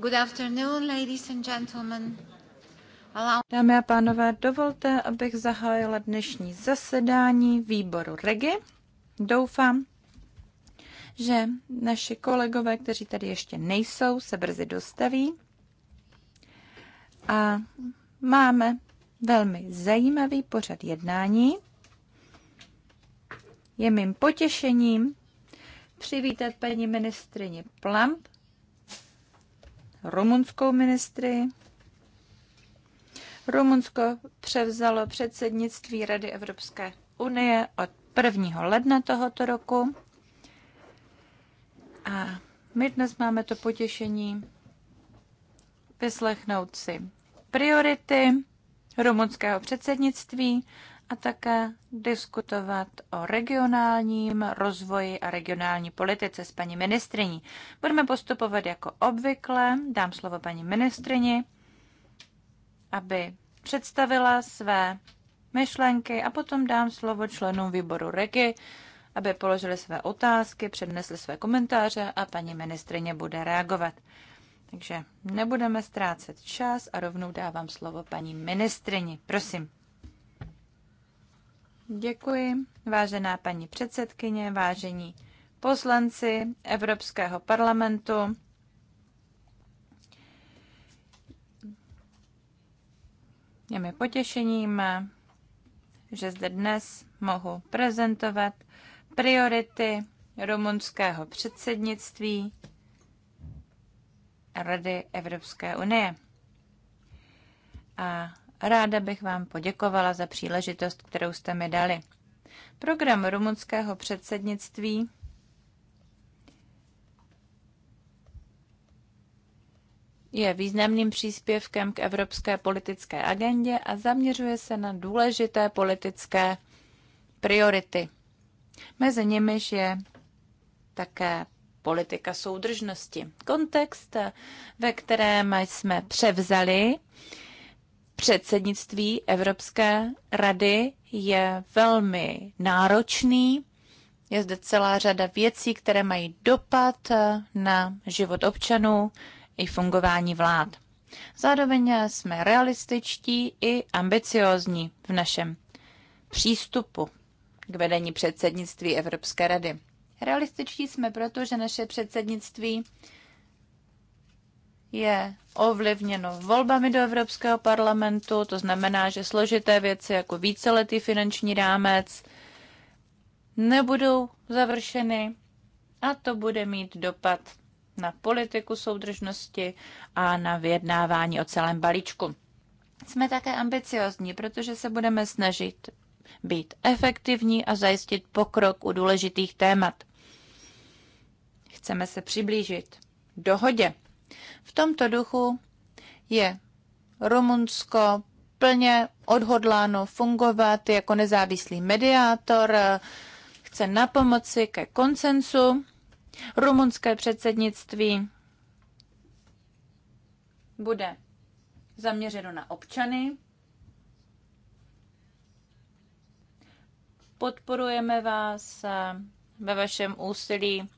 Good afternoon, ladies and gentlemen. Dámy a pánové, dovolte, abych zahájila dnešní zasedání výboru REGI. Doufám, že naši kolegové, kteří tady ještě nejsou, se brzy dostaví. A máme velmi zajímavý pořad jednání. Je mým potěšením přivítat paní ministrině Plump, rumunskou ministry. Rumunsko převzalo předsednictví Rady Evropské unie od 1. ledna tohoto roku. A my dnes máme to potěšení vyslechnout si priority rumunského předsednictví a také diskutovat o regionálním rozvoji a regionální politice s paní ministriní. Budeme postupovat jako obvykle. Dám slovo paní ministrini, aby představila své myšlenky a potom dám slovo členům výboru REGI, aby položili své otázky, přednesli své komentáře a paní ministrině bude reagovat. Takže nebudeme ztrácet čas a rovnou dávám slovo paní ministrini. Prosím. Děkuji, vážená paní předsedkyně, vážení poslanci Evropského parlamentu. Je mi potěšením, že zde dnes mohu prezentovat priority rumunského předsednictví Rady Evropské unie. A Ráda bych vám poděkovala za příležitost, kterou jste mi dali. Program rumunského předsednictví je významným příspěvkem k evropské politické agendě a zaměřuje se na důležité politické priority. Mezi nimiž je také politika soudržnosti. Kontext, ve kterém jsme převzali předsednictví Evropské rady je velmi náročný. Je zde celá řada věcí, které mají dopad na život občanů i fungování vlád. Zároveň jsme realističtí i ambiciozní v našem přístupu k vedení předsednictví Evropské rady. Realističtí jsme proto, že naše předsednictví je ovlivněno volbami do Evropského parlamentu, to znamená, že složité věci jako víceletý finanční rámec nebudou završeny a to bude mít dopad na politiku soudržnosti a na vyjednávání o celém balíčku. Jsme také ambiciozní, protože se budeme snažit být efektivní a zajistit pokrok u důležitých témat. Chceme se přiblížit dohodě v tomto duchu je Rumunsko plně odhodláno fungovat jako nezávislý mediátor, chce na pomoci ke koncensu. Rumunské předsednictví bude zaměřeno na občany. Podporujeme vás ve vašem úsilí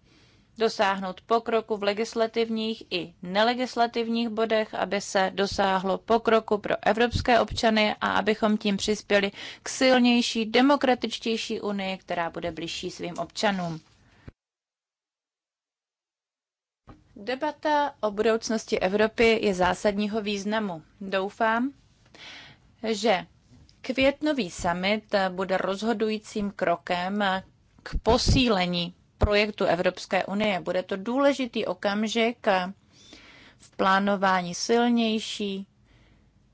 dosáhnout pokroku v legislativních i nelegislativních bodech, aby se dosáhlo pokroku pro evropské občany a abychom tím přispěli k silnější, demokratičtější unii, která bude blížší svým občanům. Debata o budoucnosti Evropy je zásadního významu. Doufám, že květnový summit bude rozhodujícím krokem k posílení projektu Evropské unie. Bude to důležitý okamžik v plánování silnější,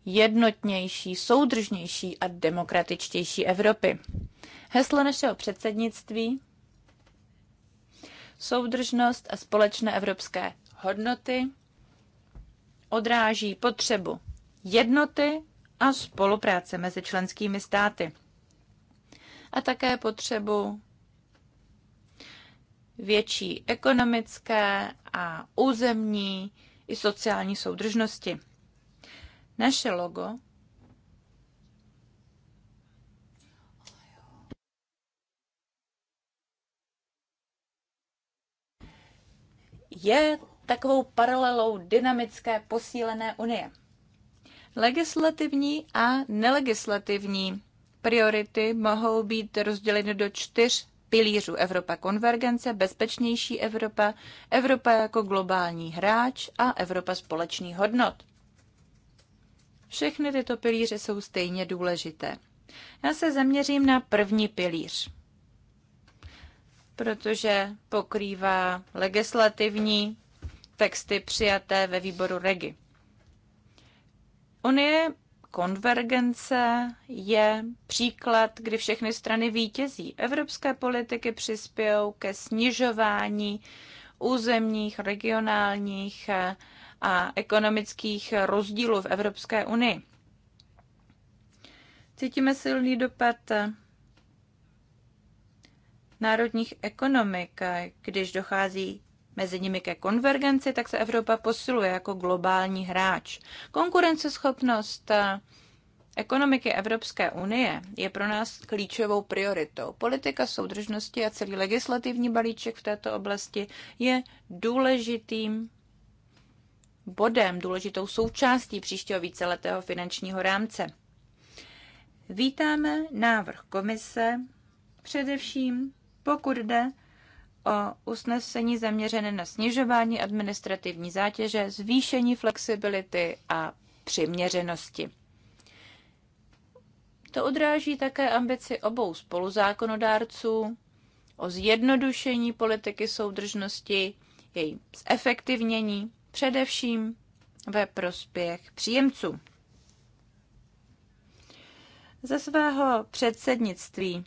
jednotnější, soudržnější a demokratičtější Evropy. Heslo našeho předsednictví soudržnost a společné evropské hodnoty odráží potřebu jednoty a spolupráce mezi členskými státy a také potřebu větší ekonomické a územní i sociální soudržnosti. Naše logo je takovou paralelou dynamické posílené unie. Legislativní a nelegislativní priority mohou být rozděleny do čtyř pilířů Evropa konvergence, bezpečnější Evropa, Evropa jako globální hráč a Evropa společných hodnot. Všechny tyto pilíře jsou stejně důležité. Já se zaměřím na první pilíř, protože pokrývá legislativní texty přijaté ve výboru REGI. Unie konvergence je příklad, kdy všechny strany vítězí. Evropské politiky přispějou ke snižování územních, regionálních a ekonomických rozdílů v Evropské unii. Cítíme silný dopad národních ekonomik, když dochází mezi nimi ke konvergenci, tak se Evropa posiluje jako globální hráč. Konkurenceschopnost eh, ekonomiky Evropské unie je pro nás klíčovou prioritou. Politika soudržnosti a celý legislativní balíček v této oblasti je důležitým bodem, důležitou součástí příštího víceletého finančního rámce. Vítáme návrh komise, především pokud jde o usnesení zaměřené na snižování administrativní zátěže, zvýšení flexibility a přiměřenosti. To odráží také ambici obou spoluzákonodárců o zjednodušení politiky soudržnosti, její zefektivnění, především ve prospěch příjemců. Ze svého předsednictví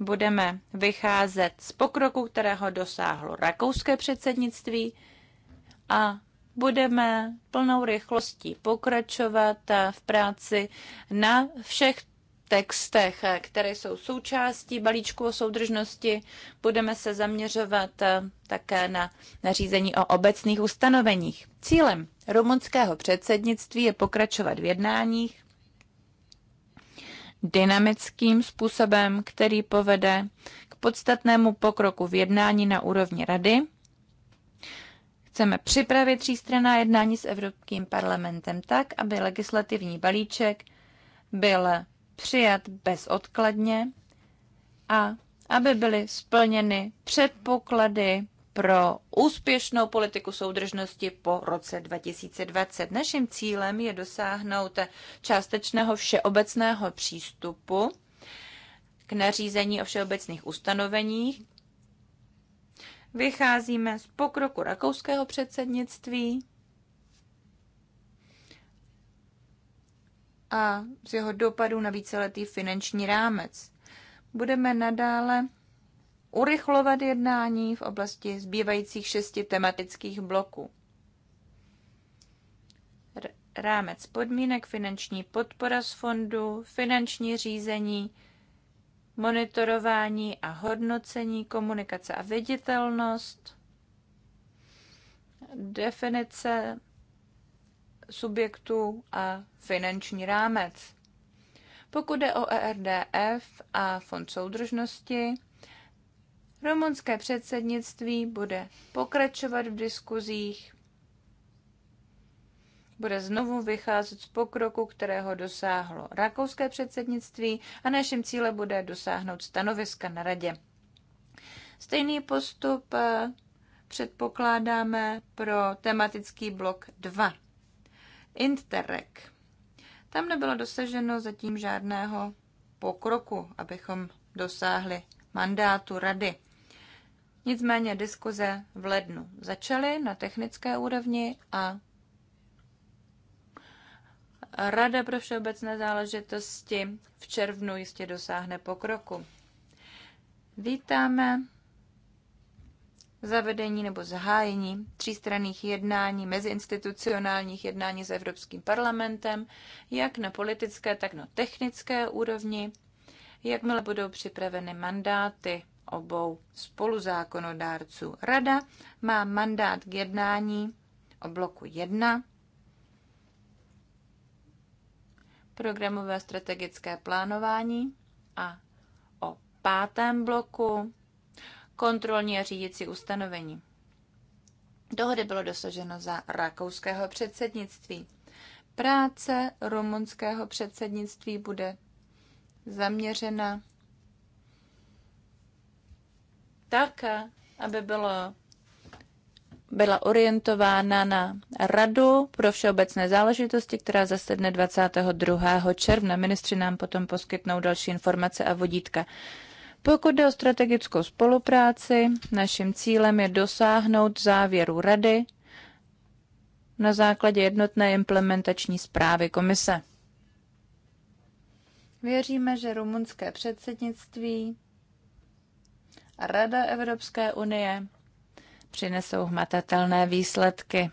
budeme vycházet z pokroku, kterého dosáhlo rakouské předsednictví a budeme plnou rychlostí pokračovat v práci na všech textech, které jsou součástí balíčku o soudržnosti. Budeme se zaměřovat také na nařízení o obecných ustanoveních. Cílem rumunského předsednictví je pokračovat v jednáních dynamickým způsobem, který povede k podstatnému pokroku v jednání na úrovni rady. Chceme připravit třístranná jednání s Evropským parlamentem tak, aby legislativní balíček byl přijat bezodkladně a aby byly splněny předpoklady pro úspěšnou politiku soudržnosti po roce 2020. Naším cílem je dosáhnout částečného všeobecného přístupu k nařízení o všeobecných ustanoveních. Vycházíme z pokroku rakouského předsednictví a z jeho dopadu na víceletý finanční rámec. Budeme nadále urychlovat jednání v oblasti zbývajících šesti tematických bloků. Rámec podmínek, finanční podpora z fondu, finanční řízení, monitorování a hodnocení, komunikace a viditelnost, definice subjektů a finanční rámec. Pokud jde o ERDF a Fond soudržnosti, Rumunské předsednictví bude pokračovat v diskuzích, bude znovu vycházet z pokroku, kterého dosáhlo rakouské předsednictví a naším cílem bude dosáhnout stanoviska na radě. Stejný postup eh, předpokládáme pro tematický blok 2. Interreg. Tam nebylo dosaženo zatím žádného pokroku, abychom dosáhli mandátu rady. Nicméně diskuze v lednu začaly na technické úrovni a Rada pro všeobecné záležitosti v červnu jistě dosáhne pokroku. Vítáme zavedení nebo zahájení třístranných jednání, meziinstitucionálních jednání s Evropským parlamentem, jak na politické, tak na technické úrovni, jakmile budou připraveny mandáty obou spoluzákonodárců. Rada má mandát k jednání o bloku 1 programové strategické plánování a o pátém bloku kontrolní a řídící ustanovení. Dohody bylo dosaženo za rakouského předsednictví. Práce rumunského předsednictví bude zaměřena tak, aby bylo, byla orientována na Radu pro všeobecné záležitosti, která zasedne 22. června. Ministři nám potom poskytnou další informace a vodítka. Pokud jde o strategickou spolupráci, naším cílem je dosáhnout závěru Rady na základě jednotné implementační zprávy komise. Věříme, že rumunské předsednictví Rada Evropské unie přinesou hmatatelné výsledky.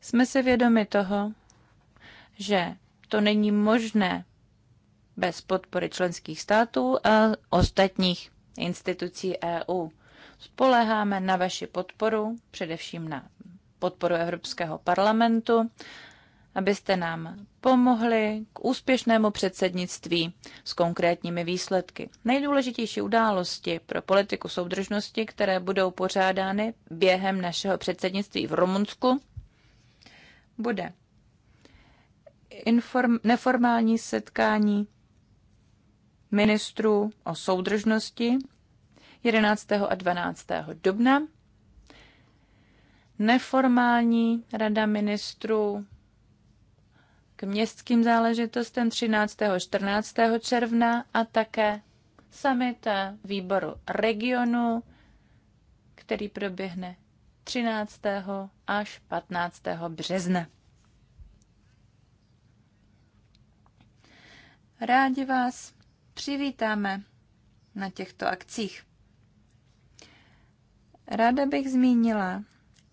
Jsme si vědomi toho, že to není možné bez podpory členských států a ostatních institucí EU. Spoleháme na vaši podporu, především na podporu Evropského parlamentu abyste nám pomohli k úspěšnému předsednictví s konkrétními výsledky. Nejdůležitější události pro politiku soudržnosti, které budou pořádány během našeho předsednictví v Rumunsku, bude inform- neformální setkání ministrů o soudržnosti 11. a 12. dubna, neformální rada ministrů městským záležitostem 13. a 14. června a také summit výboru regionu, který proběhne 13. až 15. března. Rádi vás přivítáme na těchto akcích. Ráda bych zmínila,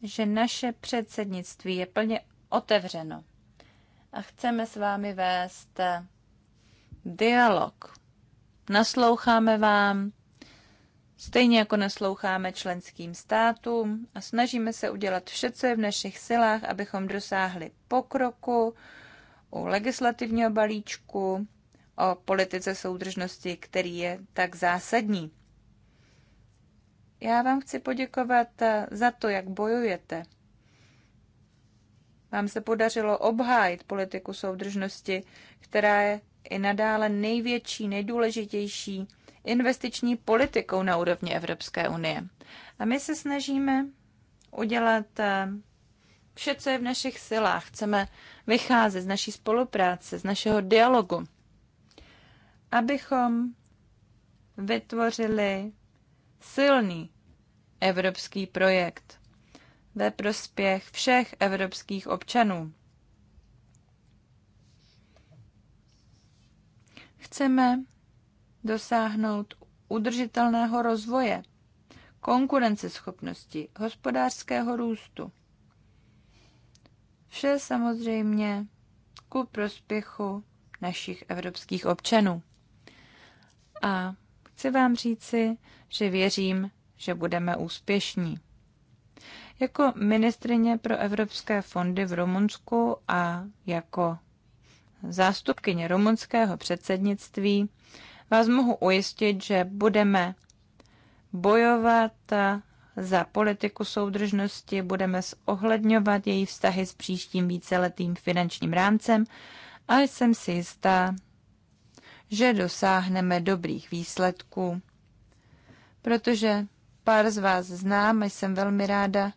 že naše předsednictví je plně otevřeno a chceme s vámi vést eh, dialog. Nasloucháme vám, stejně jako nasloucháme členským státům a snažíme se udělat vše, co je v našich silách, abychom dosáhli pokroku u legislativního balíčku, o politice soudržnosti, který je tak zásadní. Já vám chci poděkovat eh, za to, jak bojujete vám se podařilo obhájit politiku soudržnosti, která je i nadále největší, nejdůležitější investiční politikou na úrovni Evropské unie. A my se snažíme udělat eh, vše, co je v našich silách. Chceme vycházet z naší spolupráce, z našeho dialogu, abychom vytvořili silný evropský projekt, ve prospěch všech evropských občanů. Chceme dosáhnout udržitelného rozvoje, konkurenceschopnosti, hospodářského růstu. Vše samozřejmě ku prospěchu našich evropských občanů. A chci vám říci, že věřím, že budeme úspěšní. Jako ministrině pro evropské fondy v Rumunsku a jako zástupkyně rumunského předsednictví vás mohu ujistit, že budeme bojovat za politiku soudržnosti, budeme zohledňovat její vztahy s příštím víceletým finančním rámcem a jsem si jistá, že dosáhneme dobrých výsledků. Protože pár z vás znám a jsem velmi ráda,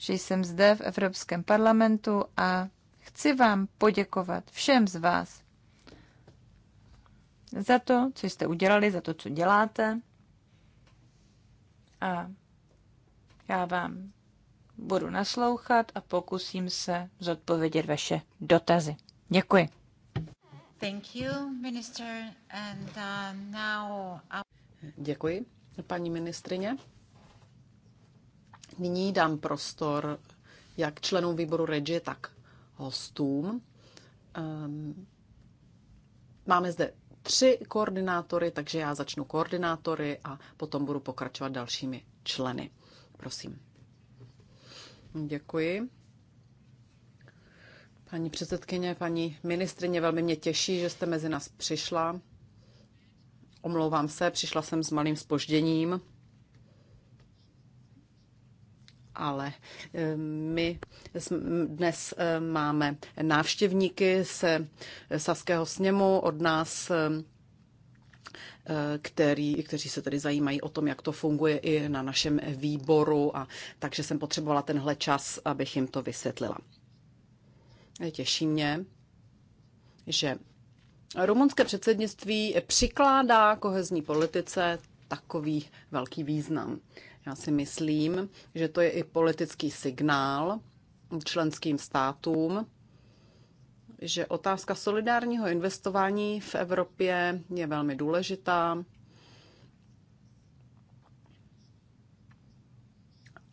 že jsem zde v Evropském parlamentu a chci vám poděkovat všem z vás za to, co jste udělali, za to, co děláte. A já vám budu naslouchat a pokusím se zodpovědět vaše dotazy. Děkuji. Thank you, minister. And, uh, now... Děkuji, paní ministrině. Nyní dám prostor jak členům výboru Regie, tak hostům. Ehm, máme zde tři koordinátory, takže já začnu koordinátory a potom budu pokračovat dalšími členy. Prosím. Děkuji. Paní předsedkyně, paní ministrině, velmi mě těší, že jste mezi nás přišla. Omlouvám se, přišla jsem s malým spožděním ale eh, my dnes eh, máme návštěvníky se Saského sněmu od nás eh, který, kteří se tedy zajímají o tom, jak to funguje i na našem výboru, a takže jsem potřebovala tenhle čas, abych jim to vysvětlila. Těší mě, že rumunské předsednictví přikládá kohezní politice takový velký význam. Já si myslím, že to je i politický signál členským státům, že otázka solidárního investování v Evropě je velmi důležitá.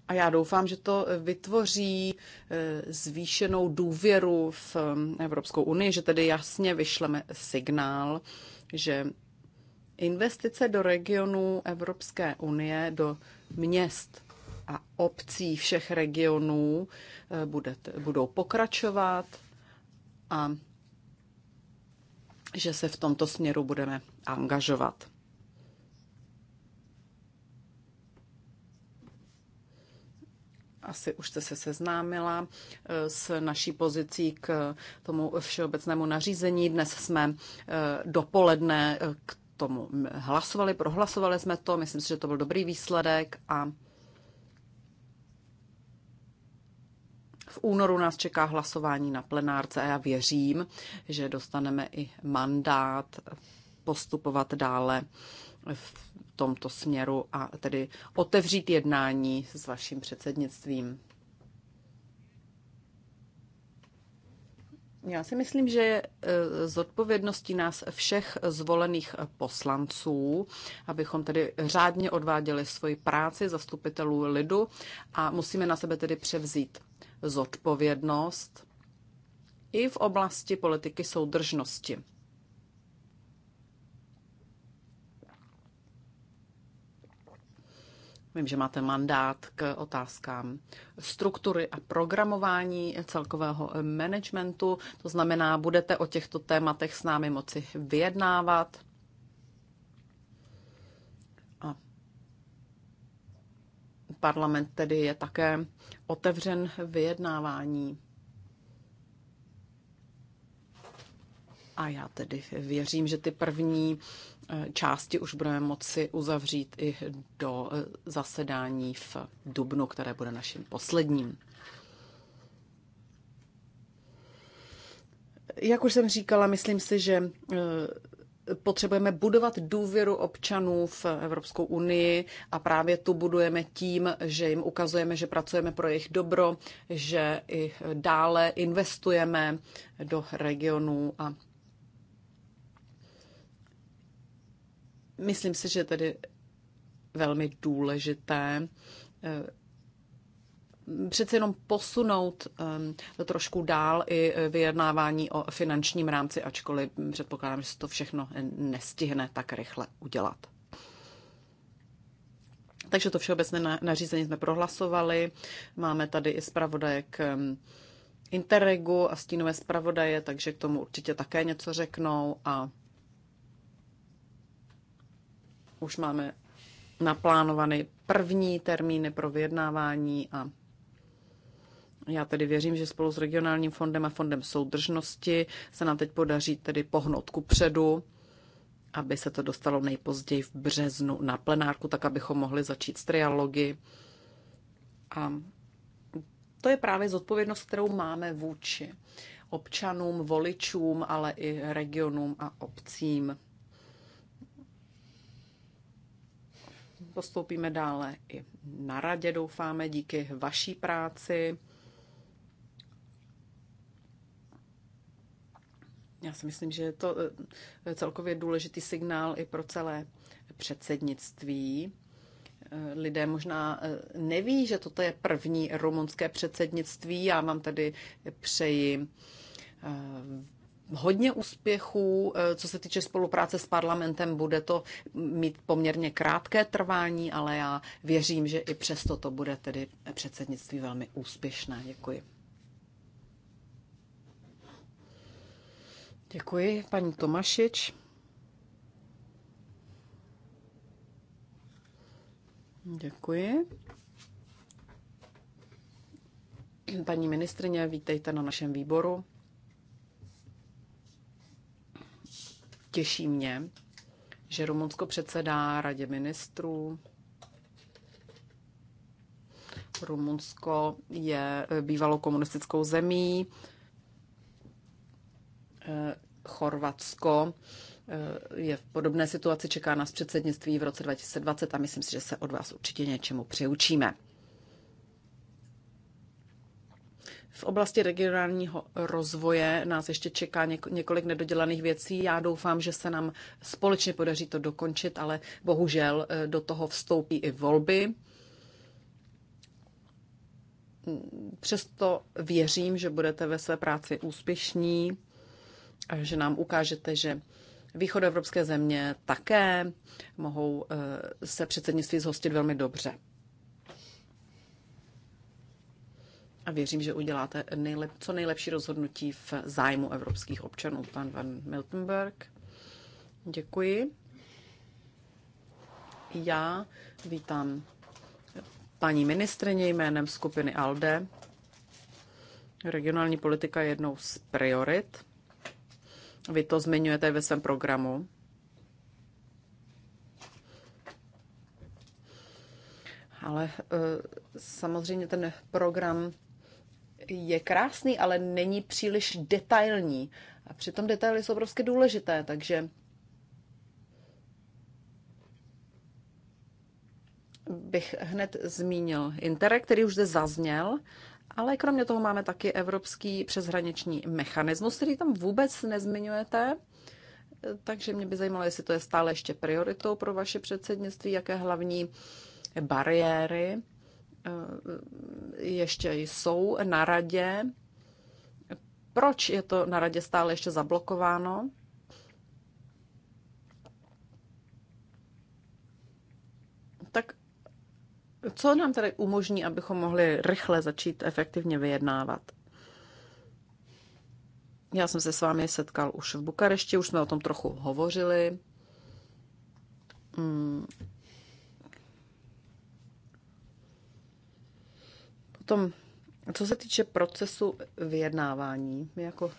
A já doufám, že to vytvoří eh, zvýšenou důvěru v eh, Evropskou unii, že tedy jasně vyšleme signál, že investice do regionu Evropské unie, do měst a obcí všech regionů eh, budou pokračovat a že se v tomto směru budeme angažovat. asi už jste se seznámila eh, s naší pozicí k tomu všeobecnému nařízení. Dnes jsme eh, dopoledne k tomu hlasovali, prohlasovali jsme to, myslím si, že to byl dobrý výsledek a v únoru nás čeká hlasování na plenárce a já věřím, že dostaneme i mandát postupovat dále v tomto směru a tedy otevřít jednání s vaším předsednictvím. Já si myslím, že eh, z odpovědnosti nás všech zvolených eh, poslanců, abychom tedy řádně odváděli svoji práci zastupitelů lidu a musíme na sebe tedy převzít zodpovědnost i v oblasti politiky soudržnosti. Vím, že máte mandát k otázkám struktury a programování celkového managementu. To znamená, budete o těchto tématech s námi moci vyjednávat. A parlament tedy je také otevřen vyjednávání. A já tedy věřím, že ty první eh, části už budeme moci uzavřít i do eh, zasedání v Dubnu, které bude naším posledním. Jak už jsem říkala, myslím si, že eh, potřebujeme budovat důvěru občanů v Evropskou unii a právě tu budujeme tím, že jim ukazujeme, že pracujeme pro jejich dobro, že i dále investujeme do regionů a Myslím si, že tedy velmi důležité eh, přece jenom posunout eh, trošku dál i vyjednávání o finančním rámci, ačkoliv předpokládám, že se to všechno nestihne tak rychle udělat. Takže to všeobecné nařízení jsme prohlasovali. Máme tady i zpravodaje k eh, Interregu a stínové zpravodaje, takže k tomu určitě také něco řeknou a už máme naplánovaný první termíny pro vyjednávání a já tedy věřím, že spolu s regionálním fondem a fondem soudržnosti se nám teď podaří tedy pohnout ku předu, aby se to dostalo nejpozději v březnu na plenárku, tak abychom mohli začít s trialogy. A to je právě zodpovědnost, kterou máme vůči občanům, voličům, ale i regionům a obcím. postoupíme dále i na radě, doufáme, díky vaší práci. Já si myslím, že je to eh, celkově důležitý signál i pro celé předsednictví. Eh, lidé možná eh, neví, že toto je první rumunské předsednictví. Já vám tedy přeji hodně úspěchů, eh, co se týče spolupráce s parlamentem. Bude to mít poměrně krátké trvání, ale já věřím, že i přesto to bude tedy předsednictví velmi úspěšné. Děkuji. Děkuji, paní Tomašič. Děkuji. Paní ministrině, vítejte na našem výboru. Těší mě, že Rumunsko předsedá Radě ministrů. Rumunsko je eh, bývalou komunistickou zemí. Eh, Chorvatsko eh, je v podobné situaci, čeká nás předsednictví v roce 2020 a myslím si, že se od vás určitě něčemu přiučíme. V oblasti regionálního rozvoje nás ještě čeká několik nedodělaných věcí. Já doufám, že se nám společně podaří to dokončit, ale bohužel eh, do toho vstoupí i volby. Přesto věřím, že budete ve své práci úspěšní a že nám ukážete, že východoevropské země také mohou eh, se předsednictví zhostit velmi dobře. A věřím, že uděláte nejlep, co nejlepší rozhodnutí v zájmu evropských občanů. Pan Van Miltenberg, děkuji. Já vítám paní ministrině jménem skupiny ALDE. Regionální politika je jednou z priorit. Vy to zmiňujete ve svém programu. Ale eh, samozřejmě ten program je krásný, ale není příliš detailní. A přitom detaily jsou obrovsky prostě důležité, takže bych hned zmínil Interreg, který už zde zazněl, ale kromě toho máme taky evropský přeshraniční mechanismus, který tam vůbec nezmiňujete. Takže mě by zajímalo, jestli to je stále ještě prioritou pro vaše předsednictví, jaké hlavní bariéry Eh, ještě jsou na radě. Proč je to na radě stále ještě zablokováno? Tak co nám tady umožní, abychom mohli rychle začít efektivně vyjednávat? Já jsem se s vámi setkal už v Bukarešti, už jsme o tom trochu hovořili. Hmm, tom, co se týče procesu vyjednávání, my jako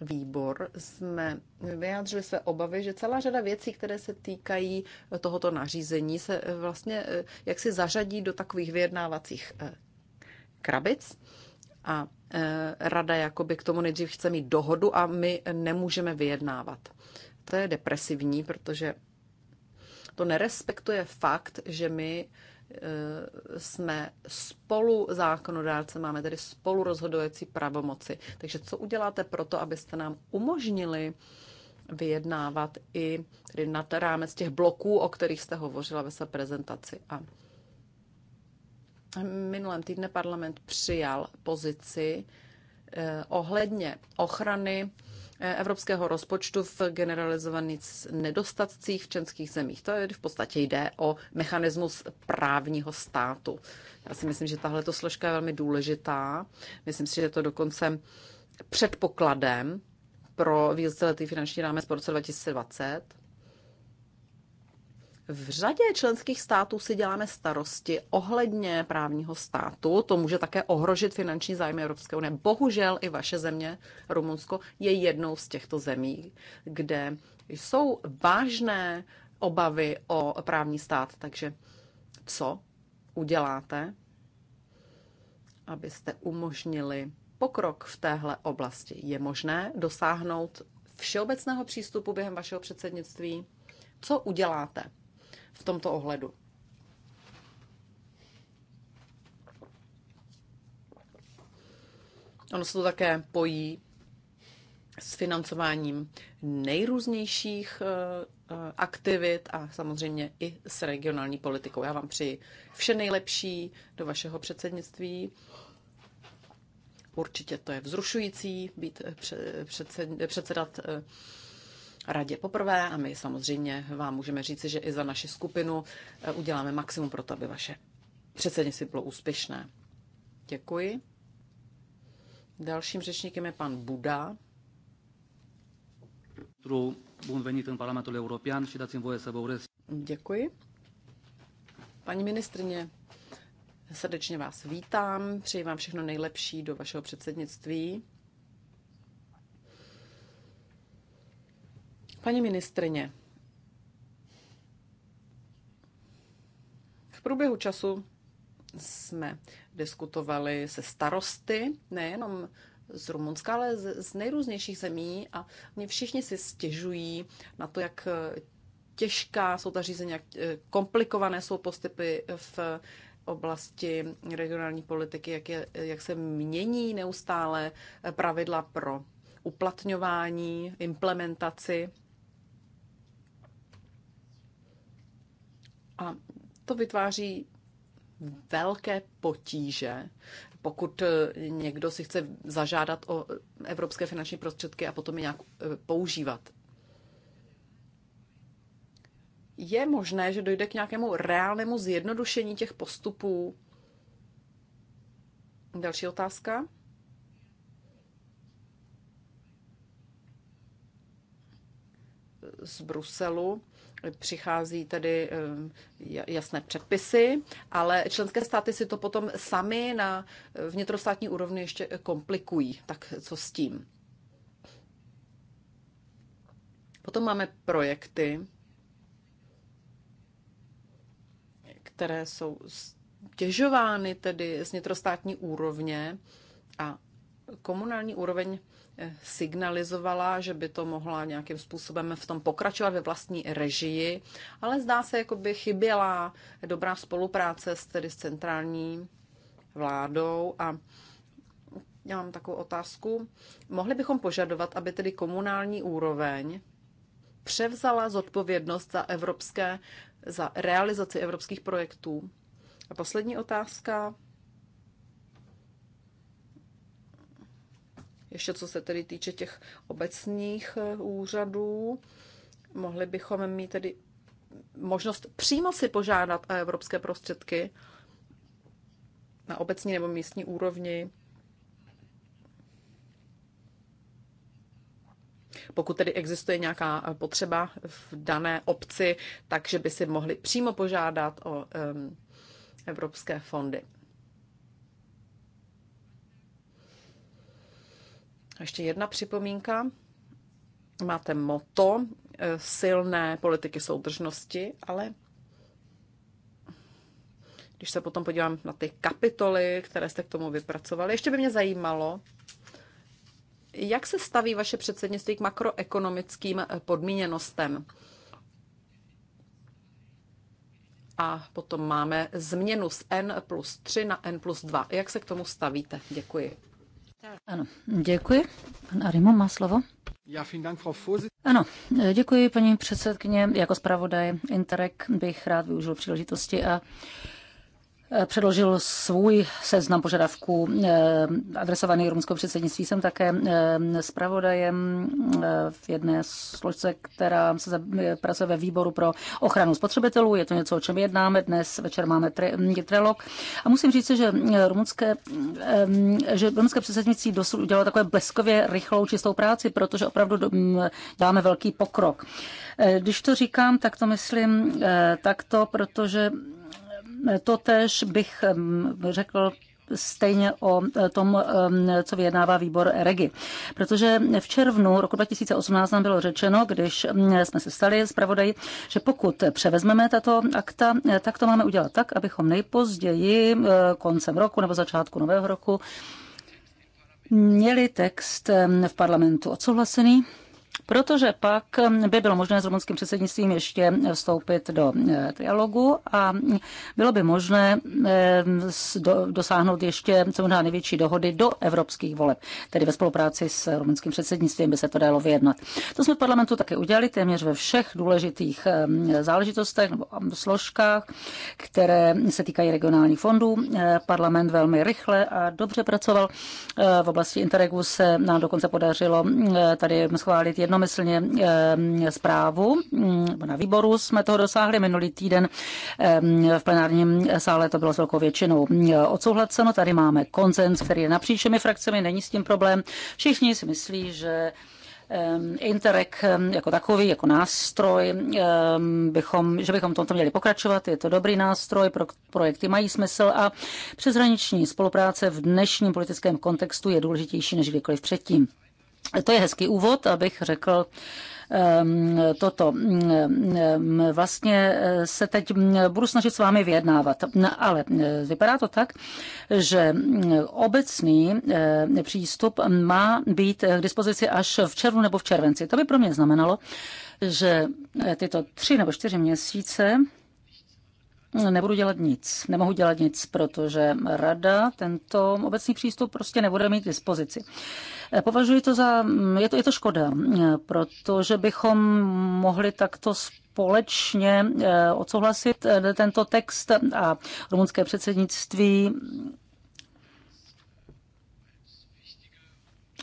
výbor jsme vyjádřili své obavy, že celá řada věcí, které se týkají tohoto nařízení, se vlastně eh, jak si zařadí do takových vyjednávacích eh, krabic a eh, rada jakoby k tomu nejdřív chce mít dohodu a my nemůžeme vyjednávat. To je depresivní, protože to nerespektuje fakt, že my Eh, jsme spolu zákonodárce, máme tedy spolu rozhodující pravomoci. Takže co uděláte pro to, abyste nám umožnili vyjednávat i tedy nad rámec těch bloků, o kterých jste hovořila ve své prezentaci. A minulém týdne parlament přijal pozici eh, ohledně ochrany evropského rozpočtu v generalizovaných nedostatcích v českých zemích. To je v podstatě jde o mechanismus právního státu. Já si myslím, že tahle složka je velmi důležitá. Myslím si, že je to dokonce předpokladem pro víceletý finanční rámec po roce 2020. V řadě členských států si děláme starosti ohledně právního státu. To může také ohrožit finanční zájmy Evropské unie. Bohužel i vaše země, Rumunsko, je jednou z těchto zemí, kde jsou vážné obavy o právní stát. Takže co uděláte, abyste umožnili pokrok v téhle oblasti? Je možné dosáhnout všeobecného přístupu během vašeho předsednictví? Co uděláte? v tomto ohledu. Ono se to také pojí s financováním nejrůznějších eh, eh, aktivit a samozřejmě i s regionální politikou. Já vám přeji vše nejlepší do vašeho předsednictví. Určitě to je vzrušující být eh, předsedat radě poprvé a my samozřejmě vám můžeme říci, že i za naši skupinu eh, uděláme maximum pro to, aby vaše předsednictví bylo úspěšné. Děkuji. Dalším řečníkem je pan Buda. Děkuji. Paní ministrině, srdečně vás vítám, přeji vám všechno nejlepší do vašeho předsednictví. Paní ministrině, v průběhu času jsme diskutovali se starosty, nejenom z Rumunska, ale z, nejrůznějších zemí a mě všichni si stěžují na to, jak těžká jsou ta řízení, jak eh, komplikované jsou postupy v oblasti regionální politiky, jak, je, jak se mění neustále eh, pravidla pro uplatňování, implementaci. A to vytváří velké potíže, pokud eh, někdo si chce zažádat o eh, evropské finanční prostředky a potom je nějak eh, používat. Je možné, že dojde k nějakému reálnému zjednodušení těch postupů? Další otázka. Z Bruselu přichází tedy eh, jasné předpisy, ale členské státy si to potom sami na vnitrostátní úrovni ještě komplikují. Tak co s tím? Potom máme projekty, které jsou stěžovány tedy z vnitrostátní úrovně a komunální úroveň signalizovala, že by to mohla nějakým způsobem v tom pokračovat ve vlastní režii, ale zdá se, jako by chyběla dobrá spolupráce s, tedy s centrální vládou a já mám takovou otázku. Mohli bychom požadovat, aby tedy komunální úroveň převzala zodpovědnost za evropské, za realizaci evropských projektů? A poslední otázka. Ještě co se tedy týče těch obecních eh, úřadů, mohli bychom mít tedy možnost přímo si požádat o evropské prostředky na obecní nebo místní úrovni. Pokud tedy existuje nějaká eh, potřeba v dané obci, takže by si mohli přímo požádat o evropské fondy. Ještě jedna připomínka. Máte moto eh, silné politiky soudržnosti, ale když se potom podívám na ty kapitoly, které jste k tomu vypracovali, ještě by mě zajímalo, jak se staví vaše předsednictví k makroekonomickým eh, podmíněnostem? A potom máme změnu z N plus 3 na N plus 2. Jak se k tomu stavíte? Děkuji. Ano, děkuji. Pan Arimo má slovo. Ano, děkuji paní předsedkyně. Jako zpravodaj Interreg bych rád využil příležitosti a předložil svůj seznam požadavků eh, adresovaný rumunskou předsednictví. Jsem také eh, zpravodajem eh, v jedné složce, která se pracuje ve výboru pro ochranu spotřebitelů. Je to něco, o čem jednáme. Dnes večer máme trelok. Mm, A musím říct, že rumunské, že rumunské předsednictví dosud udělalo takové bleskově rychlou čistou práci, protože opravdu mm, děláme velký pokrok. Když to říkám, tak to myslím takto, protože Totež bych řekl stejně o e, tom, co vyjednává výbor Regi. Protože v červnu roku 2018 nám bylo řečeno, když jsme se stali zpravodají, že pokud převezmeme tato akta, e, tak to máme udělat tak, abychom nejpozději e, koncem roku nebo začátku nového roku měli text v parlamentu odsouhlasený protože pak by bylo možné s rumunským předsednictvím ještě vstoupit do eh, trialogu a bylo by možné eh, dosáhnout ještě co možná největší dohody do evropských voleb, tedy ve spolupráci s rumunským předsednictvím by se to dalo vyjednat. To jsme v parlamentu také udělali téměř ve všech důležitých eh, záležitostech nebo složkách, které se týkají regionálních fondů. Parlament velmi rychle a dobře pracoval. V oblasti Interregu se nám dokonce podařilo tady schválit jedno jednomyslně eh, zprávu. Mm, na výboru jsme toho dosáhli minulý týden eh, v plenárním sále, to bylo s velkou většinou eh, odsouhlaseno. Tady máme koncens, který je napříč všemi frakcemi, není s tím problém. Všichni si myslí, že Interreg jako takový, jako nástroj, bychom, že bychom tomto měli pokračovat. Je to dobrý nástroj, pro projekty mají smysl a přeshraniční spolupráce v dnešním politickém kontextu je důležitější než kdykoliv předtím. To je hezký úvod, abych řekl ehm, toto. Ehm, ehm, vlastně eh, se teď mm, budu snažit s vámi vyjednávat, ale eh, vypadá to tak, že mm, obecný eh, přístup má být k dispozici až v červnu nebo v červenci. To by pro mě znamenalo, že tyto tři nebo čtyři měsíce nebudu dělat nic, nemohu dělat nic, protože rada tento obecný přístup prostě nebude mít k dispozici. Eh, považuji to za, mm, je to, je to škoda, eh, protože bychom mohli takto společně eh, odsouhlasit tento text a rumunské předsednictví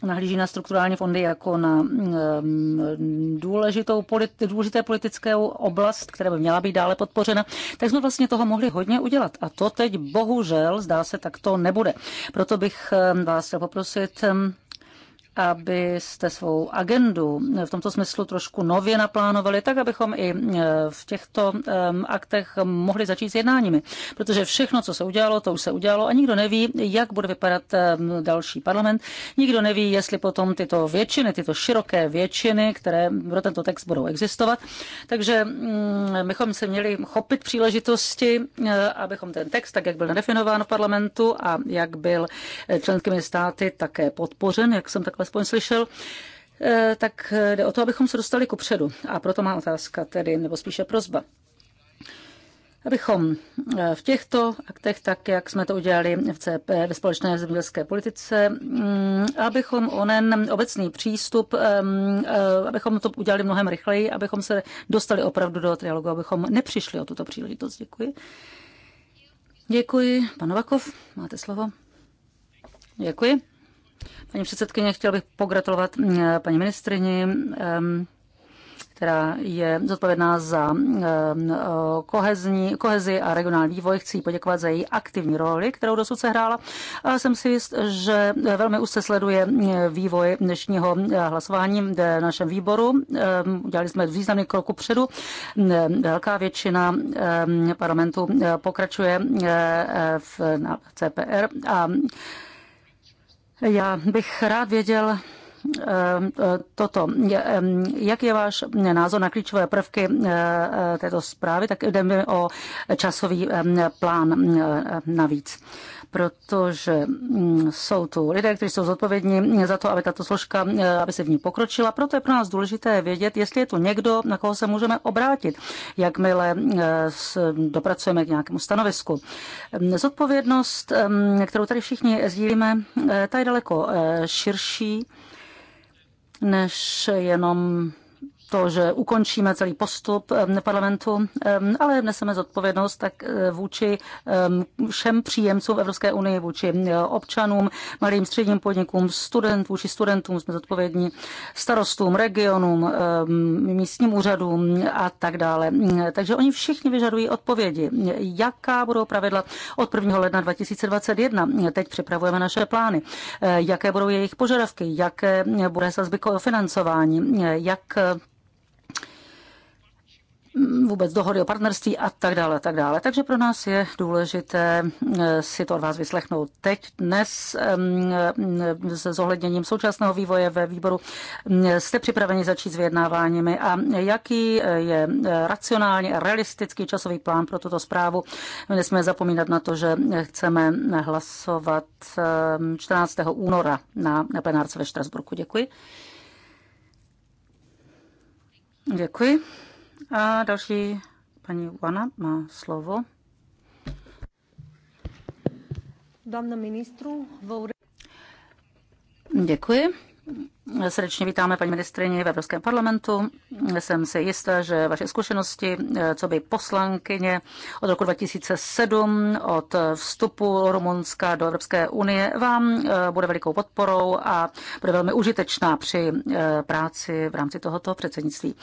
nahlíží na strukturální fondy jako na mm, mm, důležitou, politi- důležité politickou oblast, která by měla být dále podpořena, tak jsme vlastně toho mohli hodně udělat. A to teď bohužel, zdá se, tak to nebude. Proto bych eh, vás chtěl poprosit, eh, abyste svou agendu v tomto smyslu trošku nově naplánovali, tak abychom i e, v těchto aktech mohli začít s jednáními. Protože všechno, co se udělalo, to už se udělalo a nikdo neví, jak bude vypadat další parlament. Nikdo neví, jestli potom tyto většiny, tyto široké většiny, které pro tento text budou existovat. Takže mm, bychom se měli chopit příležitosti, e, abychom ten text, tak jak byl nadefinován v parlamentu a jak byl e, členskými státy také podpořen, jak jsem takhle aspoň slyšel, eh, tak eh, jde o to, abychom se dostali ku předu. A proto má otázka tedy, nebo spíše prozba abychom eh, v těchto aktech, tak jak jsme to udělali v CP, ve společné zemědělské politice, mm, abychom onen obecný přístup, abychom to udělali mnohem rychleji, abychom se dostali opravdu do trialogu, abychom nepřišli o tuto příležitost. Děkuji. Děkuji. Pan Novakov, máte slovo. Děkuji. Paní předsedkyně, chtěl bych pogratulovat mm, paní ministrini která je zodpovědná za kohezní, kohezi a regionální vývoj. Chci poděkovat za její aktivní roli, kterou dosud se hrála. A jsem si jist, že velmi úzce sleduje vývoj dnešního e, hlasování v našem výboru. Udělali jsme významný krok předu. Velká většina parlamentu e, pokračuje e, v CPR a já bych rád věděl, eh, eh, toto. Jak je váš názor na klíčové prvky eh, této zprávy? Tak jde mi o časový plán navíc protože mm, jsou tu lidé, kteří jsou zodpovědní za to, aby tato složka, eh, aby se v ní pokročila. Proto je pro nás důležité vědět, jestli je tu někdo, na koho se můžeme obrátit, jakmile eh, dopracujeme k nějakému stanovisku. Mm, zodpovědnost, mm, kterou tady všichni sdílíme, eh, ta je daleko širší než jenom to, že ukončíme celý postup parlamentu, ale neseme zodpovědnost tak eh, vůči všem příjemcům v Evropské unii, vůči eh, občanům, malým středním podnikům, studentům, vůči studentům jsme zodpovědní, starostům, regionům, místním úřadům a tak dále. Takže oni všichni vyžadují odpovědi, jaká budou pravidla od 1. ledna 2021. Teď připravujeme naše plány, eh, jaké budou jejich požadavky, jaké bude sazby financování, jak Mm, vůbec dohody o partnerství a tak dále, a tak dále. Takže pro nás je důležité eh, si to od vás vyslechnout teď, dnes se zohledněním současného vývoje ve výboru. Mm, jste připraveni začít s vyjednáváními a jaký eh, je eh, racionální a realistický časový plán pro tuto zprávu? My nesmíme zapomínat na to, že chceme hlasovat 14. února na plenárce ve Štrasburku. Děkuji. Děkuji. A další paní Wana má slovo. Doamnă ministru, Děkuji. Srdečně vítáme paní ministrině v Evropském parlamentu. Jsem si jistá, že vaše zkušenosti, eh, co by poslankyně od roku 2007, od vstupu Rumunska do Evropské unie, vám eh, bude velikou podporou a bude velmi užitečná při eh, práci v rámci tohoto předsednictví.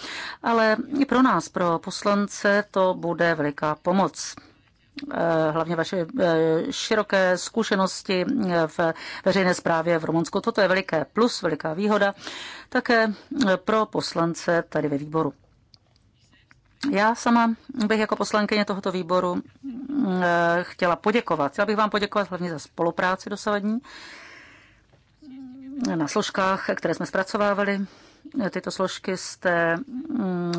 Ale i pro nás, pro poslance, to bude veliká pomoc Eh, hlavně vaše eh, široké zkušenosti eh, v veřejné správě v Rumunsku. Toto je veliké plus, veliká výhoda také pro poslance tady ve výboru. Já sama bych jako poslankyně tohoto výboru mm, chtěla poděkovat. Chtěla bych vám poděkovat hlavně za spolupráci dosavadní na složkách, které jsme zpracovávali. Tyto složky jste mm,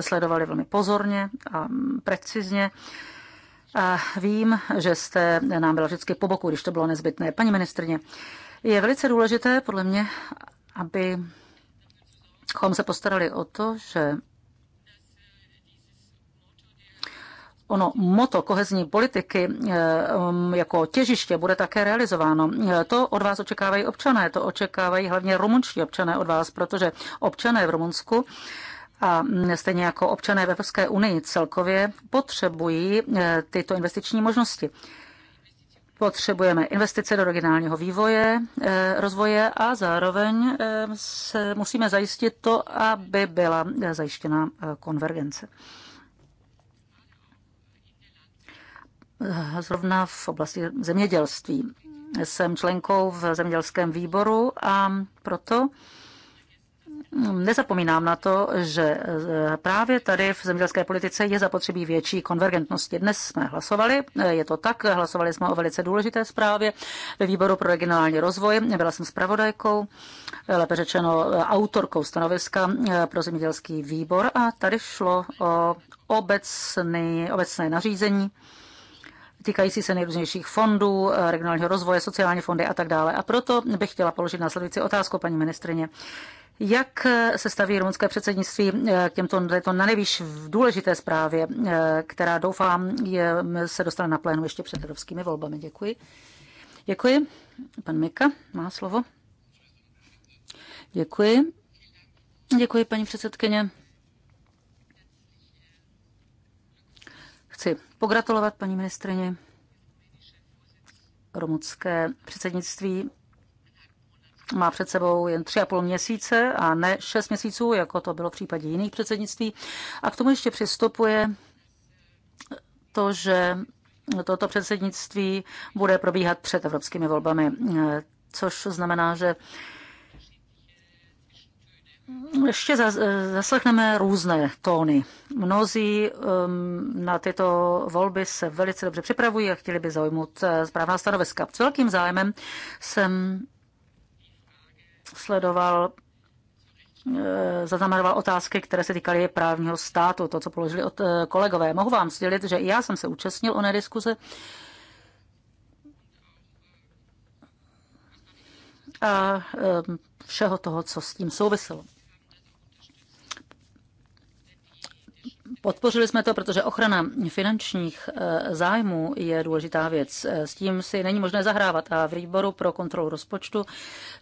sledovali velmi pozorně a precizně. A vím, že jste nám byla vždycky po boku, když to bylo nezbytné. Paní ministrně, je velice důležité podle mě, abychom se postarali o to, že ono moto kohezní politiky ehm, jako těžiště bude také realizováno. To od vás očekávají občané, to očekávají hlavně rumunští občané od vás, protože občané v Rumunsku a stejně jako občané v Evropské unii celkově potřebují eh, tyto investiční možnosti. Potřebujeme investice do regionálního vývoje, eh, rozvoje a zároveň eh, se musíme zajistit to, aby byla zajištěna konvergence. Zrovna v oblasti zemědělství. Jsem členkou v zemědělském výboru a proto Hmm, nezapomínám na to, že eh, právě tady v zemědělské politice je zapotřebí větší konvergentnosti. Dnes jsme hlasovali, eh, je to tak, hlasovali jsme o velice důležité zprávě ve výboru pro regionální rozvoj. Byla jsem zpravodajkou, eh, lépe řečeno autorkou stanoviska pro zemědělský výbor a tady šlo o obecný, obecné nařízení týkající se nejrůznějších fondů, regionálního rozvoje, sociální fondy a tak dále. A proto bych chtěla položit následující otázku, paní ministrině. Jak se staví rumunské předsednictví eh, k těmto to na nejvíc důležité zprávě, eh, která doufám je, se dostane na plénu ještě před evropskými volbami? Děkuji. Děkuji. Pan Mika má slovo. Děkuji. Děkuji, paní předsedkyně. Chci pogratulovat paní ministrině. Rumunské předsednictví má před sebou jen tři a půl měsíce a ne šest měsíců, jako to bylo v případě jiných předsednictví. A k tomu ještě přistupuje to, že toto předsednictví bude probíhat před evropskými volbami, což znamená, že ještě zaslechneme různé tóny. Mnozí um, na tyto volby se velice dobře připravují a chtěli by zaujmout eh, správná stanoviska. S velkým zájmem jsem sledoval eh, zaznamenoval otázky, které se týkaly právního státu, to, co položili od eh, kolegové. Mohu vám sdělit, že i já jsem se účastnil oné diskuze. A eh, všeho toho, co s tím souviselo. Podpořili jsme to, protože ochrana finančních zájmů je důležitá věc. S tím si není možné zahrávat. A v výboru pro kontrolu rozpočtu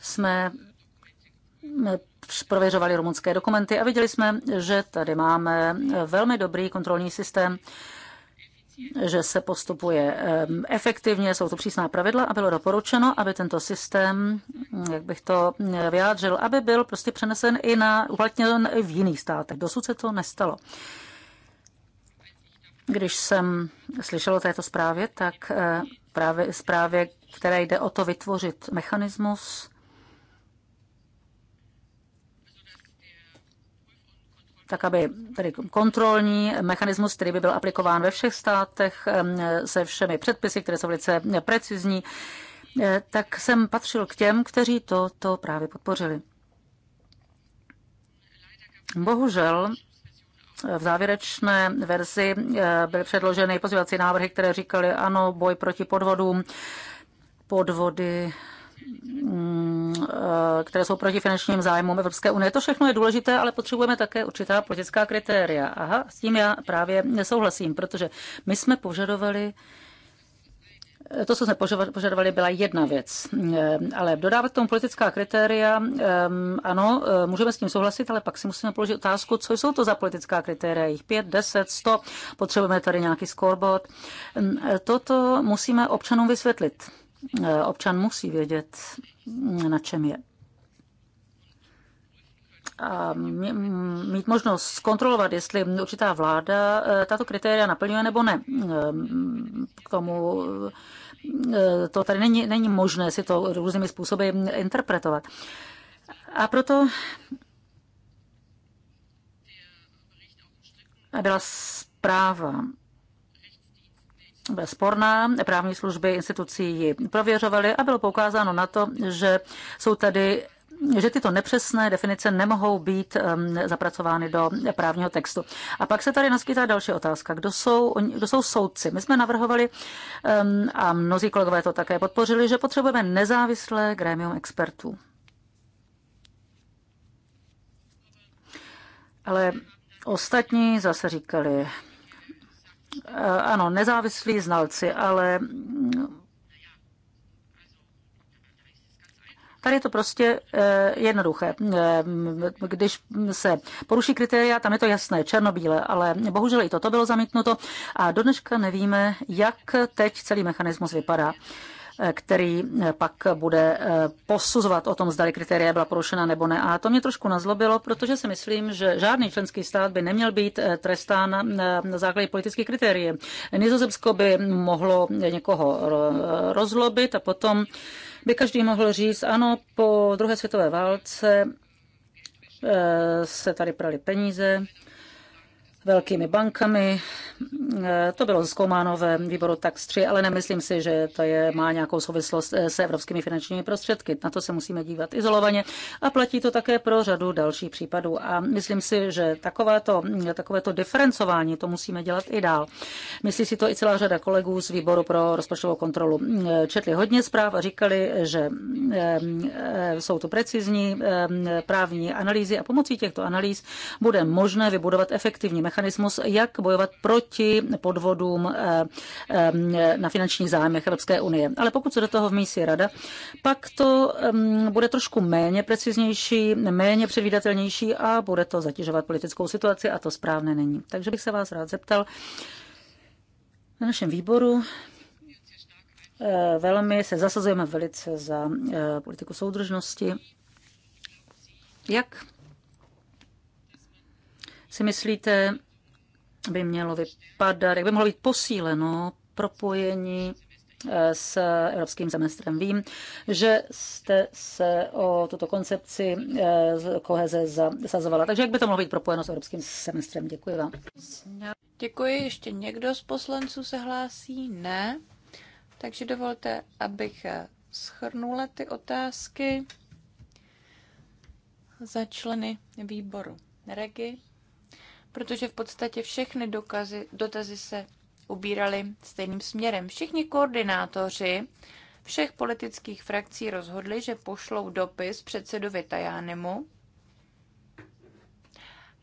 jsme prověřovali rumunské dokumenty a viděli jsme, že tady máme velmi dobrý kontrolní systém, že se postupuje efektivně, jsou to přísná pravidla a bylo doporučeno, aby tento systém, jak bych to vyjádřil, aby byl prostě přenesen i na uplatněn i v jiných státech. Dosud se to nestalo. Když jsem slyšel o této zprávě, tak eh, právě zprávě, které jde o to vytvořit mechanismus, tak aby tedy kontrolní mechanismus, který by byl aplikován ve všech státech se všemi předpisy, které jsou velice precizní, eh, tak jsem patřil k těm, kteří to, to právě podpořili. Bohužel v závěrečné verzi eh, byly předloženy pozvědací návrhy, které říkaly ano, boj proti podvodům, podvody Mm, eh, které jsou proti finančním zájmům Evropské unie. To všechno je důležité, ale potřebujeme také určitá politická kritéria. Aha, s tím já právě nesouhlasím, protože my jsme požadovali to, co jsme požadovali, byla jedna věc. Eh, ale dodávat tomu politická kritéria, eh, ano, můžeme s tím souhlasit, ale pak si musíme položit otázku, co jsou to za politická kritéria. Jich pět, deset, sto, potřebujeme tady nějaký scoreboard. Toto musíme občanům vysvětlit Eh, občan musí vědět, mm, na čem je. A mm, mít možnost zkontrolovat, jestli určitá vláda eh, tato kritéria naplňuje nebo ne. Eh, k tomu to tady není, není možné si to různými způsoby interpretovat. A proto byla zpráva sporná. Právní služby institucí ji prověřovaly a bylo poukázáno na to, že jsou tady že tyto nepřesné definice nemohou být zapracovány do právního textu. A pak se tady naskytá další otázka. Kdo jsou, kdo jsou soudci? My jsme navrhovali, a mnozí kolegové to také podpořili, že potřebujeme nezávislé grémium expertů. Ale ostatní zase říkali, Eh, ano, nezávislí znalci, ale mm, Tady je to prostě eh, jednoduché. Eh, když se poruší kritéria, tam je to jasné, černobíle, ale bohužel i toto bylo zamítnuto a do dneška nevíme, jak teď celý mechanismus vypadá. Eh, který eh, pak bude eh, posuzovat o tom, zda kritéria byla porušena nebo ne. A to mě trošku nazlobilo, protože si myslím, že žádný členský stát by neměl být trestán na základě politických kritérií. Nizozemsko by mohlo někoho rozlobit a potom by každý mohl říct, ano, po druhé světové válce se tady prali peníze, velkými bankami. To bylo zkoumáno ve výboru TAX 3, ale nemyslím si, že to je, má nějakou souvislost eh, s evropskými finančními prostředky. Na to se musíme dívat izolovaně a platí to také pro řadu dalších případů. A myslím si, že takovéto, to diferencování to musíme dělat i dál. Myslí si to i celá řada kolegů z výboru pro rozpočtovou kontrolu. Eh, četli hodně zpráv a říkali, že eh, jsou to precizní právní analýzy a pomocí těchto analýz bude možné vybudovat efektivní mechanizmy mechanismus, jak bojovat proti podvodům eh, eh, na finančních zájmech Evropské unie. Ale pokud se do toho vmísí rada, pak to bude trošku méně preciznější, méně předvídatelnější a bude to zatěžovat politickou situaci a to správné není. Takže bych se vás rád zeptal na našem výboru, eh, velmi se zasazujeme velice za politiku soudržnosti. Jak si myslíte, by mělo vypadat, jak by mohlo být posíleno propojení eh, s evropským semestrem. Vím, že jste se o tuto koncepci eh, koheze zasazovala. Takže jak by to mohlo být propojeno s evropským semestrem? Děkuji vám. Děkuji. Ještě někdo z poslanců se hlásí? Ne. Takže dovolte, abych eh, schrnula ty otázky za členy výboru. Regi, protože v podstatě všechny dokazy, dotazy se ubíraly stejným směrem. Všichni koordinátoři všech politických frakcí rozhodli, že pošlou dopis předsedovi Tajánemu.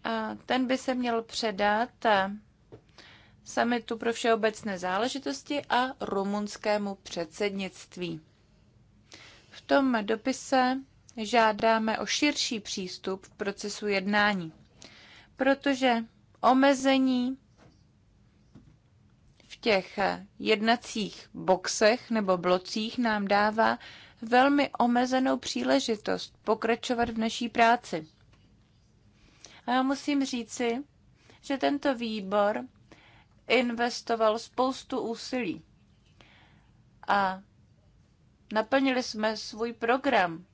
A ten by se měl předat samitu pro všeobecné záležitosti a rumunskému předsednictví. V tom dopise žádáme o širší přístup v procesu jednání protože omezení v těch jednacích boxech nebo blocích nám dává velmi omezenou příležitost pokračovat v naší práci. A já musím říci, že tento výbor investoval spoustu úsilí a naplnili jsme svůj program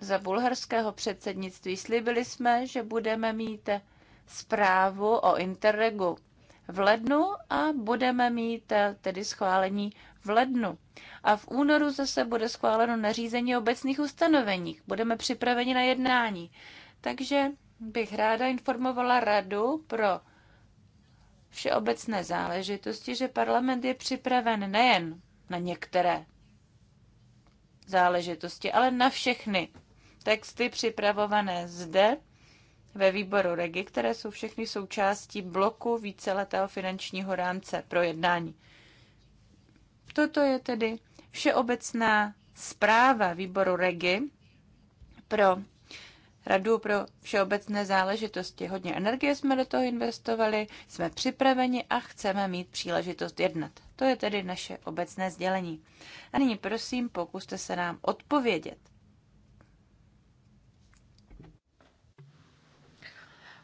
za bulharského předsednictví. Slíbili jsme, že budeme mít zprávu o Interregu v lednu a budeme mít eh, tedy schválení v lednu. A v únoru zase bude schváleno nařízení obecných ustanovení. Budeme připraveni na jednání. Takže bych ráda informovala Radu pro všeobecné záležitosti, že parlament je připraven nejen na některé záležitosti, ale na všechny texty připravované zde ve výboru REGI, které jsou všechny součástí bloku víceletého finančního rámce pro jednání. Toto je tedy všeobecná zpráva výboru REGI pro Radu pro všeobecné záležitosti. Hodně energie jsme do toho investovali, jsme připraveni a chceme mít příležitost jednat. To je tedy naše obecné sdělení. A nyní prosím, pokuste se nám odpovědět.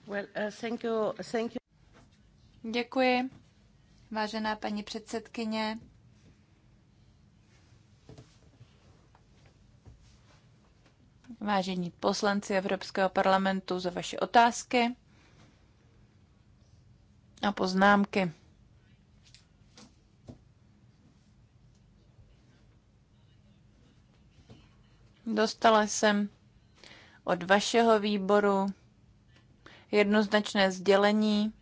Uh, Děkuji, vážená paní předsedkyně. Vážení poslanci Evropského parlamentu za vaše otázky a poznámky. Dostala jsem od vašeho výboru jednoznačné sdělení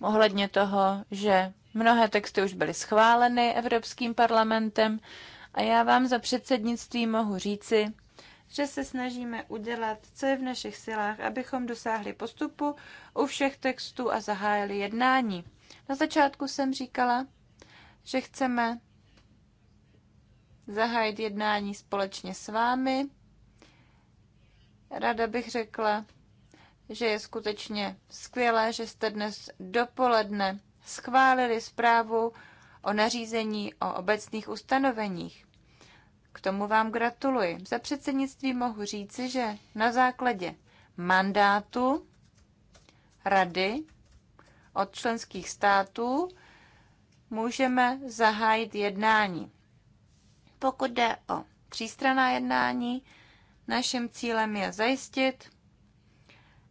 ohledně toho, že mnohé texty už byly schváleny Evropským parlamentem a já vám za předsednictví mohu říci, že se snažíme udělat, co je v našich silách, abychom dosáhli postupu u všech textů a zahájili jednání. Na začátku jsem říkala, že chceme zahájit jednání společně s vámi, Rada bych řekla, že je skutečně skvělé, že jste dnes dopoledne schválili zprávu o nařízení o obecných ustanoveních. K tomu vám gratuluji. Za předsednictví mohu říci, že na základě mandátu rady od členských států můžeme zahájit jednání. Pokud jde o třístraná jednání, Naším cílem je zajistit,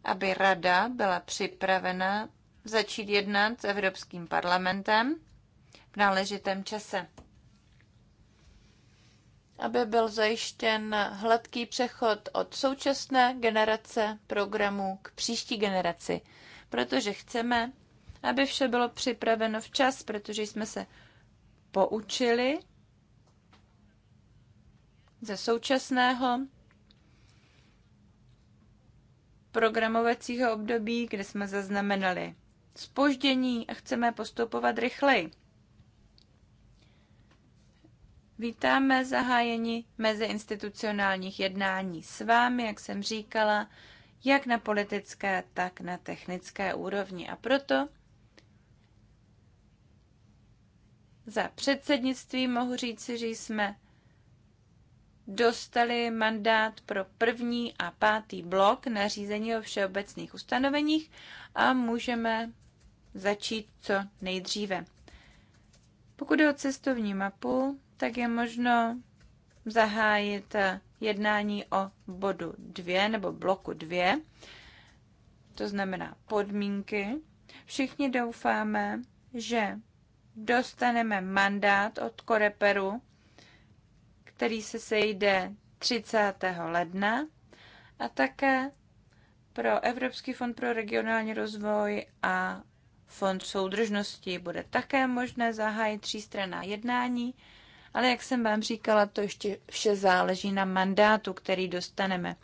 aby Rada byla připravena začít jednat s Evropským parlamentem v náležitém čase. Aby byl zajištěn hladký přechod od současné generace programů k příští generaci, protože chceme, aby vše bylo připraveno včas, protože jsme se poučili ze současného programovacího období, kde jsme zaznamenali spoždění a chceme postupovat rychleji. Vítáme zahájení meziinstitucionálních jednání s vámi, jak jsem říkala, jak na politické, tak na technické úrovni. A proto za předsednictví mohu říci, že jsme dostali mandát pro první a pátý blok nařízení o všeobecných ustanoveních a můžeme začít co nejdříve. Pokud je o cestovní mapu, tak je možno zahájit jednání o bodu 2 nebo bloku 2, to znamená podmínky. Všichni doufáme, že dostaneme mandát od Koreperu který se sejde 30. ledna a také pro Evropský fond pro regionální rozvoj a fond soudržnosti bude také možné zahájit třístranná jednání, ale jak jsem vám říkala, to ještě vše záleží na mandátu, který dostaneme.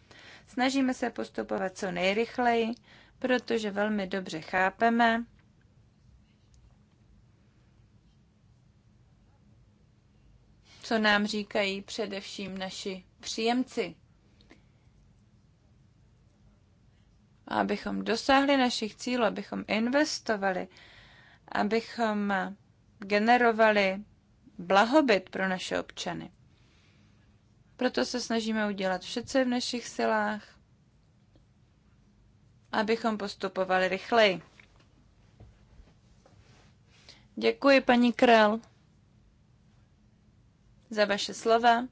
Snažíme se postupovat co nejrychleji, protože velmi dobře chápeme, co nám říkají především naši příjemci. A abychom dosáhli našich cílů, abychom investovali, abychom generovali blahobyt pro naše občany. Proto se snažíme udělat vše, co je v našich silách, abychom postupovali rychleji. Děkuji, paní Krell za vaše slova.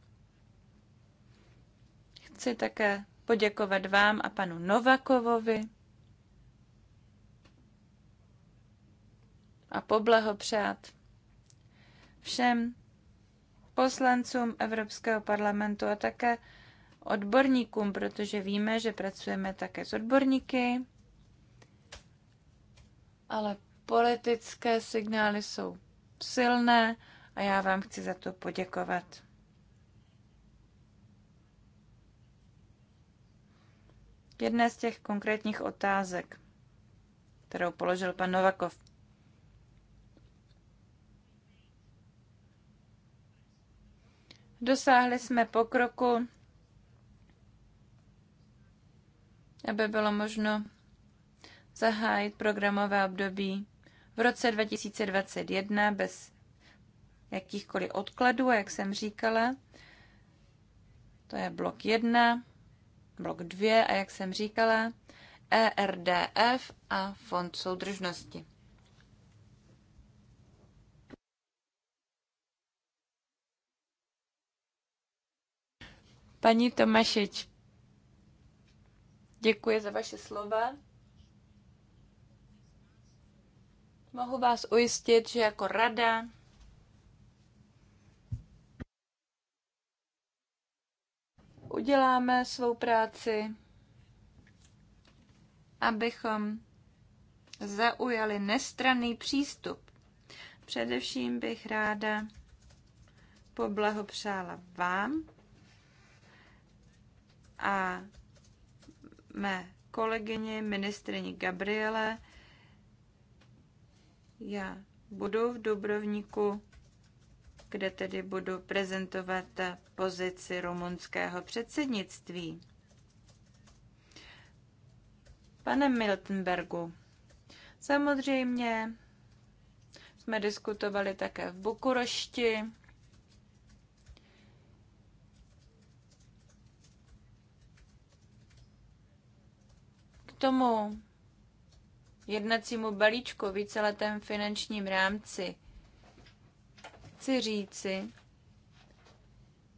Chci také poděkovat vám a panu Novakovovi a poblahopřát všem poslancům Evropského parlamentu a také odborníkům, protože víme, že pracujeme také s odborníky, ale politické signály jsou silné a já vám chci za to poděkovat. Jedné z těch konkrétních otázek, kterou položil pan Novakov. Dosáhli jsme pokroku, aby bylo možno zahájit programové období v roce 2021 bez jakýchkoliv odkladů, jak jsem říkala. To je blok 1, blok 2 a jak jsem říkala, ERDF a Fond soudržnosti. Paní Tomašič, děkuji za vaše slova. Mohu vás ujistit, že jako rada uděláme svou práci, abychom zaujali nestranný přístup. Především bych ráda poblahopřála vám a mé kolegyni, ministrině Gabriele. Já budu v Dubrovníku kde tedy budu prezentovat pozici rumunského předsednictví. Pane Miltenbergu, samozřejmě jsme diskutovali také v Bukurošti. K tomu jednacímu balíčku víceletém finančním rámci chci říci,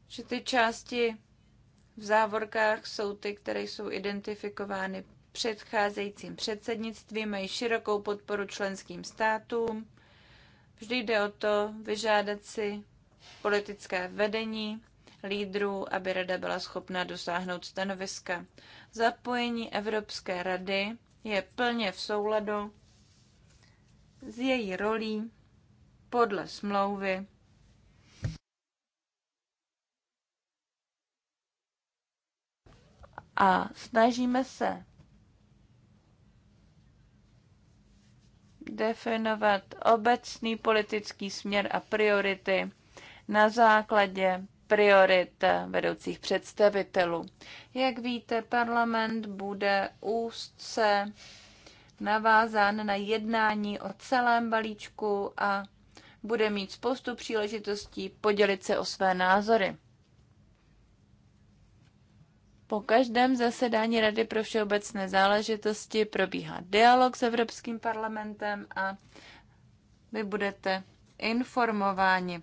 že ty části v závorkách jsou ty, které jsou identifikovány předcházejícím předsednictvím, mají širokou podporu členským státům. Vždy jde o to vyžádat si politické vedení lídrů, aby rada byla schopna dosáhnout stanoviska. Zapojení Evropské rady je plně v souladu s její rolí podle smlouvy a snažíme se definovat obecný politický směr a priority na základě priorit vedoucích představitelů. Jak víte, parlament bude úzce navázán na jednání o celém balíčku a bude mít spoustu příležitostí podělit se o své názory. Po každém zasedání Rady pro všeobecné záležitosti probíhá dialog s Evropským parlamentem a vy budete informováni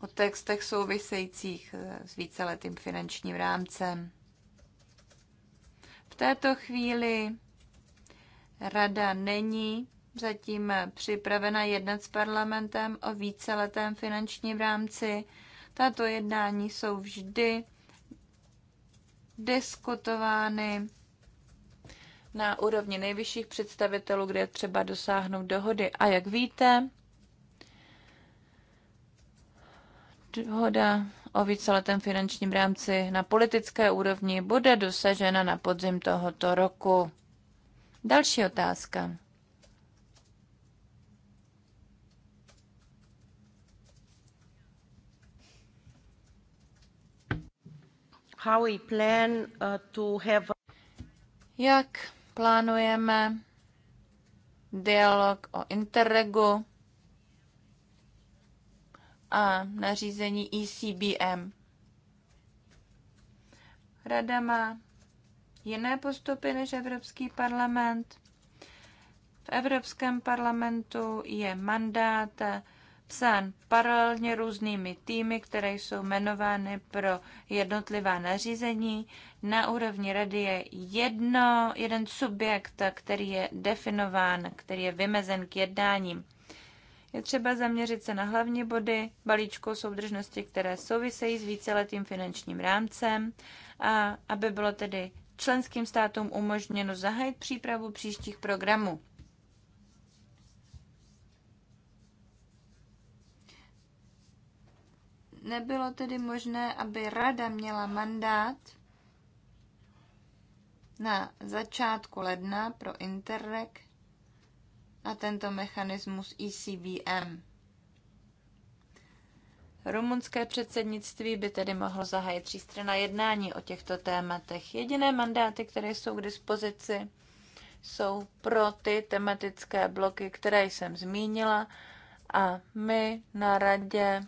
o textech souvisejících eh, s víceletým finančním rámcem. V této chvíli Rada není zatím připravena jednat s parlamentem o víceletém finančním rámci. Tato jednání jsou vždy diskutovány na úrovni nejvyšších představitelů, kde je třeba dosáhnout dohody. A jak víte, dohoda o víceletém finančním rámci na politické úrovni bude dosažena na podzim tohoto roku. Další otázka. how we plan uh, to have... Jak plánujeme dialog o Interregu a nařízení ECBM. Rada má jiné postupy než Evropský parlament. V Evropském parlamentu je mandát psán paralelně různými týmy, které jsou jmenovány pro jednotlivá nařízení. Na úrovni rady je jedno, jeden subjekt, který je definován, který je vymezen k jednáním. Je třeba zaměřit se na hlavní body balíčku soudržnosti, které souvisejí s víceletým finančním rámcem a aby bylo tedy členským státům umožněno zahájit přípravu příštích programů. nebylo tedy možné, aby rada měla mandát na začátku ledna pro Interreg a tento mechanismus ECBM. Rumunské předsednictví by tedy mohlo zahájit třístrana jednání o těchto tématech. Jediné mandáty, které jsou k dispozici, jsou pro ty tematické bloky, které jsem zmínila a my na radě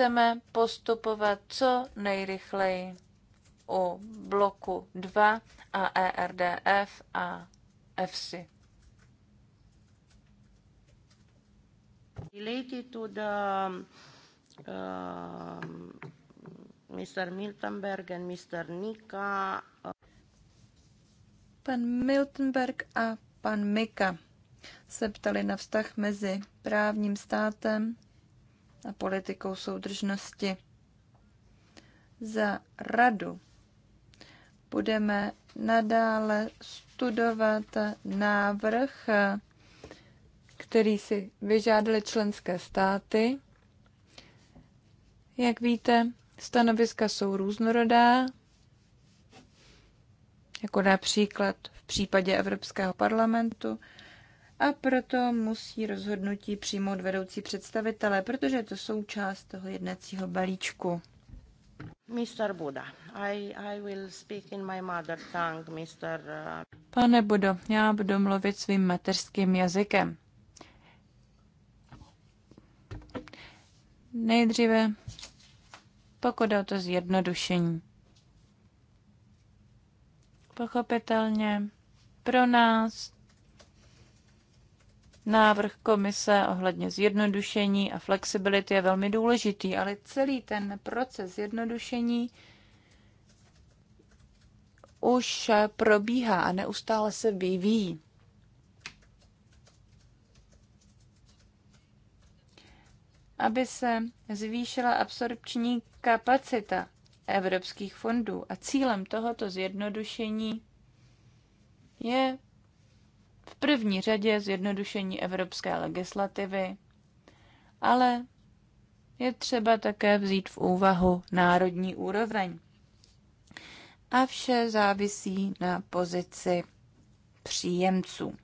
chceme postupovat co nejrychleji u bloku 2 a ERDF a EFSI. Related to the uh, um, Mr. Miltenberg and Mr. Nika. Uh. Pan Miltenberg a pan Mika se ptali na vztah mezi právním státem a politikou soudržnosti. Za radu budeme nadále studovat návrh, který si vyžádali členské státy. Jak víte, stanoviska jsou různorodá, jako například v případě Evropského parlamentu, a proto musí rozhodnutí přijmout vedoucí představitelé, protože je to součást toho jednacího balíčku. Mr. Buda, I, I will speak in my mother tongue, Mr. Uh, Pane Budo, já budu mluvit svým mateřským jazykem. Nejdříve, pokud o to zjednodušení. Pochopitelně pro nás Návrh komise ohledně zjednodušení a flexibility je velmi důležitý, ale celý ten proces zjednodušení už probíhá a neustále se vyvíjí. Aby se zvýšila absorpční kapacita evropských fondů a cílem tohoto zjednodušení je v první řadě zjednodušení evropské legislativy, ale je třeba také vzít v úvahu národní úroveň. A vše závisí na pozici příjemců.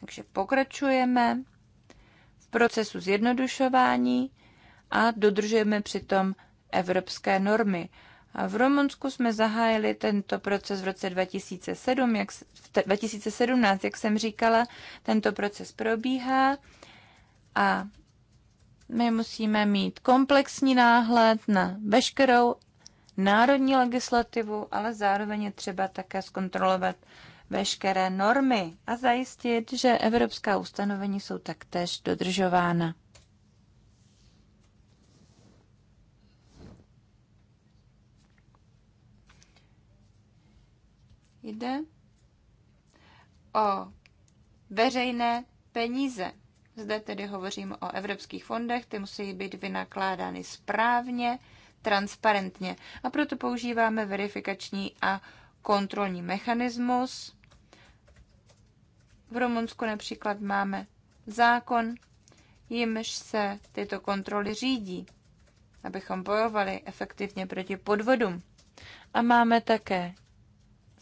Takže pokračujeme v procesu zjednodušování a dodržujeme přitom evropské normy. A v Rumunsku jsme zahájili tento proces v roce 2007, jak, v 2017, jak jsem říkala, tento proces probíhá a my musíme mít komplexní náhled na veškerou národní legislativu, ale zároveň je třeba také zkontrolovat veškeré normy a zajistit, že evropská ustanovení jsou taktéž dodržována. Jde o veřejné peníze. Zde tedy hovořím o evropských fondech, ty musí být vynakládány správně, transparentně. A proto používáme verifikační a kontrolní mechanismus. V Rumunsku například máme zákon, jimž se tyto kontroly řídí, abychom bojovali efektivně proti podvodům. A máme také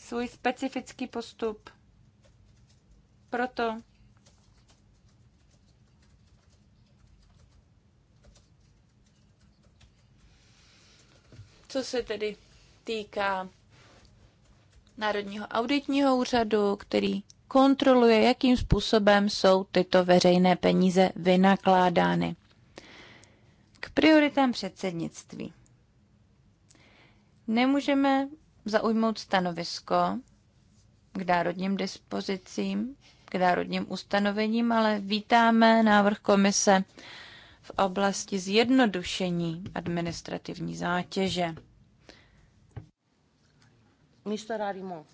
svůj specifický postup. Proto co se tedy týká Národního auditního úřadu, který kontroluje, jakým způsobem jsou tyto veřejné peníze vynakládány. K prioritám předsednictví. Nemůžeme zaujmout stanovisko k národním dispozicím, k národním ustanovením, ale vítáme návrh komise v oblasti zjednodušení administrativní zátěže. Mr. Arimont.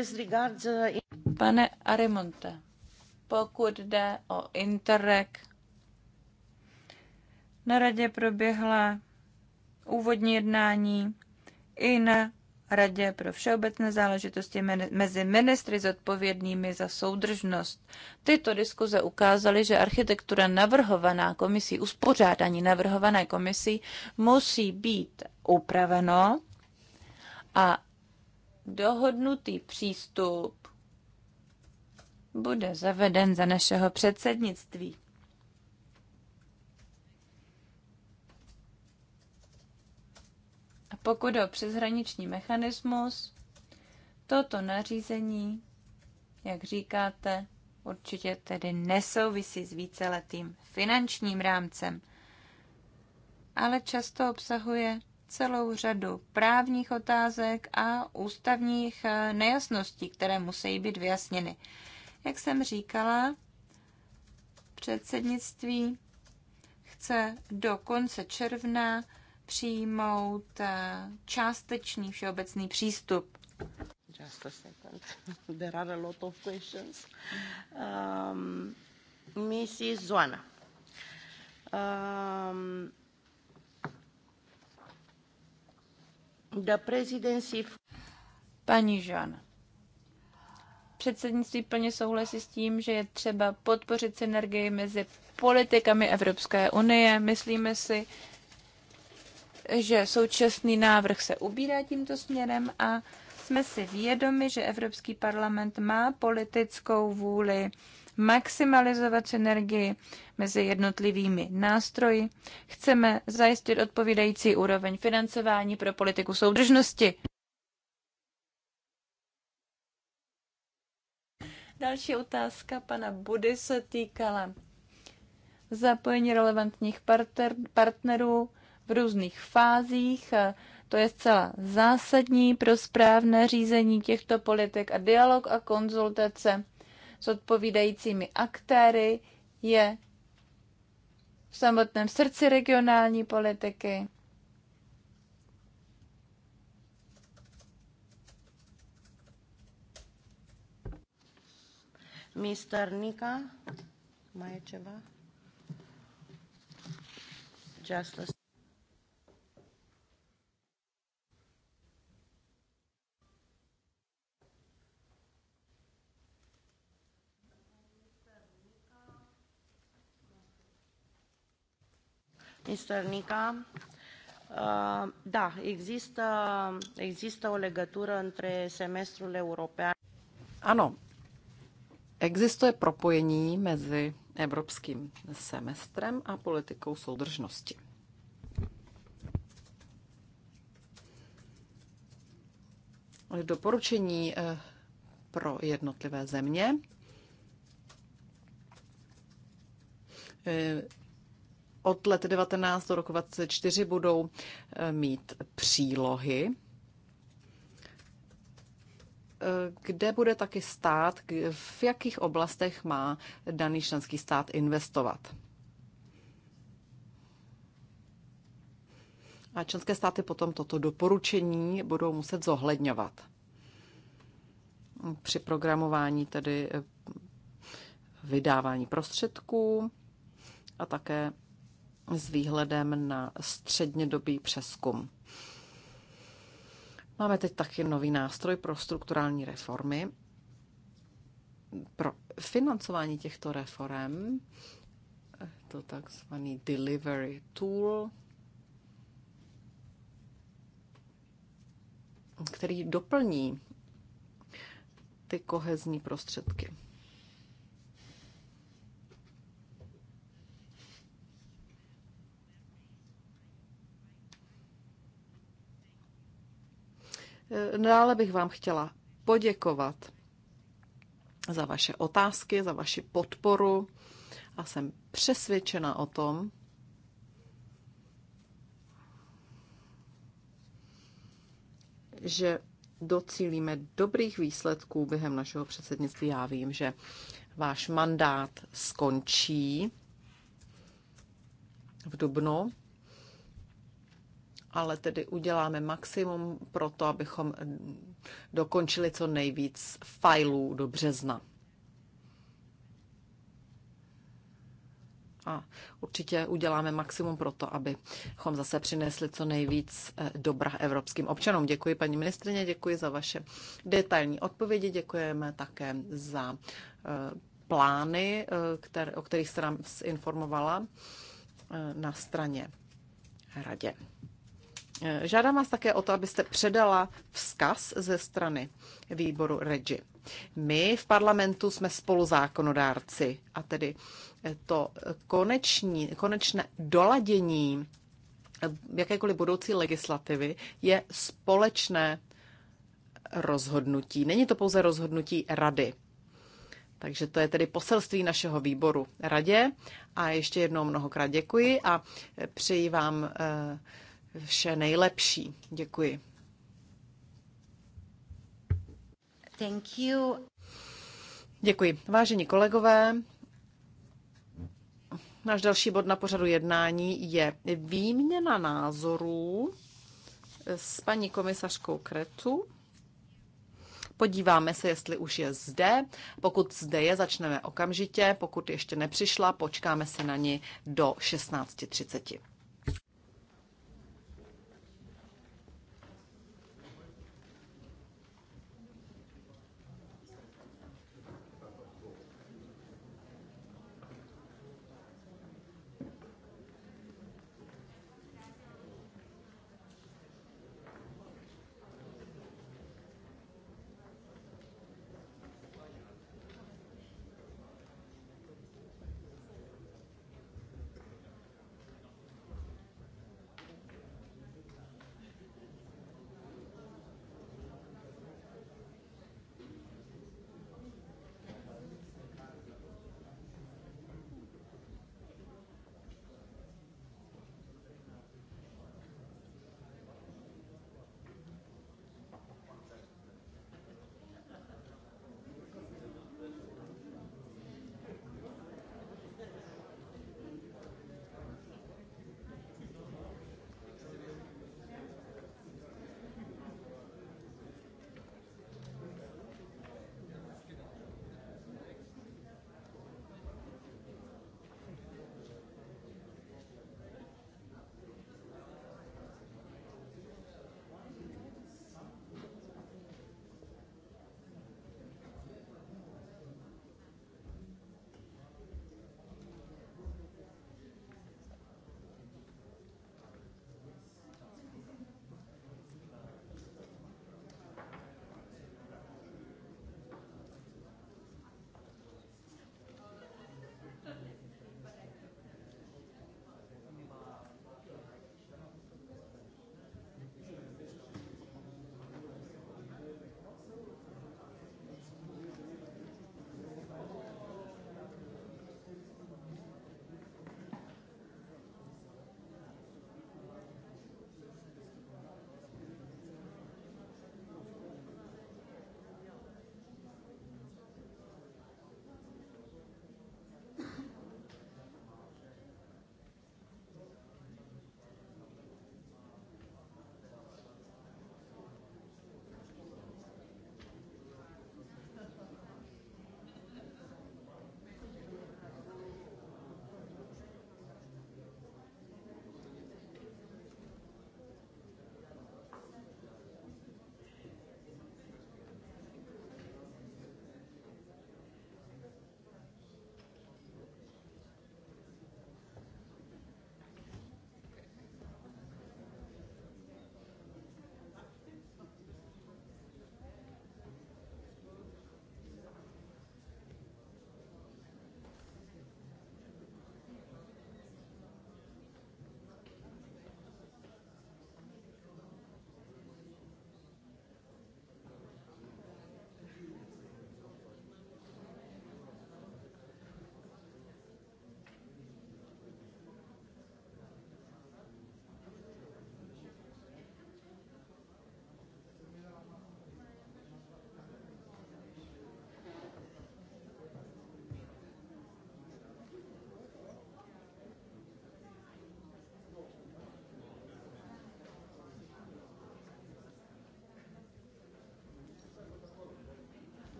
As regards... Uh, Pane Arimonte, pokud jde o Interreg, na radě proběhla úvodní jednání i na Radě pro všeobecné záležitosti mezi ministry zodpovědnými za soudržnost. Tyto diskuze ukázaly, že architektura navrhovaná komisí, uspořádání navrhované komisí musí být upraveno a dohodnutý přístup bude zaveden za našeho předsednictví. pokud o přeshraniční mechanismus, toto nařízení, jak říkáte, určitě tedy nesouvisí s víceletým finančním rámcem, ale často obsahuje celou řadu právních otázek a ústavních eh, nejasností, které musí být vyjasněny. Jak jsem říkala, předsednictví chce do konce června přijmout eh, částečný všeobecný přístup. Just a second. There are a lot of questions. Um, Mrs. Zoana. Um, the presidency... Paní Joana. Předsednictví plně souhlasí s tím, že je třeba podpořit synergii mezi politikami Evropské unie. Myslíme si, že současný návrh se ubírá tímto směrem a jsme si vědomi, že Evropský parlament má politickou vůli maximalizovat synergii mezi jednotlivými nástroji. Chceme zajistit odpovídající úroveň financování pro politiku soudržnosti. Další otázka pana Budy se týkala zapojení relevantních partnerů v různých fázích. To je zcela zásadní pro správné řízení těchto politik a dialog a konzultace s odpovídajícími aktéry je v samotném srdci regionální politiky. Mr. Nika, má je Just Mr. Nica. Uh, da, există, există o legătură între semestrul european. Ano, existuje propojení mezi evropským semestrem a politikou soudržnosti. Doporučení eh, pro jednotlivé země eh, od let 19 do roku 24 budou eh, mít přílohy, eh, kde bude taky stát, v jakých oblastech má daný členský stát investovat. A členské státy potom toto doporučení budou muset zohledňovat při programování tedy eh, vydávání prostředků a také s výhledem na střednědobý přeskum. Máme teď taky nový nástroj pro strukturální reformy. Pro financování těchto reform, to takzvaný delivery tool, který doplní ty kohezní prostředky. Eh, Dále bych vám chtěla poděkovat za vaše otázky, za vaši podporu a jsem přesvědčena o tom, že docílíme dobrých výsledků během našeho předsednictví. Já vím, že váš mandát skončí v Dubnu ale tedy uděláme maximum pro to, abychom eh, dokončili co nejvíc fajlů do března. A určitě uděláme maximum pro to, abychom zase přinesli co nejvíc eh, dobra evropským občanům. Děkuji paní ministrině, děkuji za vaše detailní odpovědi, děkujeme také za eh, plány, které, o kterých jste nám informovala na straně radě. Eh, žádám vás také o to, abyste předala vzkaz ze strany výboru REGI. My v parlamentu jsme spoluzákonodárci a tedy eh, to koneční, konečné doladění eh, jakékoliv budoucí legislativy je společné rozhodnutí. Není to pouze rozhodnutí rady. Takže to je tedy poselství našeho výboru radě. A ještě jednou mnohokrát děkuji a přeji vám eh, vše nejlepší. Děkuji. Thank you. Děkuji. Vážení kolegové, náš další bod na pořadu jednání je výměna názorů s paní komisařkou Kretu. Podíváme se, jestli už je zde. Pokud zde je, začneme okamžitě. Pokud ještě nepřišla, počkáme se na ní do 16.30.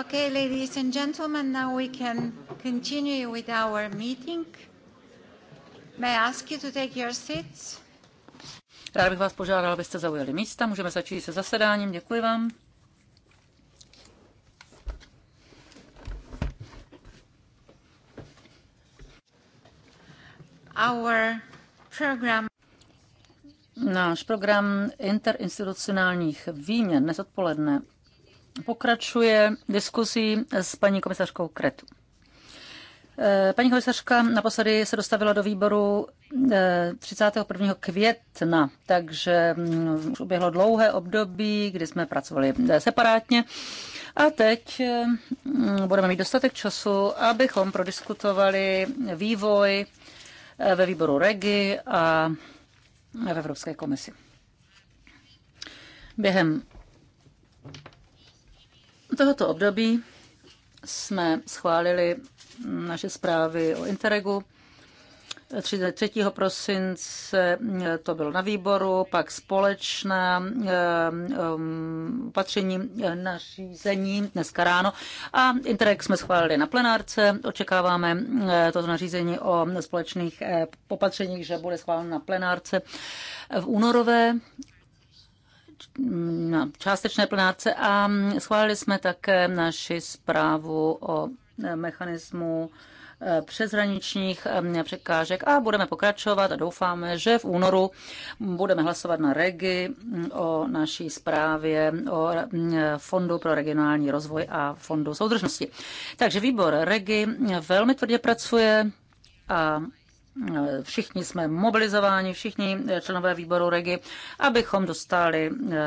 Okay, ladies and gentlemen, now we can continue with our meeting. May I ask you to take your seats? Rád bych vás požádal, abyste zaujali místa. Můžeme začít se zasedáním. Děkuji vám. Our program Náš program interinstitucionálních výměn dnes odpoledne pokračuje diskuzí s paní komisařkou Kretu. Eh, paní komisařka naposledy se dostavila do výboru 31. Eh, května, takže mm, už uběhlo dlouhé období, kdy jsme pracovali eh, separátně. A teď budeme mít dostatek času, abychom prodiskutovali vývoj ve výboru REGI a v Evropské komisi. Během tohoto období jsme schválili naše zprávy o Interregu. 3. prosince to bylo na výboru, pak společná ehm, ehm, opatření eh, řízení dneska ráno a Interreg jsme schválili na plenárce. Očekáváme eh, toto nařízení o společných eh, opatřeních, že bude schváleno na plenárce v únorové na částečné plnáce a schválili jsme také naši zprávu o mechanismu eh, přeshraničních eh, překážek a budeme pokračovat a doufáme, že v únoru budeme hlasovat na REGI mm, o naší zprávě o eh, Fondu pro regionální rozvoj a Fondu soudržnosti. Takže výbor REGI mm, velmi tvrdě pracuje a Všichni jsme mobilizováni, všichni členové výboru REGI, abychom dostali, eh,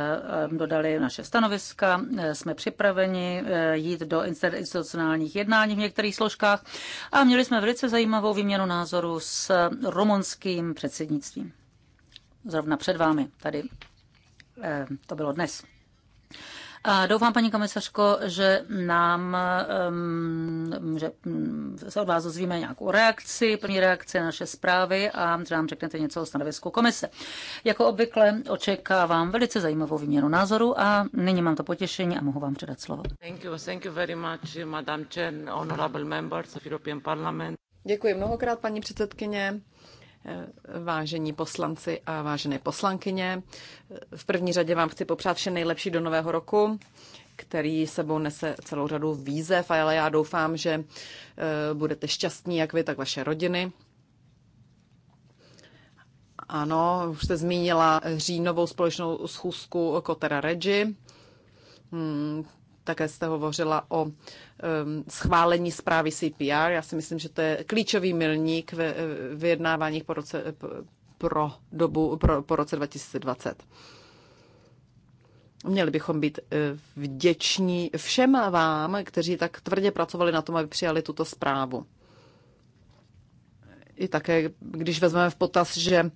dodali naše stanoviska. Eh, jsme připraveni eh, jít do institucionálních jednání v některých složkách a měli jsme velice zajímavou výměnu názoru s rumunským předsednictvím. Zrovna před vámi tady. To bylo dnes. A doufám, paní komisařko, že nám že mm, se od vás dozvíme nějakou reakci, první reakce na naše zprávy a že nám řeknete něco o stanovisku komise. Jako obvykle očekávám velice zajímavou výměnu názoru a nyní mám to potěšení a mohu vám předat slovo. Thank you, thank you very much, Madam Chen, honorable members of European Parliament. Děkuji mnohokrát, paní předsedkyně vážení poslanci a vážené poslankyně. V první řadě vám chci popřát vše nejlepší do nového roku, který sebou nese celou řadu výzev, ale já doufám, že eh, budete šťastní, jak vy, tak vaše rodiny. Ano, už jste zmínila říjnovou společnou schůzku Kotera Regi. Hmm, také jste hovořila o schválení zprávy CPR. Já si myslím, že to je klíčový milník ve e, vyjednáváních po roce, e, pro dobu pro, po roce 2020. Měli bychom být e, vděční všem vám, kteří tak tvrdě pracovali na tom, aby přijali tuto zprávu. I také, když vezmeme v potaz, že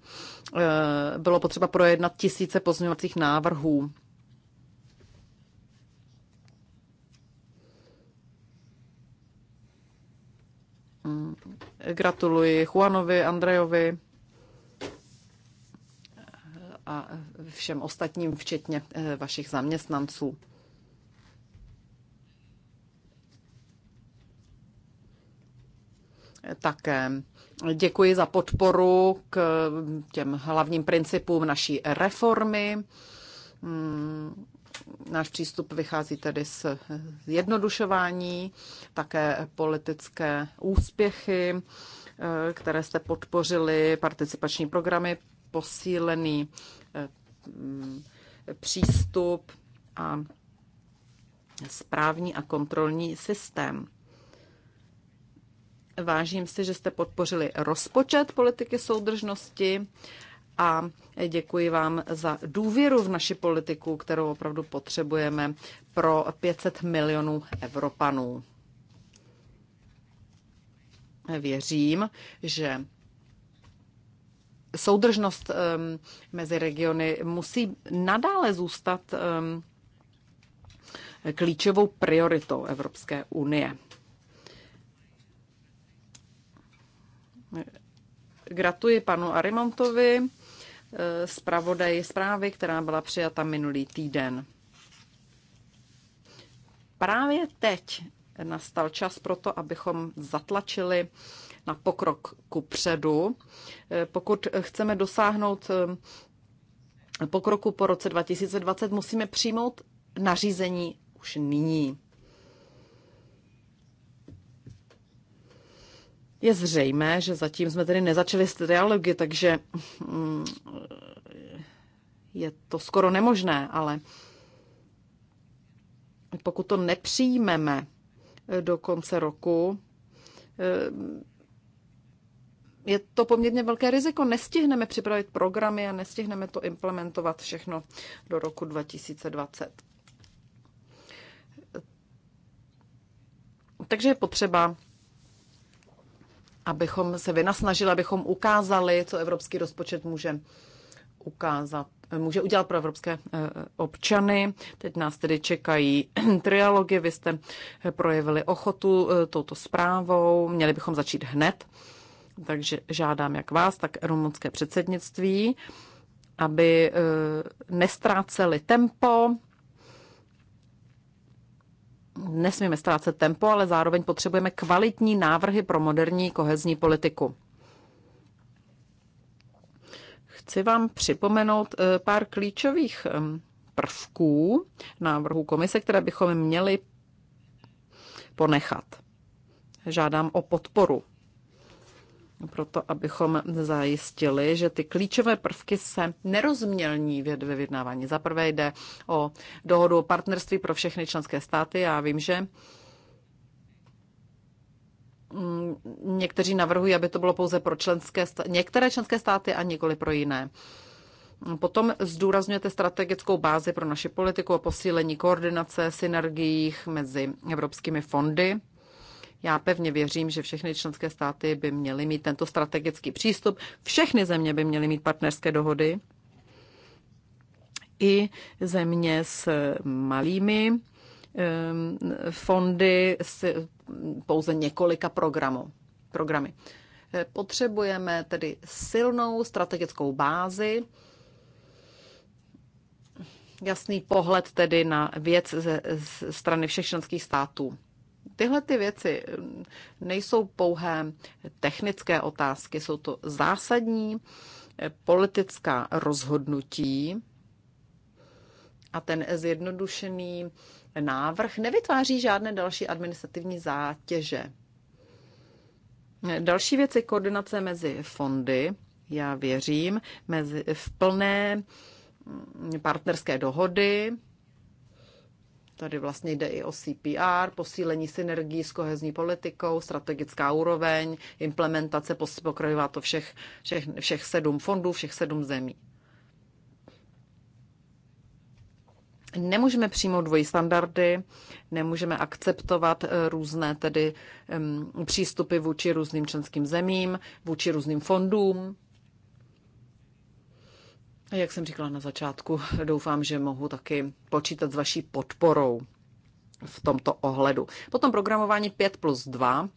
bylo potřeba projednat tisíce pozměňovacích návrhů, Gratuluji Juanovi, Andrejovi a všem ostatním, včetně eh, vašich zaměstnanců. Také děkuji za podporu k těm hlavním principům naší reformy hmm. Náš přístup vychází tedy z jednodušování, také politické úspěchy, eh, které jste podpořili, participační programy, posílený eh, přístup a správní a kontrolní systém. Vážím si, že jste podpořili rozpočet politiky soudržnosti a děkuji vám za důvěru v naši politiku, kterou opravdu potřebujeme pro 500 milionů Evropanů. Věřím, že soudržnost mezi regiony musí nadále zůstat klíčovou prioritou Evropské unie. Gratuluji panu Arimontovi Eh, zpravodaj zprávy, která byla přijata minulý týden. Právě teď nastal čas pro to, abychom zatlačili na pokrok ku předu. Eh, pokud chceme dosáhnout eh, pokroku po roce 2020, musíme přijmout nařízení už nyní. je zřejmé, že zatím jsme tedy nezačali s dialogy, takže mm, je to skoro nemožné, ale pokud to nepřijmeme do konce roku, eh, je to poměrně velké riziko. Nestihneme připravit programy a nestihneme to implementovat všechno do roku 2020. Takže je potřeba abychom se vynasnažili, abychom ukázali, co evropský rozpočet může ukázat, může udělat pro evropské eh, občany. Teď nás tedy čekají trialogy, vy jste eh, projevili ochotu eh, touto zprávou, měli bychom začít hned, takže žádám jak vás, tak rumunské předsednictví, aby nestráceli tempo, Nesmíme ztrácet tempo, ale zároveň potřebujeme kvalitní návrhy pro moderní kohezní politiku. Chci vám připomenout eh, pár klíčových prvků návrhu komise, které bychom měli ponechat. Žádám o podporu proto abychom zajistili, že ty klíčové prvky se nerozmělní ve vyjednávání. Za prvé jde o dohodu o partnerství pro všechny členské státy. Já vím, že mm, někteří navrhují, aby to bylo pouze pro členské státy, některé členské státy a nikoli pro jiné. Potom zdůrazňujete strategickou bázi pro naši politiku a posílení koordinace synergiích mezi evropskými fondy já pevně věřím, že všechny členské státy by měly mít tento strategický přístup, všechny země by měly mít partnerské dohody, i země s malými fondy s pouze několika programů, programy. Eh, potřebujeme tedy silnou strategickou bázi, jasný pohled tedy na věc ze strany všech členských států. Tyhle ty věci mm, nejsou pouhé technické otázky, jsou to zásadní eh, politická rozhodnutí a ten zjednodušený návrh nevytváří žádné další administrativní zátěže. Další věc je koordinace mezi fondy, já věřím, mezi, v plné mm, partnerské dohody Tady vlastně jde i o CPR, posílení synergií s kohezní politikou, strategická úroveň, implementace, pokrývá to všech, všech, všech sedm fondů, všech sedm zemí. Nemůžeme přijmout dvojí standardy, nemůžeme akceptovat eh, různé tedy přístupy vůči různým členským zemím, vůči různým fondům. Jak jsem říkala na začátku, doufám, že mohu taky počítat s vaší podporou v tomto ohledu. Potom programování 5 plus 2.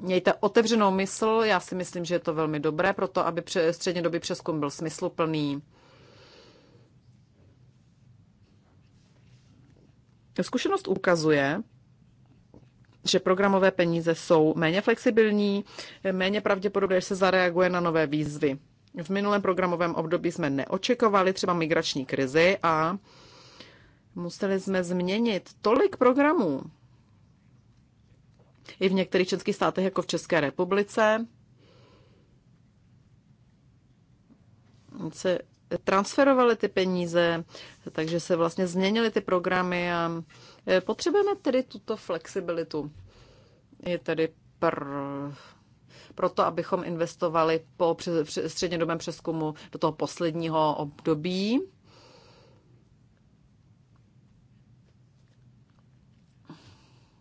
Mějte otevřenou mysl, já si myslím, že je to velmi dobré, proto aby střednědobý přeskum byl smysluplný. Zkušenost ukazuje, že programové peníze jsou méně flexibilní, méně pravděpodobně, že se zareaguje na nové výzvy. V minulém programovém období jsme neočekovali třeba migrační krizi a museli jsme změnit tolik programů. I v některých českých státech, jako v České republice, se transferovaly ty peníze, takže se vlastně změnily ty programy a e, potřebujeme tedy tuto flexibilitu. Je tedy pr... proto, abychom investovali po střednědobém přeskumu do toho posledního období.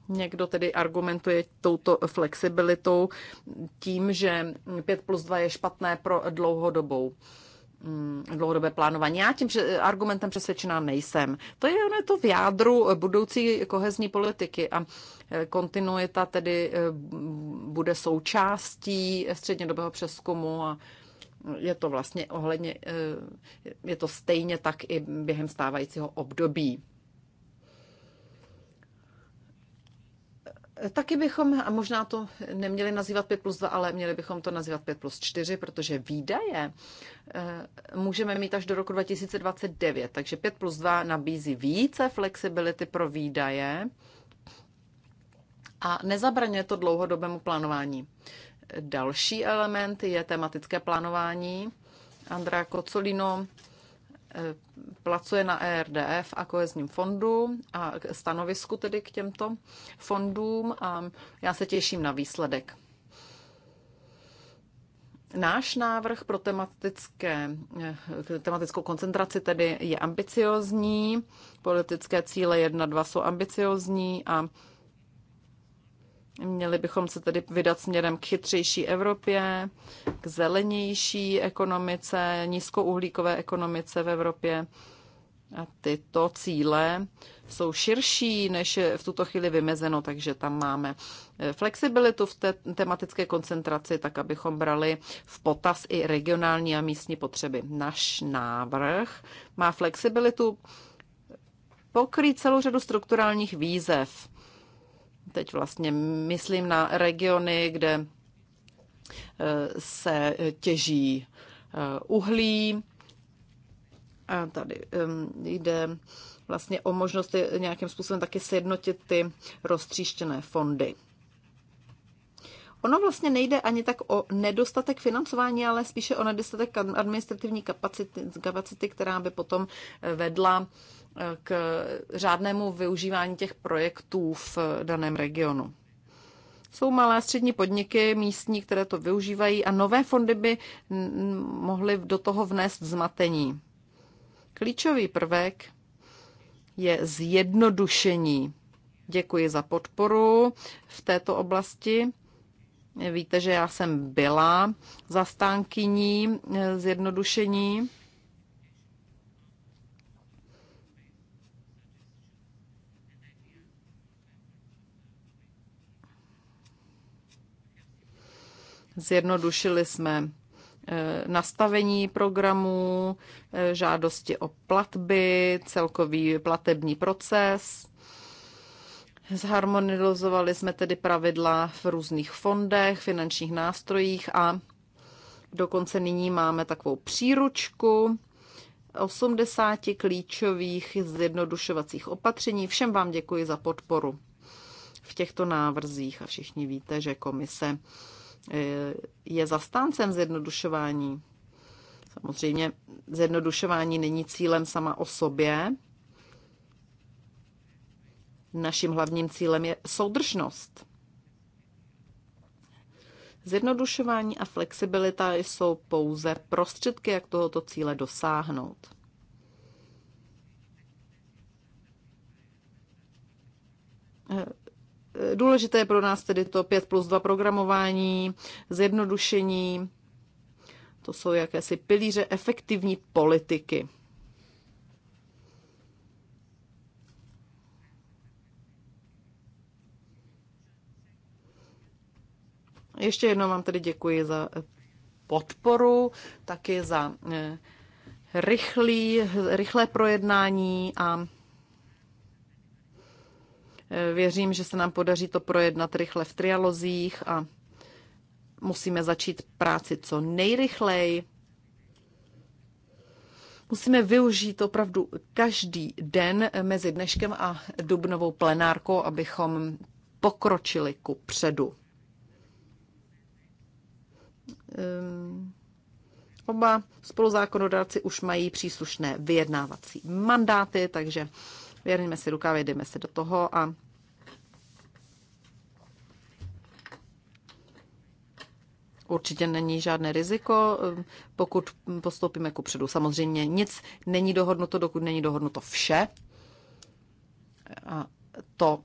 Někdo tedy argumentuje touto flexibilitou tím, že 5 plus 2 je špatné pro dlouhodobou Mm, dlouhodobé plánování. Já tím argumentem přesvědčená nejsem. To je ono to v jádru eh, budoucí kohezní politiky a eh, kontinuita tedy eh, bude součástí střednědobého přeskumu a je to vlastně ohledně, je to stejně tak i během stávajícího období. Taky bychom, a možná to neměli nazývat 5 plus 2, ale měli bychom to nazývat 5 plus 4, protože výdaje eh, můžeme mít až do roku 2029. Takže 5 plus 2 nabízí více flexibility pro výdaje a nezabraňuje to dlouhodobému plánování. Další element je tematické plánování. Andrea Kocolino Eh, placuje na ERDF a kohezním fondu a stanovisku tedy k těmto fondům a já se těším na výsledek. Náš návrh pro tematické, eh, tematickou koncentraci tedy je ambiciozní, politické cíle 1, 2 jsou ambiciozní a Měli bychom se tedy vydat směrem k chytřejší Evropě, k zelenější ekonomice, nízkouhlíkové ekonomice v Evropě. A tyto cíle jsou širší, než je v tuto chvíli vymezeno, takže tam máme eh, flexibilitu v té tematické koncentraci, tak abychom brali v potaz i regionální a místní potřeby. Naš návrh má flexibilitu pokrýt celou řadu strukturálních výzev Teď vlastně myslím na regiony, kde eh, se těží eh, uhlí. A tady jde vlastně o možnost nějakým způsobem taky sjednotit ty roztříštěné fondy. Ono vlastně nejde ani tak o nedostatek financování, ale spíše o nedostatek administrativní kapacity, kapacity která by potom eh, vedla eh, k řádnému využívání těch projektů v eh, daném regionu. Jsou malé střední podniky místní, které to využívají a nové fondy by mohly do toho vnést zmatení. Klíčový prvek je zjednodušení. Děkuji za podporu v této oblasti. Víte, že já jsem byla zastánkyní eh, zjednodušení. Zjednodušili jsme eh, nastavení programů, eh, žádosti o platby, celkový platební proces. Zharmonizovali jsme tedy pravidla v různých fondech, finančních nástrojích a dokonce nyní máme takovou příručku 80 klíčových zjednodušovacích opatření. Všem vám děkuji za podporu v těchto návrzích a všichni víte, že komise eh, je zastáncem zjednodušování. Samozřejmě zjednodušování není cílem sama o sobě, Naším hlavním cílem je soudržnost. Zjednodušování a flexibilita jsou pouze prostředky, jak tohoto cíle dosáhnout. Důležité je pro nás tedy to 5 plus 2 programování, zjednodušení, to jsou jakési pilíře efektivní politiky. Ještě jednou vám tedy děkuji za eh, podporu, taky za eh, rychlý, rychlé projednání a eh, věřím, že se nám podaří to projednat rychle v trialozích a musíme začít práci co nejrychleji. Musíme využít opravdu každý den mezi dneškem a dubnovou plenárkou, abychom pokročili ku předu. Ehm, oba spoluzákonodárci už mají příslušné vyjednávací mandáty, takže věrníme si rukávy, jdeme se do toho a Určitě není žádné riziko, ehm, pokud postoupíme ku předu. Samozřejmě nic není dohodnuto, dokud není dohodnuto vše. A to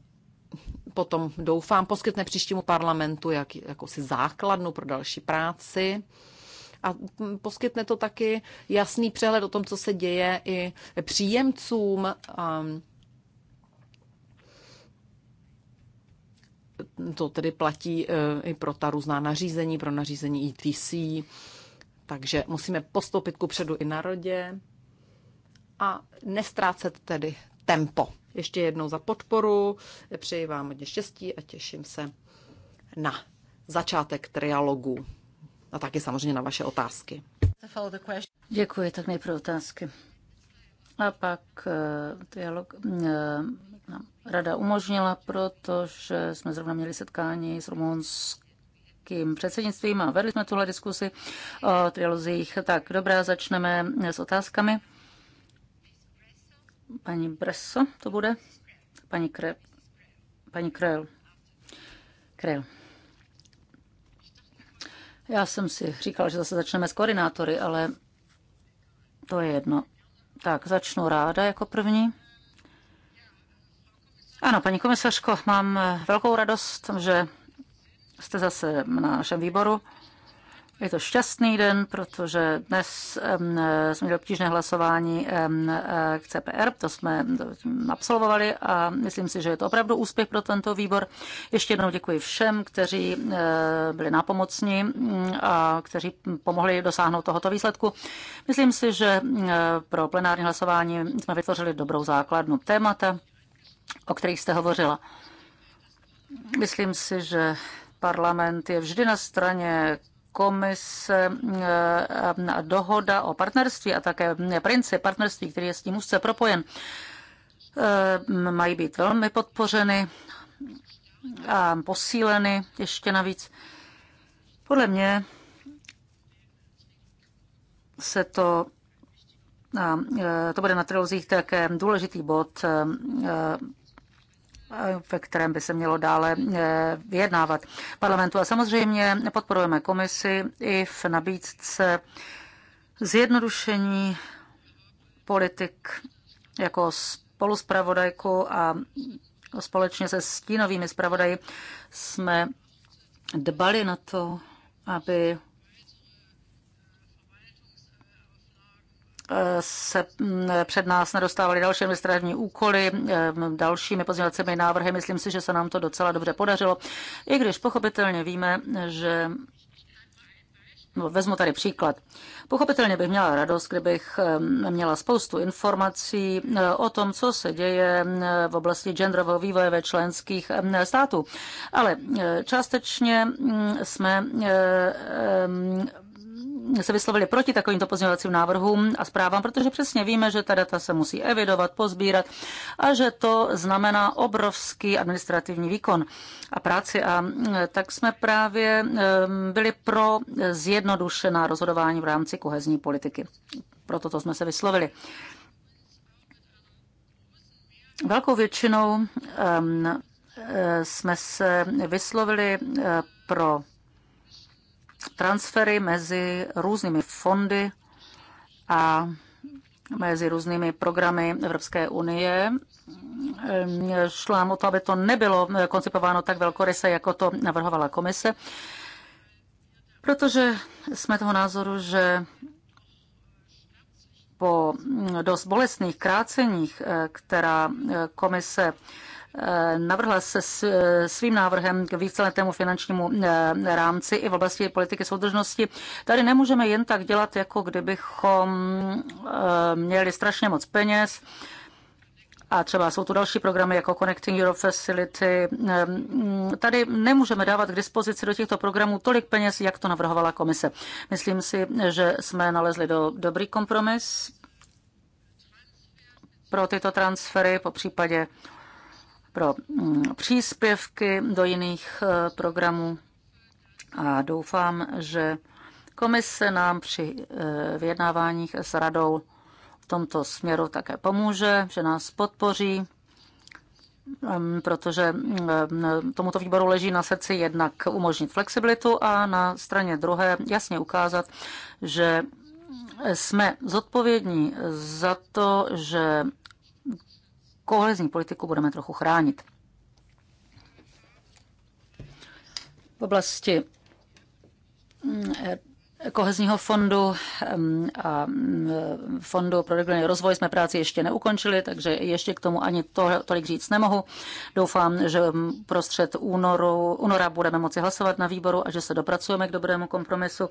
potom doufám poskytne příštímu parlamentu jak, si základnu pro další práci a poskytne to taky jasný přehled o tom, co se děje i příjemcům. Um, to tedy platí eh, i pro ta různá nařízení, pro nařízení ETC. Takže musíme postoupit ku předu i na rodě a nestrácet tedy tempo. Ještě jednou za podporu, přeji vám hodně štěstí a těším se na začátek trialogu a taky samozřejmě na vaše otázky. Děkuji, tak nejprve otázky. A pak dialog eh, eh, nám rada umožnila, protože jsme zrovna měli setkání s rumunským předsednictvím a vedli jsme tuhle diskusi o trialozích. Tak dobrá, začneme s otázkami paní Bresso to bude, paní Kre paní Krel. Krel. Já jsem si říkal, že zase začneme s koordinátory, ale to je jedno. Tak, začnu ráda jako první. Ano, paní komisařko, mám velkou radost, že jste zase na našem výboru. Je to šťastný den, protože dnes jsme měli obtížné hlasování e, k CPR, to jsme absolvovali a myslím si, že je to opravdu úspěch pro tento výbor. Ještě jednou děkuji všem, kteří e, byli nápomocní a kteří pomohli dosáhnout tohoto výsledku. Myslím si, že e, pro plenární hlasování jsme vytvořili dobrou základnu témata, o kterých jste hovořila. Myslím si, že parlament je vždy na straně komise eh, dohoda o partnerství a také princip partnerství, který je s tím úzce propojen, eh, mají být velmi podpořeny a posíleny ještě navíc. Podle mě se to a eh, to bude na trilozích také důležitý bod ve kterém by se mělo dále eh, vyjednávat parlamentu. A samozřejmě podporujeme komisi i v nabídce zjednodušení politik jako spoluspravodajku a společně se stínovými zpravodaji jsme dbali na to, aby se mm, před nás nedostávaly další administrativní úkoly, mm, dalšími pozměňovacími návrhy. Myslím si, že se nám to docela dobře podařilo, i když pochopitelně víme, že No, vezmu tady příklad. Pochopitelně bych měla radost, kdybych mm, měla spoustu informací o tom, co se děje v oblasti genderového vývoje ve členských států. Ale částečně jsme se vyslovili proti takovýmto pozměňovacím návrhům a zprávám, protože přesně víme, že ta data se musí evidovat, pozbírat a že to znamená obrovský administrativní výkon a práci. A e, tak jsme právě e, byli pro zjednodušená rozhodování v rámci kohezní politiky. Proto to jsme se vyslovili. Velkou většinou e, jsme se vyslovili pro transfery mezi různými fondy a mezi různými programy Evropské unie. Šlo nám o to, aby to nebylo koncipováno tak velkoryse, jako to navrhovala komise, protože jsme toho názoru, že po dost bolestných kráceních, eh, která eh, komise Eh, navrhla se eh, svým návrhem k víceletému finančnímu eh, rámci i v oblasti politiky soudržnosti. Tady nemůžeme jen tak dělat, jako kdybychom měli strašně moc peněz. A třeba jsou tu další programy jako Connecting Europe Facility. Tady nemůžeme dávat k dispozici do těchto programů tolik peněz, jak to navrhovala komise. Myslím si, že jsme nalezli do, dobrý kompromis pro tyto transfery, po případě pro mm, příspěvky do jiných eh, programů a doufám, že komise nám při eh, vyjednáváních s radou v tomto směru také pomůže, že nás podpoří, mm, protože mm, eh, tomuto výboru leží na srdci jednak umožnit flexibilitu a na straně druhé jasně ukázat, že jsme zodpovědní za to, že kohezní politiku budeme trochu chránit. V oblasti mm, e, kohezního fondu mm, a mm, fondu pro regionální rozvoj jsme práci ještě neukončili, takže ještě k tomu ani to, tolik říct nemohu. Doufám, že prostřed únoru, února budeme moci hlasovat na výboru a že se dopracujeme k dobrému kompromisu.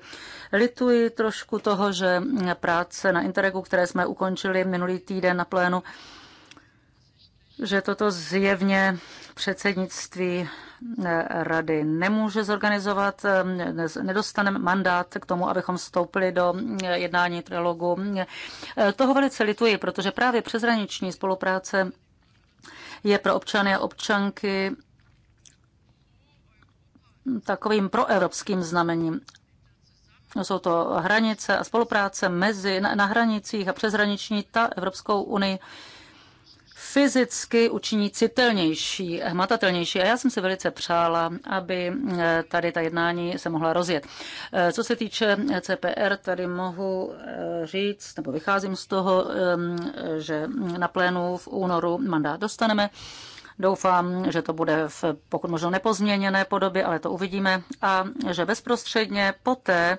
Lituji trošku toho, že práce na Interregu, které jsme ukončili minulý týden na plénu, že toto zjevně předsednictví eh, rady nemůže zorganizovat. Nedostaneme mandát k tomu, abychom vstoupili do eh, jednání trilogu. Eh, toho velice lituji, protože právě přeshraniční spolupráce je pro občany a občanky takovým proevropským znamením. Jsou to hranice a spolupráce mezi, na, na hranicích a přeshraniční ta Evropskou unii fyzicky učiní citelnější, hmatatelnější. A já jsem se velice přála, aby eh, tady ta jednání se mohla rozjet. Eh, co se týče eh, CPR, tady mohu říct, nebo vycházím z toho, ehm, že na plénu v únoru mandát dostaneme. Doufám, že to bude v pokud možno nepozměněné podobě, ale to uvidíme. A že bezprostředně poté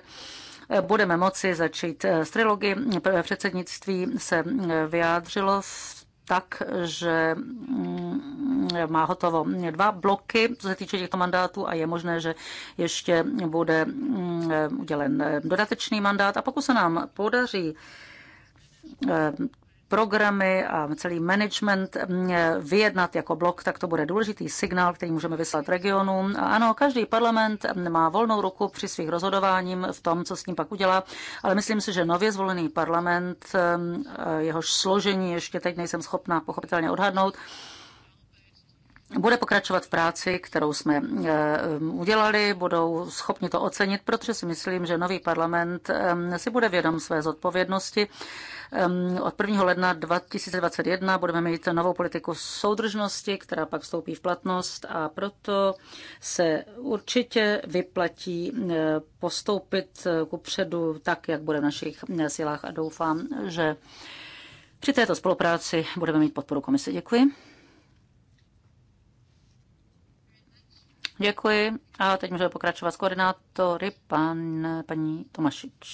budeme moci začít s trilogy. Předsednictví se vyjádřilo v tak, že mm, má hotovo dva bloky, co se týče těchto mandátů a je možné, že ještě bude mm, udělen dodatečný mandát. A pokud se nám podaří eh, programy a celý management mm, vyjednat jako blok, tak to bude důležitý signál, který můžeme vyslat regionům. A ano, každý parlament mm, má volnou ruku při svých rozhodováním v tom, co s ním pak udělá, ale myslím si, že nově zvolený parlament, mm, jehož složení ještě teď nejsem schopná pochopitelně odhadnout, bude pokračovat v práci, kterou jsme eh, udělali, budou schopni to ocenit, protože si myslím, že nový parlament eh, si bude vědom své zodpovědnosti. Eh, od 1. ledna 2021 budeme mít novou politiku soudržnosti, která pak vstoupí v platnost a proto se určitě vyplatí postoupit ku předu tak, jak bude v našich silách a doufám, že při této spolupráci budeme mít podporu komise. Děkuji. Děkuji a teď můžeme pokračovat s koordinátory, pan, paní Tomašič.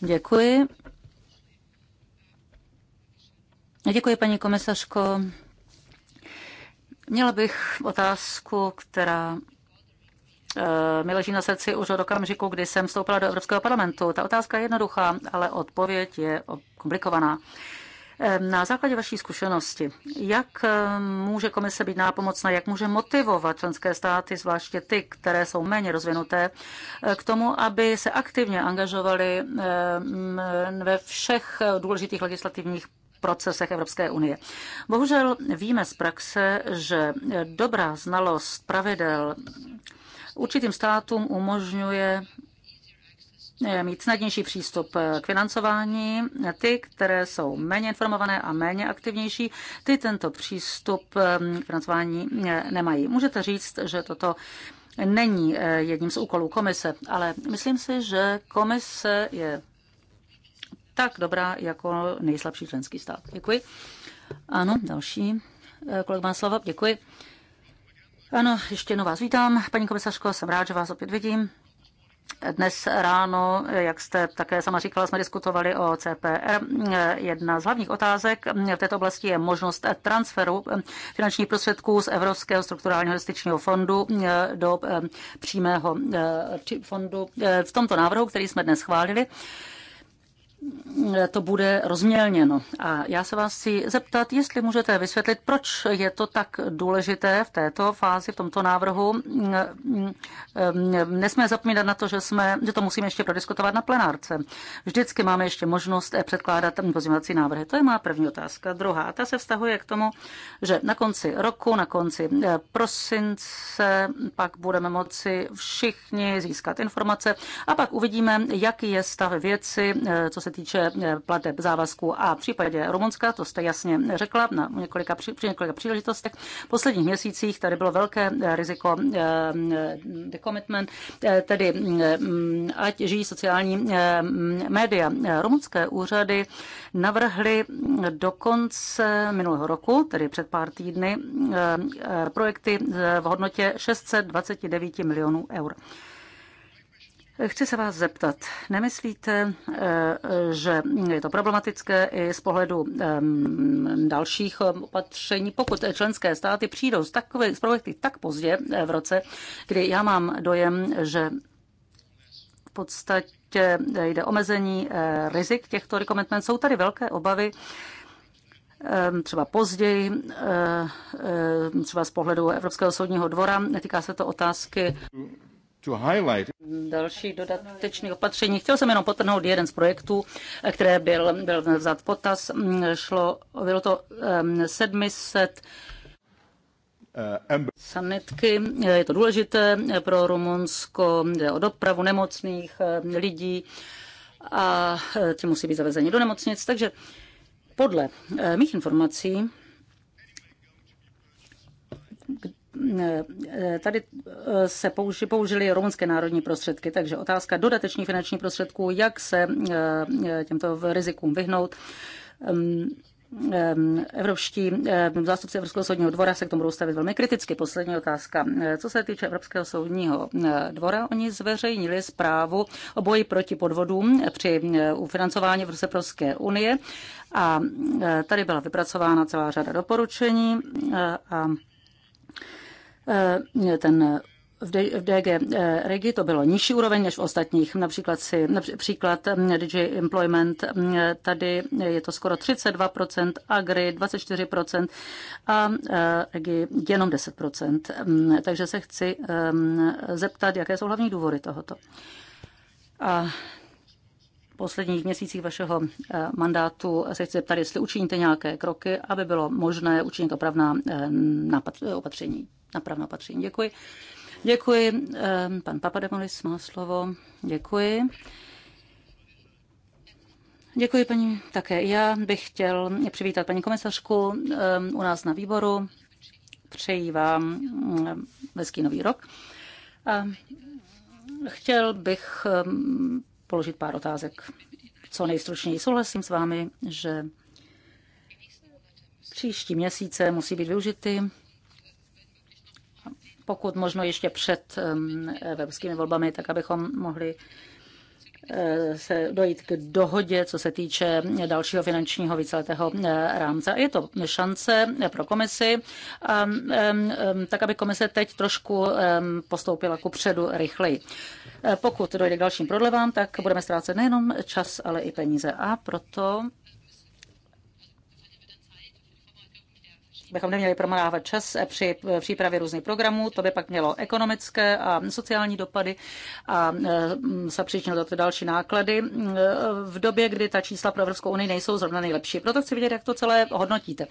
Děkuji. Děkuji, paní komisařko. Měla bych otázku, která eh, mi leží na srdci už od okamžiku, kdy jsem vstoupila do Evropského parlamentu. Ta otázka je jednoduchá, ale odpověď je komplikovaná. Eh, na základě vaší zkušenosti, jak eh, může komise být nápomocná, jak může motivovat členské státy, zvláště ty, které jsou méně rozvinuté, eh, k tomu, aby se aktivně angažovali ve všech důležitých legislativních procesech Evropské unie. Bohužel víme z praxe, že dobrá znalost pravidel určitým státům umožňuje Eh, mít snadnější přístup eh, k financování. Ty, které jsou méně informované a méně aktivnější, ty tento přístup k eh, financování nemají. Můžete říct, že toto není jedním z úkolů komise, ale myslím si, že komise je tak dobrá jako nejslabší členský stát. Děkuji. Ano, další kolega má slovo. Děkuji. Ano, ještě jednou vás vítám. Paní komisařko, jsem rád, že vás opět vidím. Dnes ráno, jak jste také sama říkala, jsme diskutovali o CPR. Jedna z hlavních otázek v této oblasti je možnost transferu finančních prostředků z Evropského strukturálního investičního fondu eh, do eh, přímého eh, fondu. V tomto návrhu, který jsme dnes schválili, to bude rozmělněno. A já se vás chci zeptat, jestli můžete vysvětlit, proč je to tak důležité v této fázi, v tomto návrhu. Nesmíme zapomínat na to, že, jsme, že to musíme ještě prodiskutovat na plenárce. Vždycky máme ještě možnost předkládat pozměňovací návrhy. To je má první otázka. Druhá, ta se vztahuje k tomu, že na konci roku, na konci eh, prosince, pak budeme moci všichni získat informace a pak uvidíme, jaký je stav věci, eh, co se se týče eh, plateb závazků a v případě Rumunska, to jste jasně řekla na několika, při několika příležitostech, v posledních měsících tady bylo velké eh, riziko eh, decommitment, tedy mm, ať žijí sociální mm, média. Rumunské úřady navrhly do konce minulého roku, tedy před pár týdny, projekty v hodnotě 629 milionů eur. Chci se vás zeptat, nemyslíte, eh, že je to problematické i z pohledu ehm, dalších eh, opatření, pokud členské státy přijdou z, takové, z projekty tak pozdě eh, v roce, kdy já mám dojem, že v podstatě jde omezení rizik těchto rekomendment. Jsou tady velké obavy, ehm, třeba později, třeba z pohledu Evropského soudního dvora. Netýká se to otázky Další dodatečných opatření. Chtěl jsem jenom potrhnout jeden z projektů, které byl, byl vzat potaz. Mm, šlo, bylo to 700 eh, Sanitky, je to důležité pro Rumunsko, jde o dopravu nemocných eh, lidí a eh, ti musí být zavezeni do nemocnic. Takže podle mých informací Eh, tady eh, se použi, použili rumunské národní prostředky, takže otázka dodatečných finančních prostředků, jak se eh, těmto rizikům vyhnout. Ehm, ehm, evropští zástupci Evropského soudního dvora se k tomu budou stavit velmi kriticky. Poslední otázka. Co se týče Evropského soudního dvora, oni zveřejnili zprávu o boji proti podvodům při financování v Evropské unie a tady byla vypracována celá řada doporučení a Eh, ten v DG eh, Regi to bylo nižší úroveň než v ostatních. Například si, například eh, DG Employment, tady je to skoro 32%, Agri 24% a Regi jenom 10%. Mm, takže se chci ehm, zeptat, jaké jsou hlavní důvody tohoto. A posledních měsících vašeho mandátu se chci zeptat, jestli učiníte nějaké kroky, aby bylo možné učinit opravná opatření napravná patří. Děkuji. Děkuji. Eh, pan Papademolis má slovo. Děkuji. Děkuji paní také. Já bych chtěl přivítat paní komisařku eh, u nás na výboru. Přeji vám eh, hezký nový rok. A chtěl bych položit pár otázek. Co nejstručněji souhlasím s vámi, že příští měsíce musí být využity pokud možno ještě před evropskými volbami, tak abychom mohli eh, se dojít k dohodě, co se týče dalšího finančního víceletého eh, rámce. Je to šance pro komisi, tak aby komise teď trošku postoupila ku předu rychleji. Eh, pokud dojde k dalším prodlevám, tak budeme ztrácet nejenom čas, ale i peníze. A proto bychom neměli promarávat čas při přípravě různých programů. To by pak mělo ekonomické a sociální dopady a mm, zapříčinilo to další náklady mm, v době, kdy ta čísla pro Evropskou unii nejsou zrovna nejlepší. Proto chci vidět, jak to celé hodnotíte.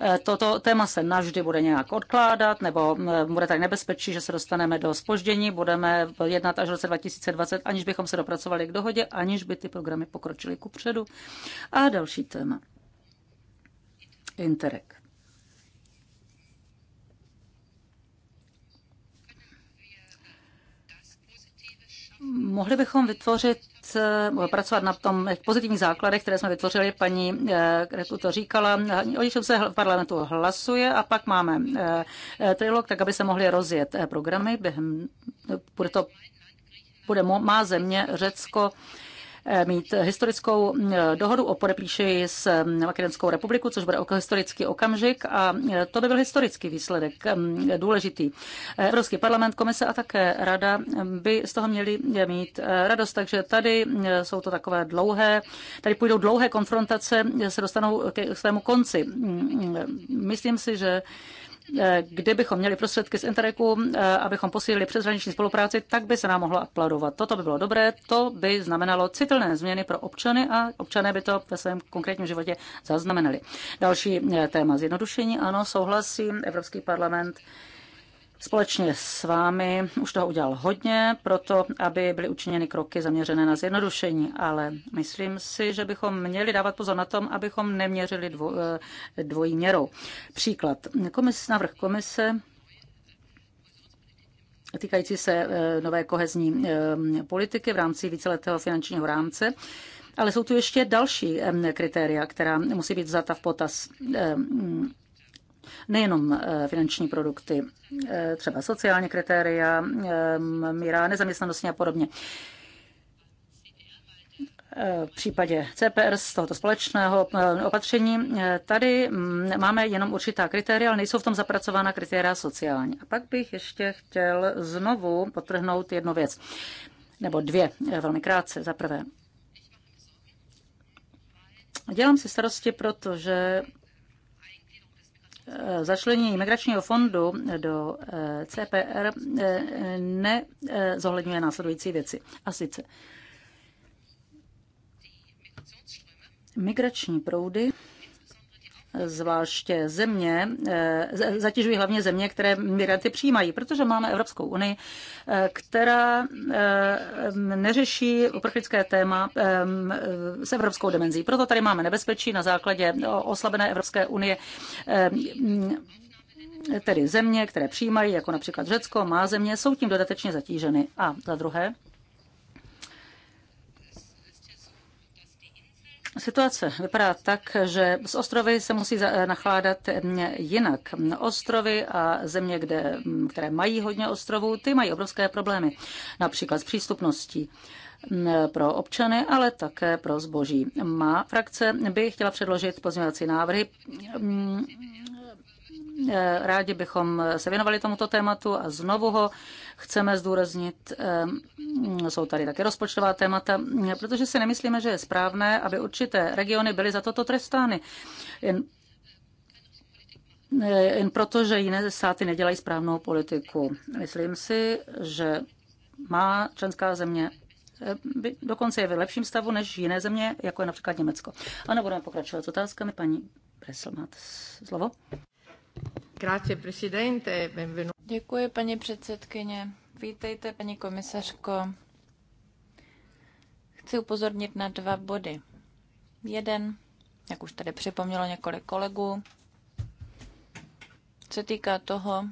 E, toto téma se navždy bude nějak odkládat nebo mm, bude tak nebezpečí, že se dostaneme do spoždění, budeme jednat až v roce 2020, aniž bychom se dopracovali k dohodě, aniž by ty programy pokročily kupředu. A další téma. Interreg. Mohli bychom vytvořit, eh, pracovat na tom eh, pozitivních základech, které jsme vytvořili, paní Kretu eh, to říkala, o něčem se v parlamentu hlasuje a pak máme trilog, tak aby se mohly rozjet programy. Během, bude to bude má země Řecko Eh, mít historickou mm, dohodu o podepíši s mm, Makedonskou republikou, což bude historický okamžik a eh, to by byl historický výsledek mm, důležitý. Eh, Evropský parlament, komise a také rada by z toho měli mít radost, takže tady jsou to takové dlouhé, tady půjdou dlouhé konfrontace, se dostanou ke svému konci. Myslím si, že Eh, kdybychom měli prostředky z Interreku, eh, abychom posílili přeshraniční spolupráci, tak by se nám mohlo aplaudovat. Toto by bylo dobré, to by znamenalo citelné změny pro občany a občané by to ve svém konkrétním životě zaznamenali. Další eh, téma zjednodušení, ano, souhlasím, Evropský parlament společně s vámi už toho udělal hodně, proto aby byly učiněny kroky zaměřené na zjednodušení, ale myslím si, že bychom měli dávat pozor na tom, abychom neměřili dvo, eh, dvojí měrou. Příklad. Komis, navrh komise týkající se eh, nové kohezní eh, politiky v rámci víceletého finančního rámce. Ale jsou tu ještě další kritéria, která musí být vzata v potaz nejenom eh, finanční produkty, eh, třeba sociální kritéria, eh, míra nezaměstnanosti a podobně. V případě CPR z tohoto společného opatření tady mm, máme jenom určitá kritéria, ale nejsou v tom zapracována kritéria sociální. A pak bych ještě chtěl znovu potrhnout jednu věc, nebo dvě, velmi krátce. Za prvé, dělám si starosti, protože Eh, začlenění migračního fondu do eh, CPR eh, nezohledňuje následující věci. A sice migrační proudy zvláště země, eh, zatěžují hlavně země, které migranty přijímají, protože máme Evropskou unii, eh, která eh, neřeší uprchlické téma s evropskou dimenzí. Proto tady máme nebezpečí na základě oslabené Evropské unie tedy země, které přijímají, jako například Řecko, má země, jsou tím dodatečně zatíženy. A za druhé, Situace vypadá tak, že z ostrovy se musí nachládat jinak. Ostrovy a země, kde, které mají hodně ostrovů, ty mají obrovské problémy, například s přístupností pro občany, ale také pro zboží. Má frakce by chtěla předložit pozměňovací návrhy Eh, rádi bychom se věnovali tomuto tématu a znovu ho chceme zdůraznit. Eh, jsou tady také rozpočtová témata, eh, protože si nemyslíme, že je správné, aby určité regiony byly za toto trestány. Jen jen proto, že jiné státy nedělají správnou politiku. Myslím si, že má členská země dokonce je v lepším stavu než jiné země, jako je například Německo. Ano, budeme pokračovat s otázkami. Paní Bresl, máte slovo. Děkuji, paní předsedkyně. Vítejte, paní komisařko. Chci upozornit na dva body. Jeden, jak už tady připomnělo několik kolegů, se týká toho,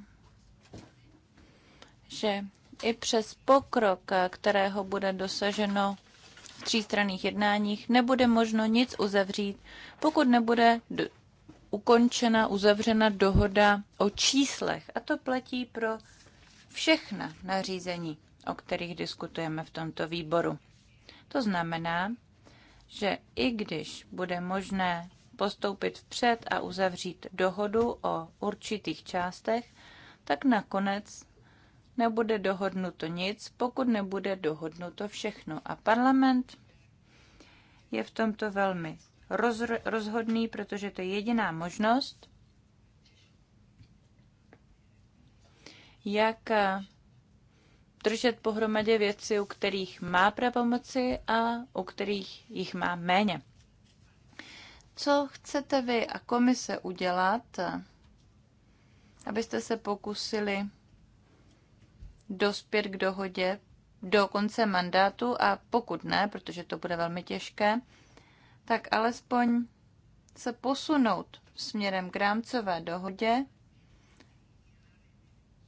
že i přes pokrok, kterého bude dosaženo v třístranných jednáních, nebude možno nic uzavřít, pokud nebude ukončena, uzavřena dohoda o číslech. A to platí pro všechna nařízení, o kterých diskutujeme v tomto výboru. To znamená, že i když bude možné postoupit vpřed a uzavřít dohodu o určitých částech, tak nakonec nebude dohodnuto nic, pokud nebude dohodnuto všechno. A parlament je v tomto velmi rozhodný, protože to je jediná možnost, jak eh, držet pohromadě věci, u kterých má pravomoci a u kterých jich má méně. Co chcete vy a komise udělat, eh, abyste se pokusili dospět k dohodě do konce mandátu a pokud ne, protože to bude velmi těžké, tak alespoň se posunout směrem k rámcové dohodě,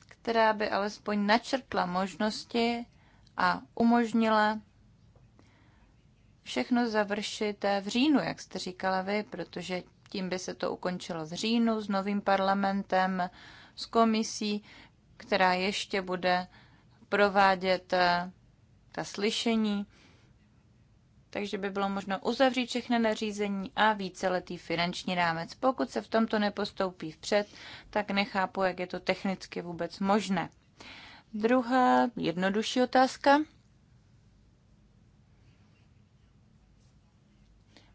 která by alespoň načrtla možnosti a umožnila všechno završit v říjnu, jak jste říkala vy, protože tím by se to ukončilo v říjnu s novým parlamentem, s komisí, která ještě bude provádět eh, ta slyšení takže by bylo možno uzavřít všechny nařízení a víceletý finanční rámec. Pokud se v tomto nepostoupí vpřed, tak nechápu, jak je to technicky vůbec možné. Druhá jednodušší otázka.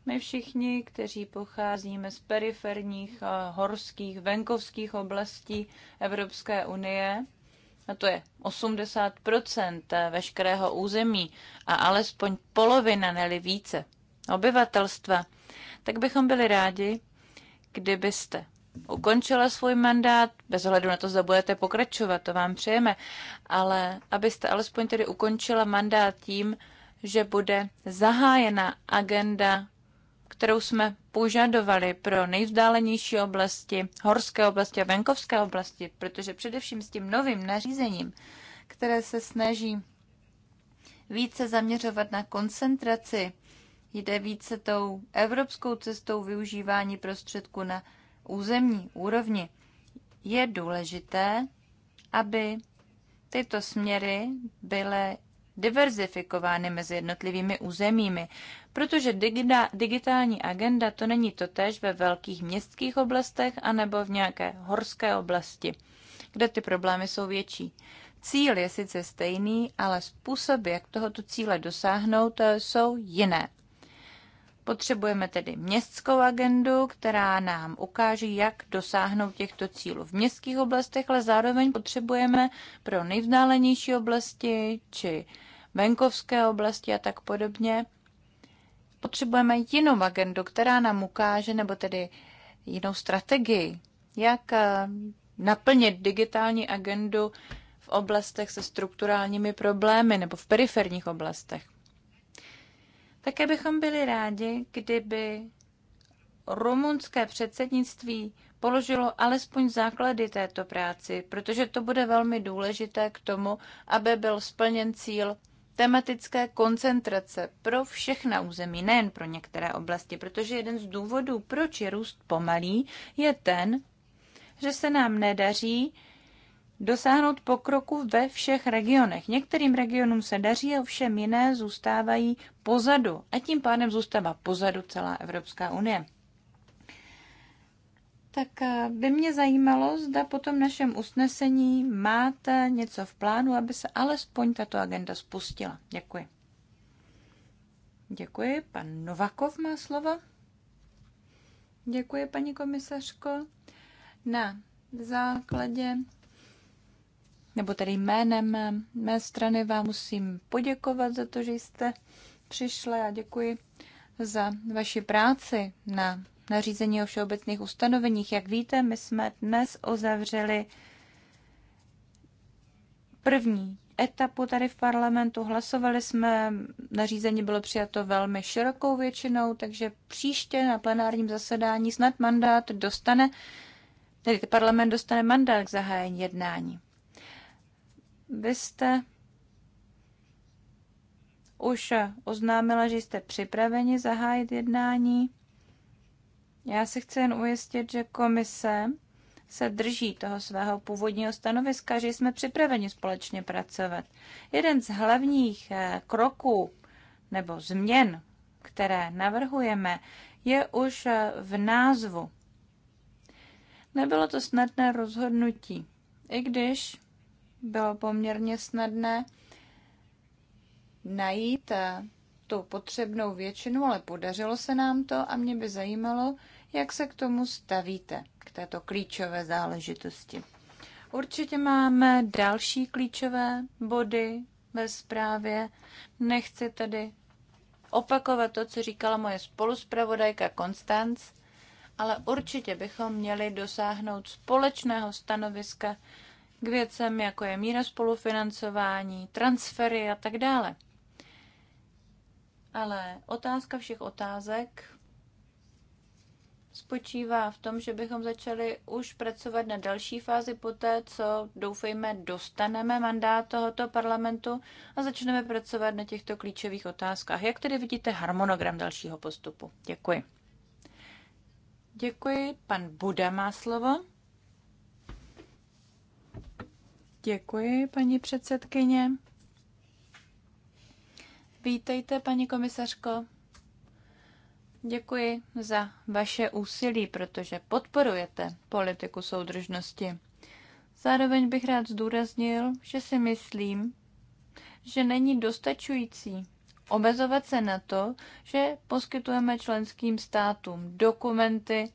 My všichni, kteří pocházíme z periferních eh, horských venkovských oblastí Evropské unie, a to je 80 veškerého území a alespoň polovina, neli více obyvatelstva, tak bychom byli rádi, kdybyste ukončila svůj mandát, bez ohledu na to, zda budete pokračovat, to vám přejeme, ale abyste alespoň tedy ukončila mandát tím, že bude zahájena agenda kterou jsme požadovali pro nejvzdálenější oblasti, horské oblasti a venkovské oblasti, protože především s tím novým nařízením, které se snaží více zaměřovat na koncentraci, jde více tou evropskou cestou využívání prostředků na územní úrovni. Je důležité, aby tyto směry byly diverzifikovány mezi jednotlivými územími, protože digitální agenda to není totéž ve velkých městských oblastech anebo v nějaké horské oblasti, kde ty problémy jsou větší. Cíl je sice stejný, ale způsoby, jak tohoto cíle dosáhnout, jsou jiné. Potřebujeme tedy městskou agendu, která nám ukáže, jak dosáhnout těchto cílů v městských oblastech, ale zároveň potřebujeme pro nejvzdálenější oblasti či venkovské oblasti a tak podobně. Potřebujeme jinou agendu, která nám ukáže, nebo tedy jinou strategii, jak eh, naplnit digitální agendu v oblastech se strukturálními problémy nebo v periferních oblastech. Také bychom byli rádi, kdyby rumunské předsednictví položilo alespoň základy této práci, protože to bude velmi důležité k tomu, aby byl splněn cíl tematické koncentrace pro všechna území, nejen pro některé oblasti, protože jeden z důvodů, proč je růst pomalý, je ten, že se nám nedaří dosáhnout pokroku ve všech regionech. Některým regionům se daří, ovšem jiné zůstávají pozadu a tím pádem zůstává pozadu celá Evropská unie. Tak eh, by mě zajímalo, zda po tom našem usnesení máte něco v plánu, aby se alespoň tato agenda spustila. Děkuji. Děkuji. Pan Novakov má slovo. Děkuji, paní komisařko. Na základě nebo tedy jménem mé strany vám musím poděkovat za to, že jste přišli a děkuji za vaši práci na nařízení o všeobecných ustanoveních. Jak víte, my jsme dnes uzavřeli první etapu tady v parlamentu. Hlasovali jsme, nařízení bylo přijato velmi širokou většinou, takže příště na plenárním zasedání snad mandát dostane, tedy parlament dostane mandát k zahájení jednání. Vy jste už oznámila, že jste připraveni zahájit jednání. Já se chci jen ujistit, že komise se drží toho svého původního stanoviska, že jsme připraveni společně pracovat. Jeden z hlavních eh, kroků nebo změn, které navrhujeme, je už eh, v názvu. Nebylo to snadné rozhodnutí, i když bylo poměrně snadné najít eh, tu potřebnou většinu, ale podařilo se nám to a mě by zajímalo, jak se k tomu stavíte, k této klíčové záležitosti. Určitě máme další klíčové body ve zprávě. Nechci tady opakovat to, co říkala moje spoluspravodajka Konstanc, ale určitě bychom měli dosáhnout společného stanoviska k věcem, jako je míra spolufinancování, transfery a tak dále. Ale otázka všech otázek spočívá v tom, že bychom začali už pracovat na další fázi poté, co doufejme dostaneme mandát tohoto parlamentu a začneme pracovat na těchto klíčových otázkách. Jak tedy vidíte harmonogram dalšího postupu? Děkuji. Děkuji. Pan Buda má slovo. Děkuji, paní předsedkyně. Vítejte, paní komisařko. Děkuji za vaše úsilí, protože podporujete politiku soudržnosti. Zároveň bych rád zdůraznil, že si myslím, že není dostačující omezovat se na to, že poskytujeme členským státům dokumenty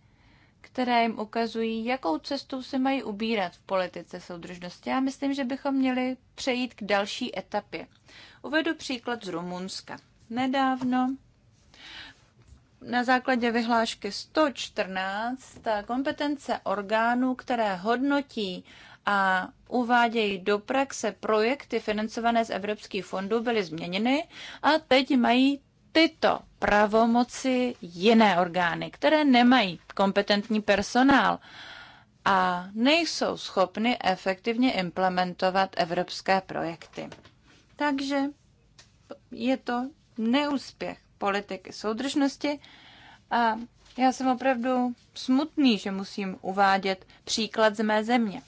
které jim ukazují, jakou cestou se mají ubírat v politice soudržnosti. Já myslím, že bychom měli přejít k další etapě. Uvedu příklad z Rumunska. Nedávno na základě vyhlášky 114 kompetence orgánů, které hodnotí a uvádějí do praxe projekty financované z evropských fondů, byly změněny a teď mají tyto pravomoci jiné orgány, které nemají kompetentní personál a nejsou schopny efektivně implementovat evropské projekty. Takže je to neúspěch politiky soudržnosti a já jsem opravdu smutný, že musím uvádět příklad z mé země.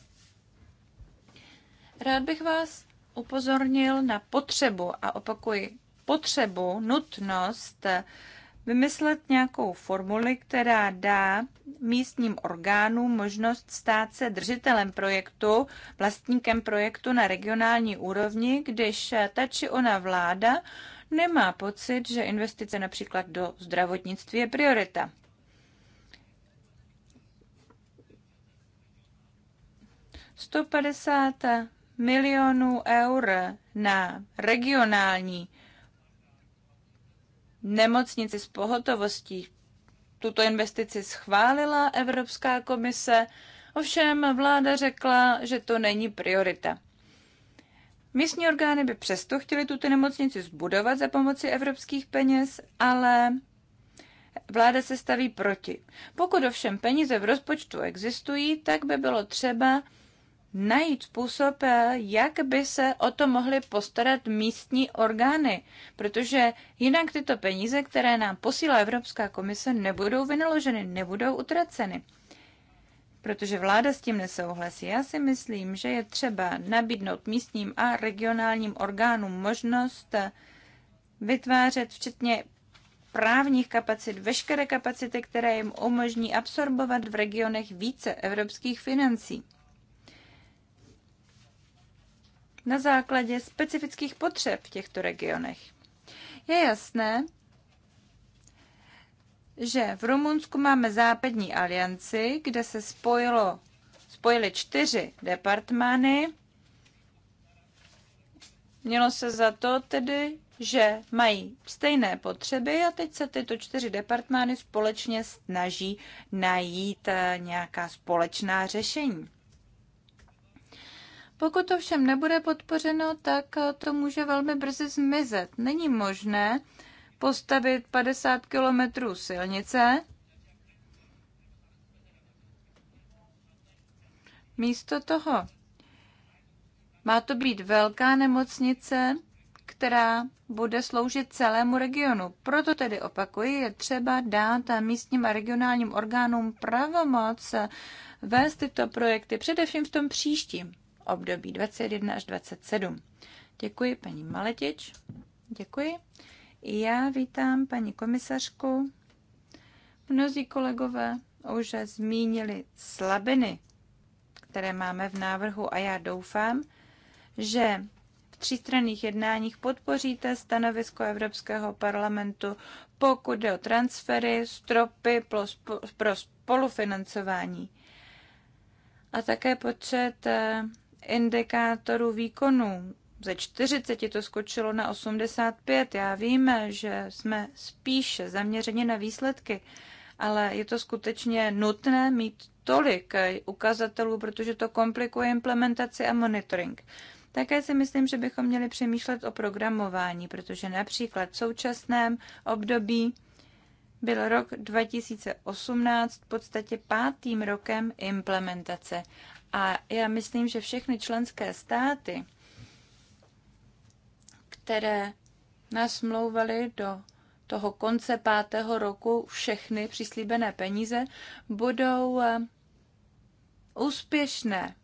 Rád bych vás upozornil na potřebu, a opakuji, potřebu, nutnost vymyslet nějakou formuli, která dá místním orgánům možnost stát se držitelem projektu, vlastníkem projektu na regionální úrovni, když ta či ona vláda nemá pocit, že investice například do zdravotnictví je priorita. Sto padesát milionů eur na regionální nemocnici s pohotovostí. Tuto investici schválila Evropská komise, ovšem vláda řekla, že to není priorita. Místní orgány by přesto chtěly tuto nemocnici zbudovat za pomoci evropských peněz, ale vláda se staví proti. Pokud ovšem peníze v rozpočtu existují, tak by bylo třeba najít způsob, eh, jak by se o to mohly postarat místní orgány, protože jinak tyto peníze, které nám posílá Evropská komise, nebudou vynaloženy, nebudou utraceny. Protože vláda s tím nesouhlasí. Já si myslím, že je třeba nabídnout místním a regionálním orgánům možnost eh, vytvářet včetně právních kapacit, veškeré kapacity, které jim umožní absorbovat v regionech více evropských financí na základě specifických potřeb v těchto regionech. Je jasné, že v Rumunsku máme západní alianci, kde se spojilo, spojily čtyři departmány. Mělo se za to tedy, že mají stejné potřeby a teď se tyto čtyři departmány společně snaží najít eh, nějaká společná řešení. Pokud to všem nebude podpořeno, tak eh, to může velmi brzy zmizet. Není možné postavit 50 kilometrů silnice, Místo toho má to být velká nemocnice, která bude sloužit celému regionu. Proto tedy opakuji, je třeba dát místním a regionálním orgánům pravomoc vést tyto projekty, především v tom příštím období 21 až 27. Děkuji paní Maletič. Děkuji. Já vítám paní komisařku. Mnozí kolegové už zmínili slabiny, které máme v návrhu a já doufám, že v třístranných jednáních podpoříte stanovisko Evropského parlamentu, pokud jde o transfery, stropy pro spolufinancování a také počet eh, indikátorů výkonů. Ze 40 to skočilo na 85. Já vím, že jsme spíše zaměřeni na výsledky, ale je to skutečně nutné mít tolik ukazatelů, protože to komplikuje implementaci a monitoring. Také si myslím, že bychom měli přemýšlet o programování, protože například v současném období byl rok 2018 v podstatě pátým rokem implementace a já myslím, že všechny členské státy, které nasmlouvaly do toho konce pátého roku všechny přislíbené peníze, budou eh, úspěšné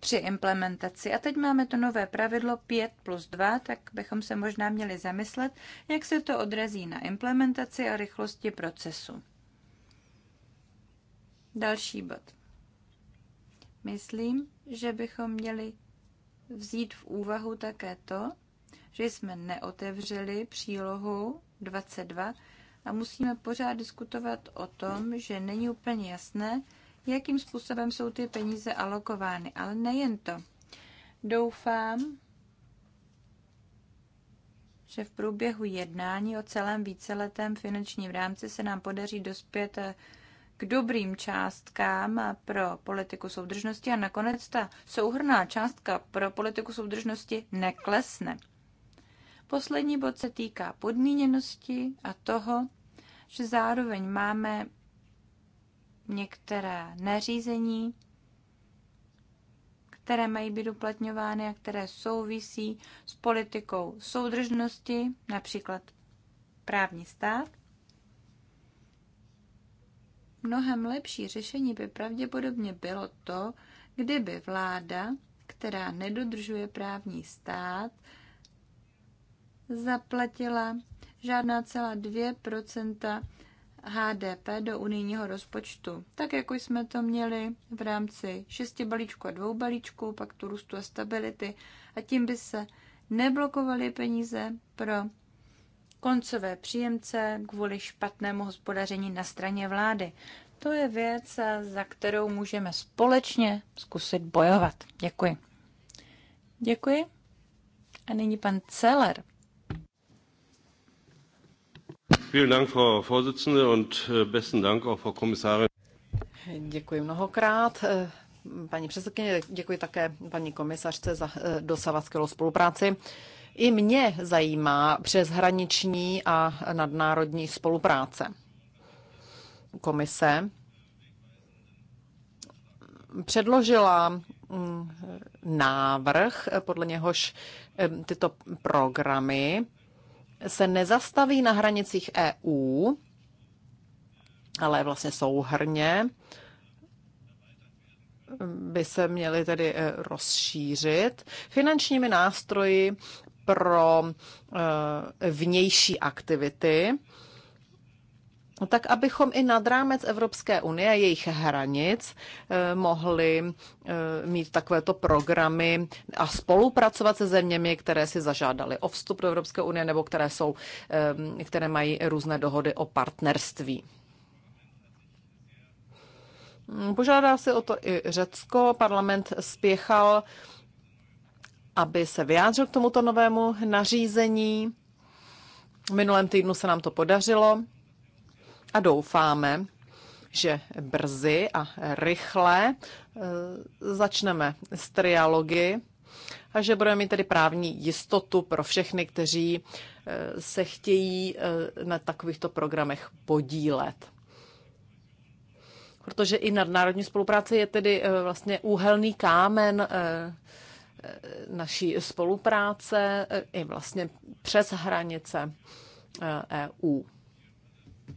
při implementaci. A teď máme to nové pravidlo 5 plus 2, tak bychom se možná měli zamyslet, jak se to odrazí na implementaci a rychlosti procesu. Další bod. Myslím, že bychom měli vzít v úvahu také to, že jsme neotevřeli přílohu 22 a musíme pořád diskutovat o tom, že není úplně jasné, jakým způsobem jsou ty peníze alokovány. Ale nejen to. Doufám, že v průběhu jednání o celém víceletém finančním rámci se nám podaří dospět k dobrým částkám pro politiku soudržnosti a nakonec ta souhrná částka pro politiku soudržnosti neklesne. Poslední bod se týká podmíněnosti a toho, že zároveň máme některá nařízení, které mají být uplatňovány a které souvisí s politikou soudržnosti, například právní stát. Mnohem lepší řešení by pravděpodobně bylo to, kdyby vláda, která nedodržuje právní stát, zaplatila žádná celá 2 HDP do unijního rozpočtu. Tak jako jsme to měli v rámci šesti balíčku a dvou balíčků, tu růstu a stability a tím by se neblokovaly peníze pro koncové příjemce kvůli špatnému hospodaření na straně vlády. To je věc, za kterou můžeme společně zkusit bojovat. Děkuji. Děkuji. A nyní pan Celer. Äh, děkuji mnohokrát. Äh, paní předsedkyně, děkuji také paní komisařce za äh, dosavadského spolupráci. I mě zajímá přeshraniční a nadnárodní spolupráce. Komise předložila mm, návrh, podle něhož tyto programy se nezastaví na hranicích EU, ale vlastně souhrně by se měly tedy e, rozšířit finančními nástroji pro eh, vnější aktivity, tak abychom i nad rámec Evropské unie a jejich hranic eh, mohli eh, mít takovéto programy a spolupracovat se zeměmi, které si zažádali o vstup do Evropské unie nebo které, jsou, které mají různé dohody o partnerství. Požádá si o to i Řecko. Parlament spěchal aby se vyjádřil k tomuto novému nařízení. V minulém týdnu se nám to podařilo a doufáme, že brzy a rychle eh, začneme s trialogy a že budeme mít tedy právní jistotu pro všechny, kteří eh, se chtějí eh, na takovýchto programech podílet. Protože i nadnárodní spolupráce je tedy vlastně úhelný kámen Eh, naší spolupráce eh, i vlastně přes hranice EU. Eh, e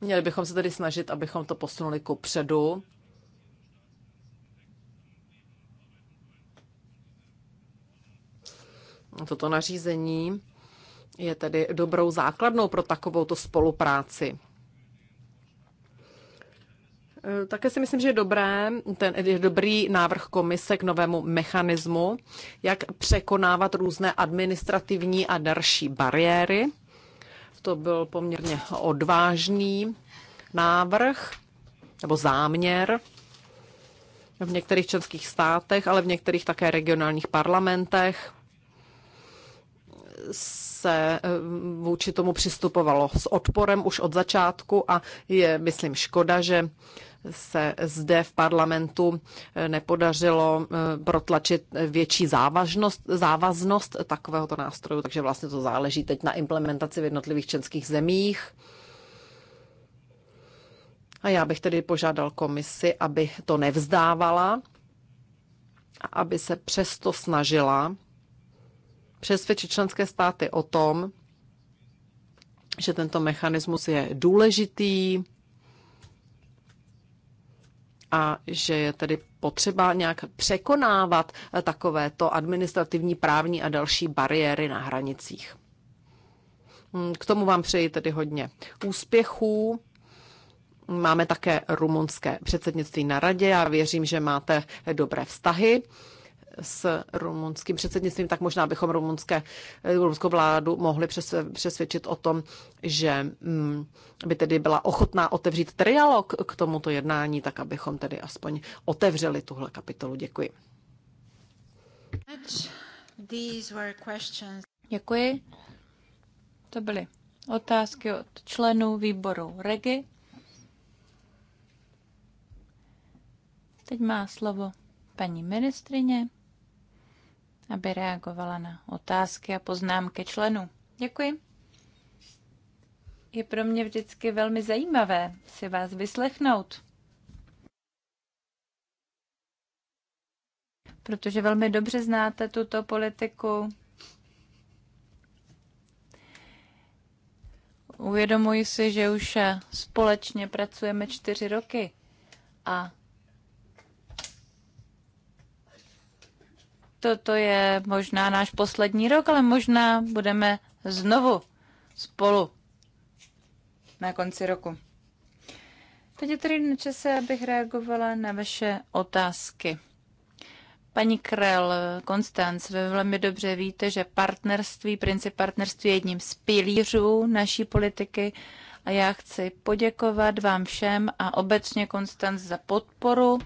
Měli bychom se tedy snažit, abychom to posunuli ku předu. Toto nařízení je tedy dobrou základnou pro takovouto spolupráci. Eh, také si myslím, že je, dobré, ten, je dobrý návrh komise k novému mechanismu, jak překonávat různé administrativní a další bariéry. To byl poměrně odvážný návrh nebo záměr v některých členských státech, ale v některých také regionálních parlamentech se eh, vůči tomu přistupovalo s odporem už od začátku a je, myslím, škoda, že se zde v parlamentu eh, nepodařilo eh, protlačit větší závažnost, závaznost takovéhoto nástroju, takže vlastně to záleží teď na implementaci v jednotlivých členských zemích. A já bych tedy požádal komisi, aby to nevzdávala a aby se přesto snažila přesvědčit členské státy o tom, že tento mechanismus je důležitý, a že je tedy potřeba nějak překonávat eh, takovéto administrativní, právní a další bariéry na hranicích. Hmm, k tomu vám přeji tedy hodně úspěchů. Máme také rumunské předsednictví na radě. a věřím, že máte dobré vztahy s rumunským předsednictvím, tak možná bychom rumunské, rumunskou vládu mohli přesvědčit o tom, že mm, by tedy byla ochotná otevřít trialog k tomuto jednání, tak abychom tedy aspoň otevřeli tuhle kapitolu. Děkuji. Děkuji. To byly otázky od členů výboru REGI. Teď má slovo paní ministrině aby reagovala na otázky a poznámky členů. Děkuji. Je pro mě vždycky velmi zajímavé si vás vyslechnout. Protože velmi dobře znáte tuto politiku. Uvědomuji si, že už společně pracujeme čtyři roky a toto je možná náš poslední rok, ale možná budeme znovu spolu na konci roku. Teď je tedy na čase, abych reagovala na vaše otázky. Paní Krel, Konstanc, vy velmi dobře víte, že partnerství, princip partnerství je jedním z pilířů naší politiky a já chci poděkovat vám všem a obecně Konstanc za podporu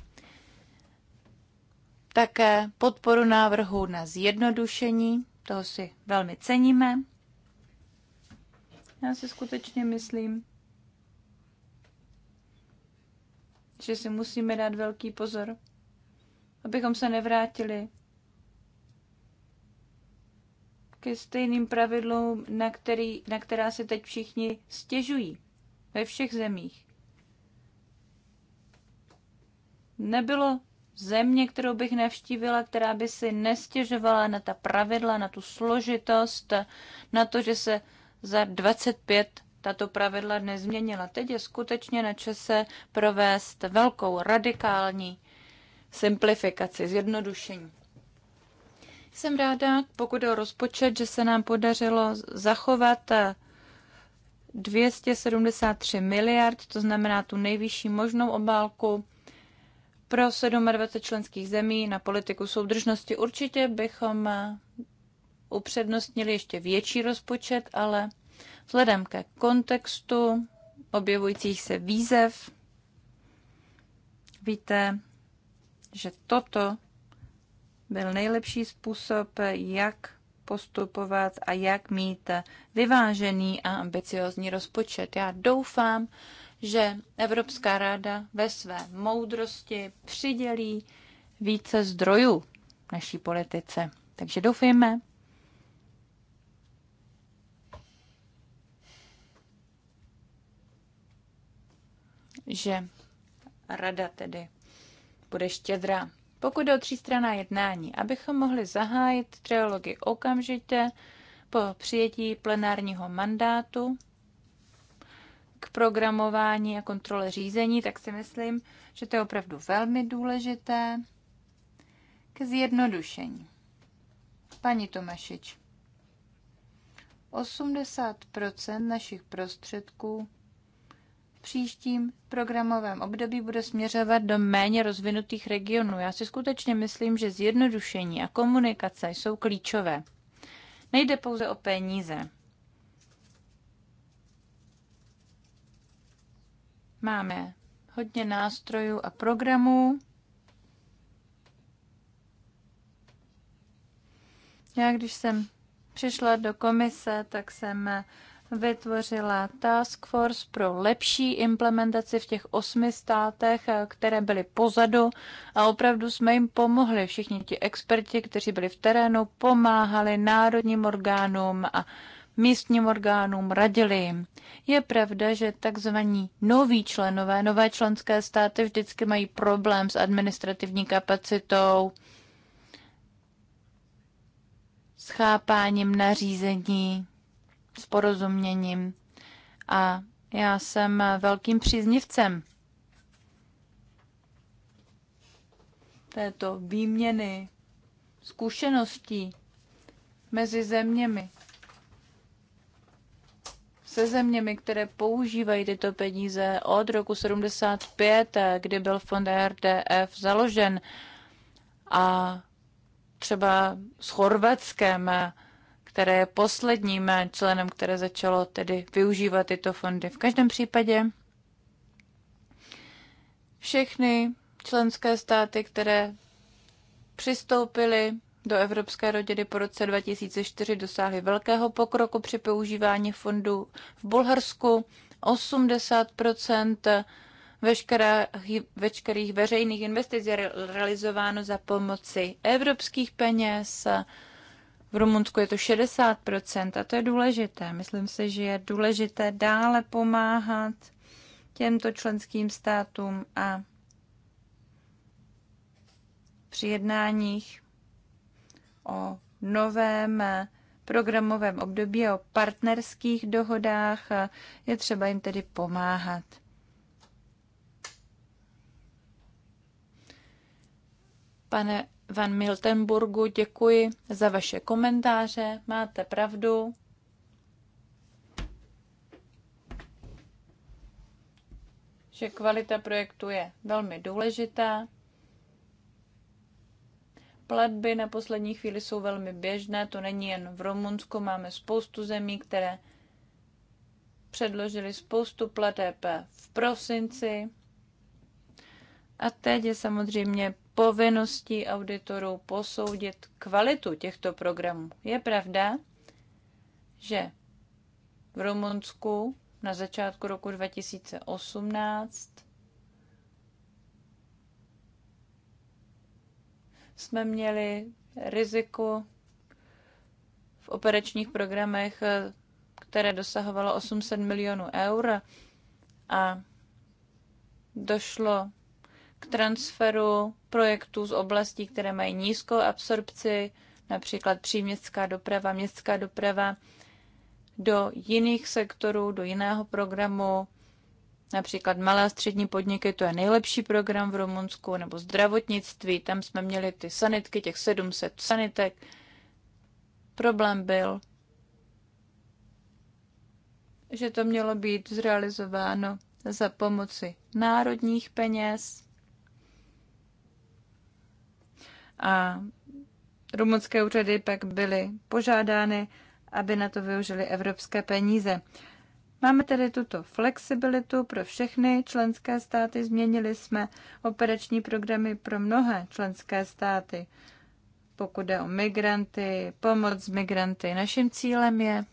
také podporu návrhu na zjednodušení, toho si velmi ceníme. Já si skutečně myslím, že si musíme dát velký pozor, abychom se nevrátili ke stejným pravidlům, na, který, na která se teď všichni stěžují ve všech zemích. Nebylo země, kterou bych navštívila, která by si nestěžovala na ta pravidla, na tu složitost, na to, že se za 25 tato pravidla nezměnila. Teď je skutečně na čase provést velkou radikální simplifikaci, zjednodušení. Jsem ráda, pokud o rozpočet, že se nám podařilo zachovat 273 miliard, to znamená tu nejvyšší možnou obálku pro 27 členských zemí na politiku soudržnosti. Určitě bychom eh, upřednostnili ještě větší rozpočet, ale vzhledem ke kontextu objevujících se výzev, víte, že toto byl nejlepší způsob, jak postupovat a jak mít vyvážený a ambiciozní rozpočet. Já doufám, že Evropská ráda ve své moudrosti přidělí více zdrojů naší politice. Takže doufejme, že rada tedy bude štědrá. Pokud jde o třístraná jednání, abychom mohli zahájit trilogy okamžitě po přijetí plenárního mandátu, k programování a kontrole řízení, tak si myslím, že to je opravdu velmi důležité k zjednodušení. Paní Tomašič, 80 našich prostředků v příštím programovém období bude směřovat do méně rozvinutých regionů. Já si skutečně myslím, že zjednodušení a komunikace jsou klíčové. Nejde pouze o peníze. Máme hodně nástrojů a programů. Já, když jsem přišla do komise, tak jsem vytvořila task force pro lepší implementaci v těch osmi státech, které byly pozadu a opravdu jsme jim pomohli. Všichni ti experti, kteří byli v terénu, pomáhali národním orgánům a místním orgánům radili. Je pravda, že takzvaní noví členové, nové členské státy vždycky mají problém s administrativní kapacitou, s chápáním nařízení, s porozuměním. A já jsem velkým příznivcem této výměny zkušeností mezi zeměmi se zeměmi, které používají tyto peníze od roku 75, kdy byl fond RDF založen a třeba s Chorvatskem, které je posledním členem, které začalo tedy využívat tyto fondy. V každém případě všechny členské státy, které přistoupily do Evropské rodiny po roce 2004 dosáhly velkého pokroku při používání fondů v Bulharsku. 80 veškerých, veškerých veřejných investic je realizováno za pomoci evropských peněz. V Rumunsku je to 60% a to je důležité. Myslím si, že je důležité dále pomáhat těmto členským státům a při jednáních o novém programovém období, o partnerských dohodách a je třeba jim tedy pomáhat. Pane Van Miltenburgu, děkuji za vaše komentáře. Máte pravdu. že kvalita projektu je velmi důležitá. Platby na poslední chvíli jsou velmi běžné, to není jen v Rumunsku, máme spoustu zemí, které předložili spoustu plateb v prosinci. A teď je samozřejmě povinností auditorů posoudit kvalitu těchto programů. Je pravda, že v Rumunsku na začátku roku 2018 jsme měli riziku v operačních programech, které dosahovalo 800 milionů eur a došlo k transferu projektů z oblastí, které mají nízkou absorpci, například příměstská doprava, městská doprava, do jiných sektorů, do jiného programu, Například malé a střední podniky, to je nejlepší program v Rumunsku, nebo zdravotnictví, tam jsme měli ty sanitky, těch 700 sanitek. Problém byl, že to mělo být zrealizováno za pomoci národních peněz. A rumunské úřady pak byly požádány, aby na to využili evropské peníze. Máme tedy tuto flexibilitu pro všechny členské státy. Změnili jsme operační programy pro mnohé členské státy. Pokud jde o migranty, pomoc migranty, naším cílem je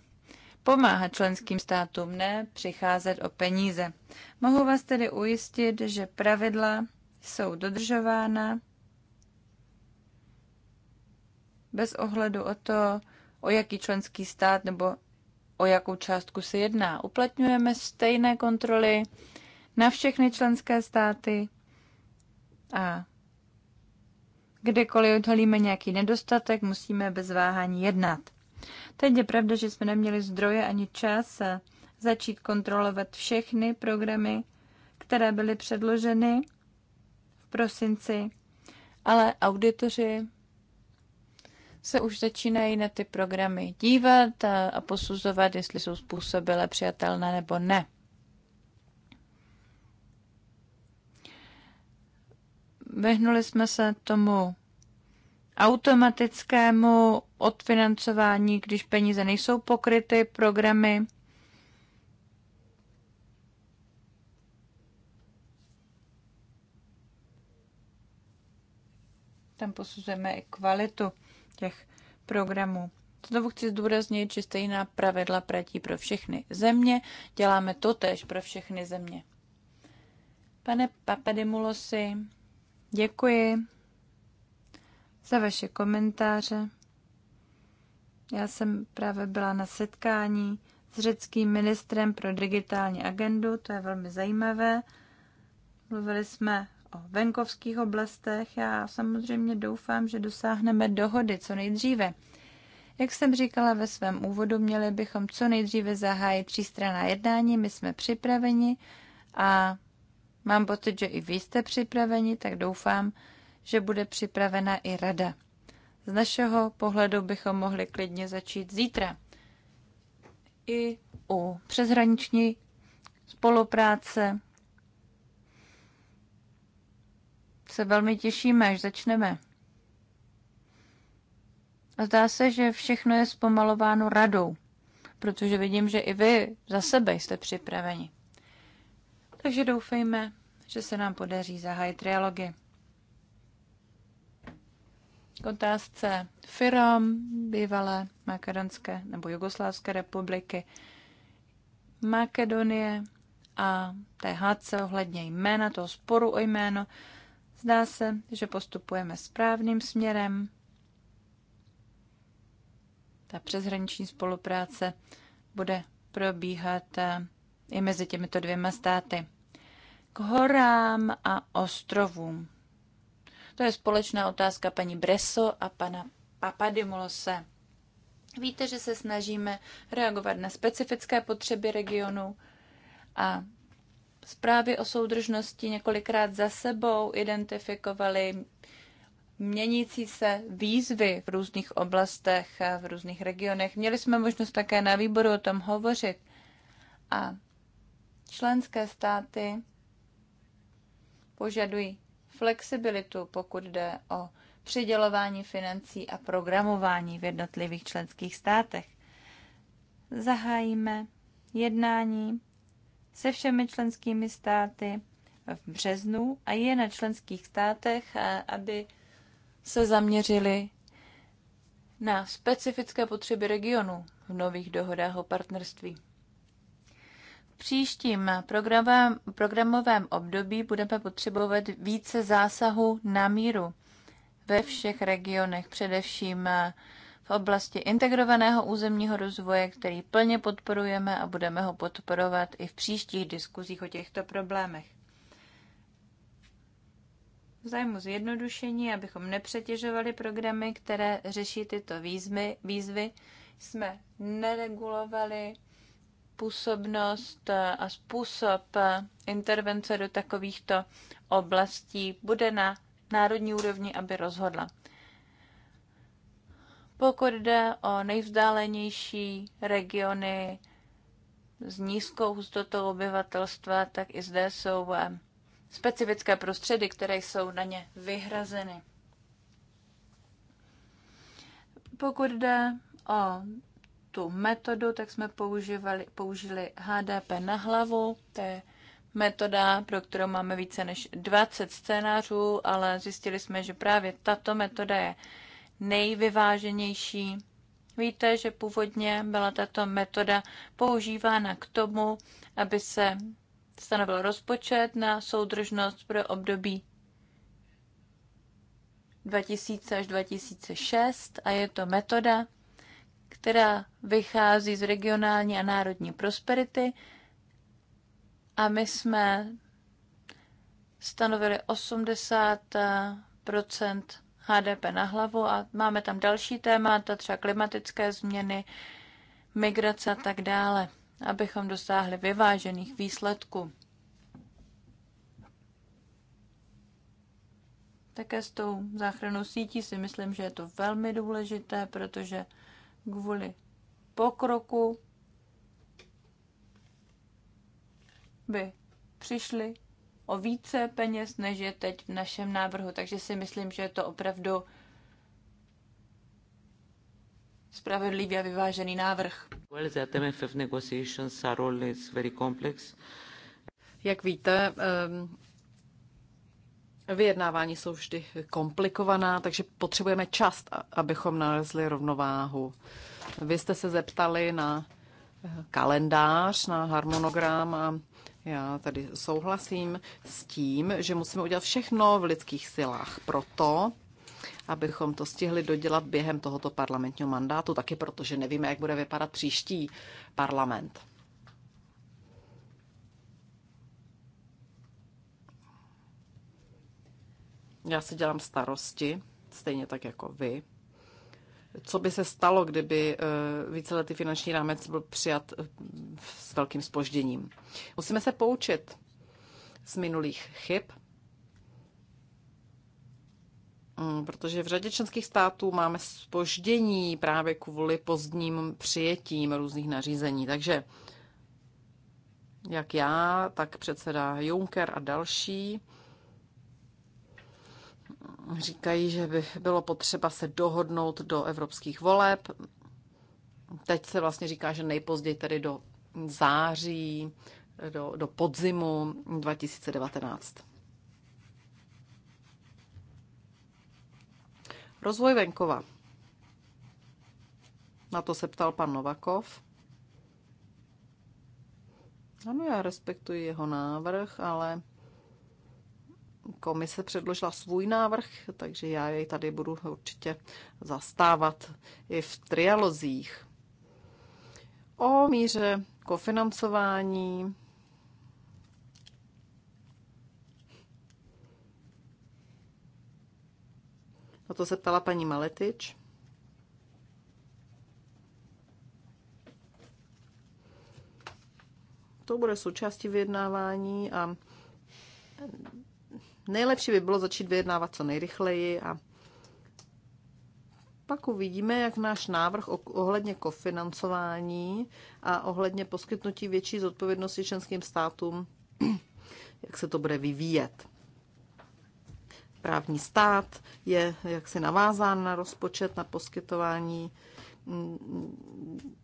pomáhat členským státům, ne přicházet o peníze. Mohu vás tedy ujistit, že pravidla jsou dodržována bez ohledu o to, o jaký členský stát nebo o jakou částku se jedná. Uplatňujeme stejné kontroly na všechny členské státy a kdekoliv odhalíme nějaký nedostatek, musíme bez váhání jednat. Teď je pravda, že jsme neměli zdroje ani čas začít kontrolovat všechny programy, které byly předloženy v prosinci, ale auditoři se už začínají na ty programy dívat a, a posuzovat, jestli jsou způsobile přijatelné nebo ne. Vyhnuli jsme se tomu automatickému odfinancování, když peníze nejsou pokryty programy. Tam posuzujeme i kvalitu těch programů. Znovu chci zdůraznit, že stejná pravidla platí pro všechny země. Děláme to tež pro všechny země. Pane Papademulosi, děkuji za vaše komentáře. Já jsem právě byla na setkání s řeckým ministrem pro digitální agendu, to je velmi zajímavé. Mluvili jsme o venkovských oblastech. Já samozřejmě doufám, že dosáhneme dohody co nejdříve. Jak jsem říkala ve svém úvodu, měli bychom co nejdříve zahájit třístranná jednání, my jsme připraveni a mám pocit, že i vy jste připraveni, tak doufám, že bude připravena i rada. Z našeho pohledu bychom mohli klidně začít zítra. I u přeshraniční spolupráce se velmi těšíme, až začneme. A zdá se, že všechno je zpomalováno radou, protože vidím, že i vy za sebe jste připraveni. Takže doufejme, že se nám podaří zahájit trialogy. K otázce firm bývalé Makedonské nebo Jugoslávské republiky, Makedonie a THC ohledně jména, toho sporu o jméno, Zdá se, že postupujeme správným směrem. Ta přeshraniční spolupráce bude probíhat eh, i mezi těmito dvěma státy. K horám a ostrovům. To je společná otázka paní Breso a pana Papadimulose. Víte, že se snažíme reagovat na specifické potřeby regionu a Zprávy o soudržnosti několikrát za sebou identifikovaly měnící se výzvy v různých oblastech, v různých regionech. Měli jsme možnost také na výboru o tom hovořit. A členské státy požadují flexibilitu, pokud jde o přidělování financí a programování v jednotlivých členských státech. Zahájíme jednání se všemi členskými státy v březnu a je na členských státech, aby se zaměřili na specifické potřeby regionu v nových dohodách o partnerství. V příštím programovém, programovém období budeme potřebovat více zásahu na míru ve všech regionech, především v oblasti integrovaného územního rozvoje, který plně podporujeme a budeme ho podporovat i v příštích diskuzích o těchto problémech. V zájmu zjednodušení, abychom nepřetěžovali programy, které řeší tyto výzvy, výzvy jsme neregulovali působnost a způsob intervence do takovýchto oblastí bude na národní úrovni, aby rozhodla. Pokud jde o nejvzdálenější regiony s nízkou hustotou obyvatelstva, tak i zde jsou eh, specifické prostředy, které jsou na ně vyhrazeny. Pokud jde o tu metodu, tak jsme používali, použili HDP na hlavu. To je metoda, pro kterou máme více než 20 scénářů, ale zjistili jsme, že právě tato metoda je nejvyváženější. Víte, že původně byla tato metoda používána k tomu, aby se stanovil rozpočet na soudržnost pro období 2000 až 2006 a je to metoda, která vychází z regionální a národní prosperity a my jsme stanovili 80 HDP na hlavu a máme tam další témata, třeba klimatické změny, migrace a tak dále, abychom dosáhli vyvážených výsledků. Také s tou záchranou sítí si myslím, že je to velmi důležité, protože kvůli pokroku by přišli o více peněz, než je teď v našem návrhu. Takže si myslím, že je to opravdu spravedlivý a vyvážený návrh. Jak víte, ehm, vyjednávání jsou vždy komplikovaná, takže potřebujeme čas, abychom nalezli rovnováhu. Vy jste se zeptali na eh, kalendář, na harmonogram a já tady souhlasím s tím, že musíme udělat všechno v lidských silách proto, abychom to stihli dodělat během tohoto parlamentního mandátu, taky protože nevíme, jak bude vypadat příští parlament. Já si dělám starosti, stejně tak jako vy, co by se stalo, kdyby eh, víceletý finanční rámec byl přijat eh, s velkým spožděním. Musíme se poučit z minulých chyb, mm, protože v řadě členských států máme spoždění právě kvůli pozdním přijetím různých nařízení. Takže jak já, tak předseda Juncker a další Říkají, že by bylo potřeba se dohodnout do evropských voleb. Teď se vlastně říká, že nejpozději tedy do září, do, do podzimu 2019. Rozvoj venkova. Na to se ptal pan Novakov. Ano, já respektuji jeho návrh, ale komise předložila svůj návrh, takže já jej tady budu určitě zastávat i v trialozích. O míře kofinancování Na to se ptala paní Maletič. To bude součástí vyjednávání a Nejlepší by bylo začít vyjednávat co nejrychleji a pak uvidíme, jak náš návrh ohledně kofinancování a ohledně poskytnutí větší zodpovědnosti členským státům, jak se to bude vyvíjet. Právní stát je jaksi navázán na rozpočet, na poskytování. Mm,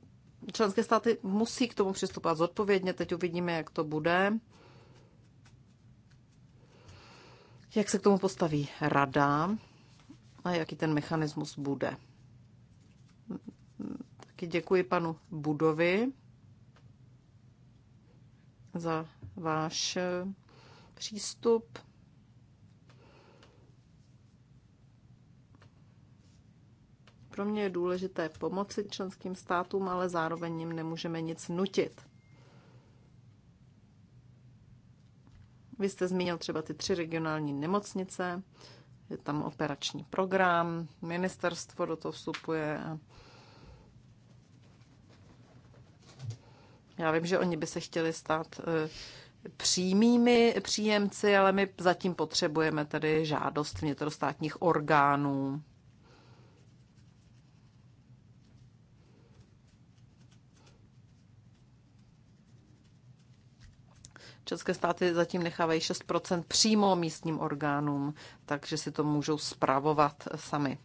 členské státy musí k tomu přistupovat zodpovědně, teď uvidíme, jak to bude. Jak se k tomu postaví rada a jaký ten mechanismus bude? Taky děkuji panu Budovi za váš eh, přístup. Pro mě je důležité pomoci členským státům, ale zároveň jim nemůžeme nic nutit. Vy jste zmínil třeba ty tři regionální nemocnice, je tam operační program, ministerstvo do toho vstupuje. Já vím, že oni by se chtěli stát eh, přímými příjemci, ale my zatím potřebujeme tady žádost vnitrostátních orgánů. České státy zatím nechávají 6 přímo místním orgánům, takže si to můžou zpravovat sami.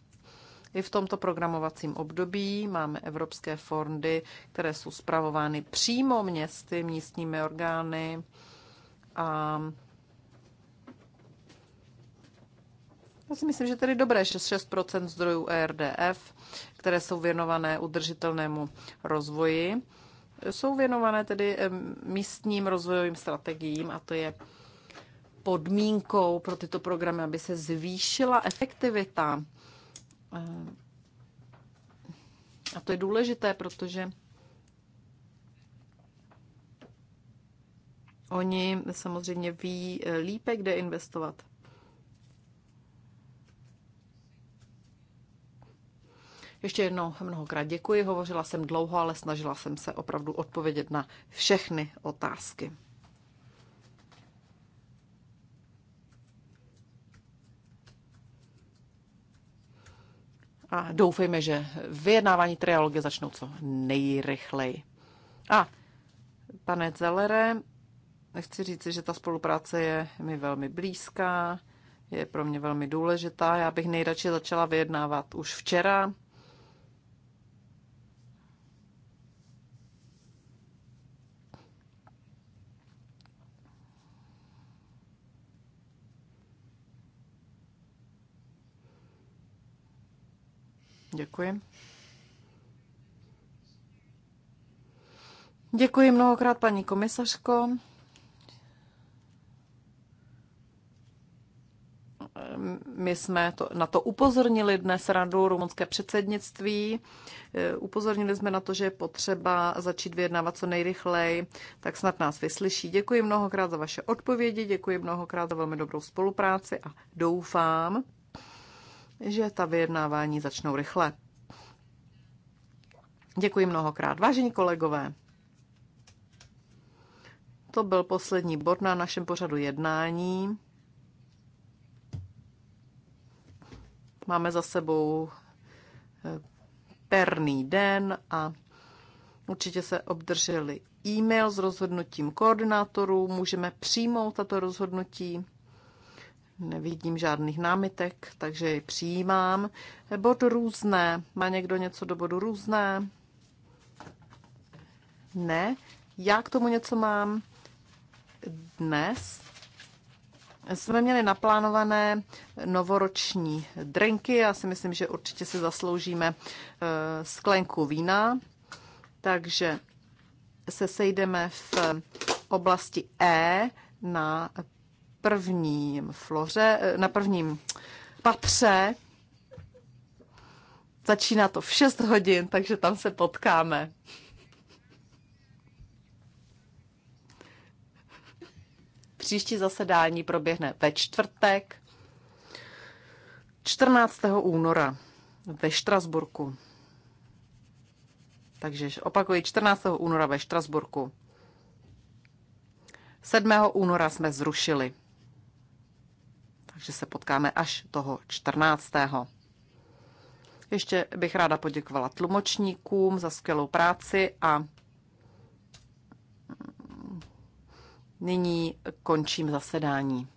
I v tomto programovacím období máme evropské fondy, které jsou zpravovány přímo městy, místními orgány a já si myslím, že tedy dobré, že 6% zdrojů ERDF, které jsou věnované udržitelnému rozvoji, jsou věnované tedy místním rozvojovým strategiím a to je podmínkou pro tyto programy, aby se zvýšila efektivita. A to je důležité, protože oni samozřejmě ví eh, lípe, kde investovat. Ještě jednou mnohokrát děkuji. Hovořila jsem dlouho, ale snažila jsem se opravdu odpovědět na všechny otázky. A doufejme, že vyjednávání triologie začnou co nejrychleji. A pane Celere, chci říci, že ta spolupráce je mi velmi blízká, je pro mě velmi důležitá. Já bych nejradši začala vyjednávat už včera, Děkuji. Děkuji mnohokrát, paní komisařko. My jsme to, na to upozornili dnes radu rumunské předsednictví. Upozornili jsme na to, že je potřeba začít vyjednávat co nejrychleji, tak snad nás vyslyší. Děkuji mnohokrát za vaše odpovědi, děkuji mnohokrát za velmi dobrou spolupráci a doufám, že ta vyjednávání začnou rychle. Děkuji mnohokrát. Vážení kolegové, to byl poslední bod na našem pořadu jednání. Máme za sebou eh, perný den a určitě se obdrželi e-mail s rozhodnutím koordinátorů. Můžeme přijmout tato rozhodnutí. Nevidím žádných námitek, takže ji přijímám. Bod různé. Má někdo něco do bodu různé? Ne. Já k tomu něco mám dnes. Jsme měli naplánované novoroční drinky. Já si myslím, že určitě si zasloužíme eh, sklenku vína. Takže se sejdeme v oblasti E na prvním floře, eh, na prvním patře. Začíná to v 6 hodin, takže tam se potkáme. Příští zasedání proběhne ve čtvrtek 14. února ve Štrasburku. Takže opakuji, 14. února ve Štrasburku. 7. února jsme zrušili že se potkáme až toho 14. Ještě bych ráda poděkovala tlumočníkům za skvělou práci a nyní končím zasedání.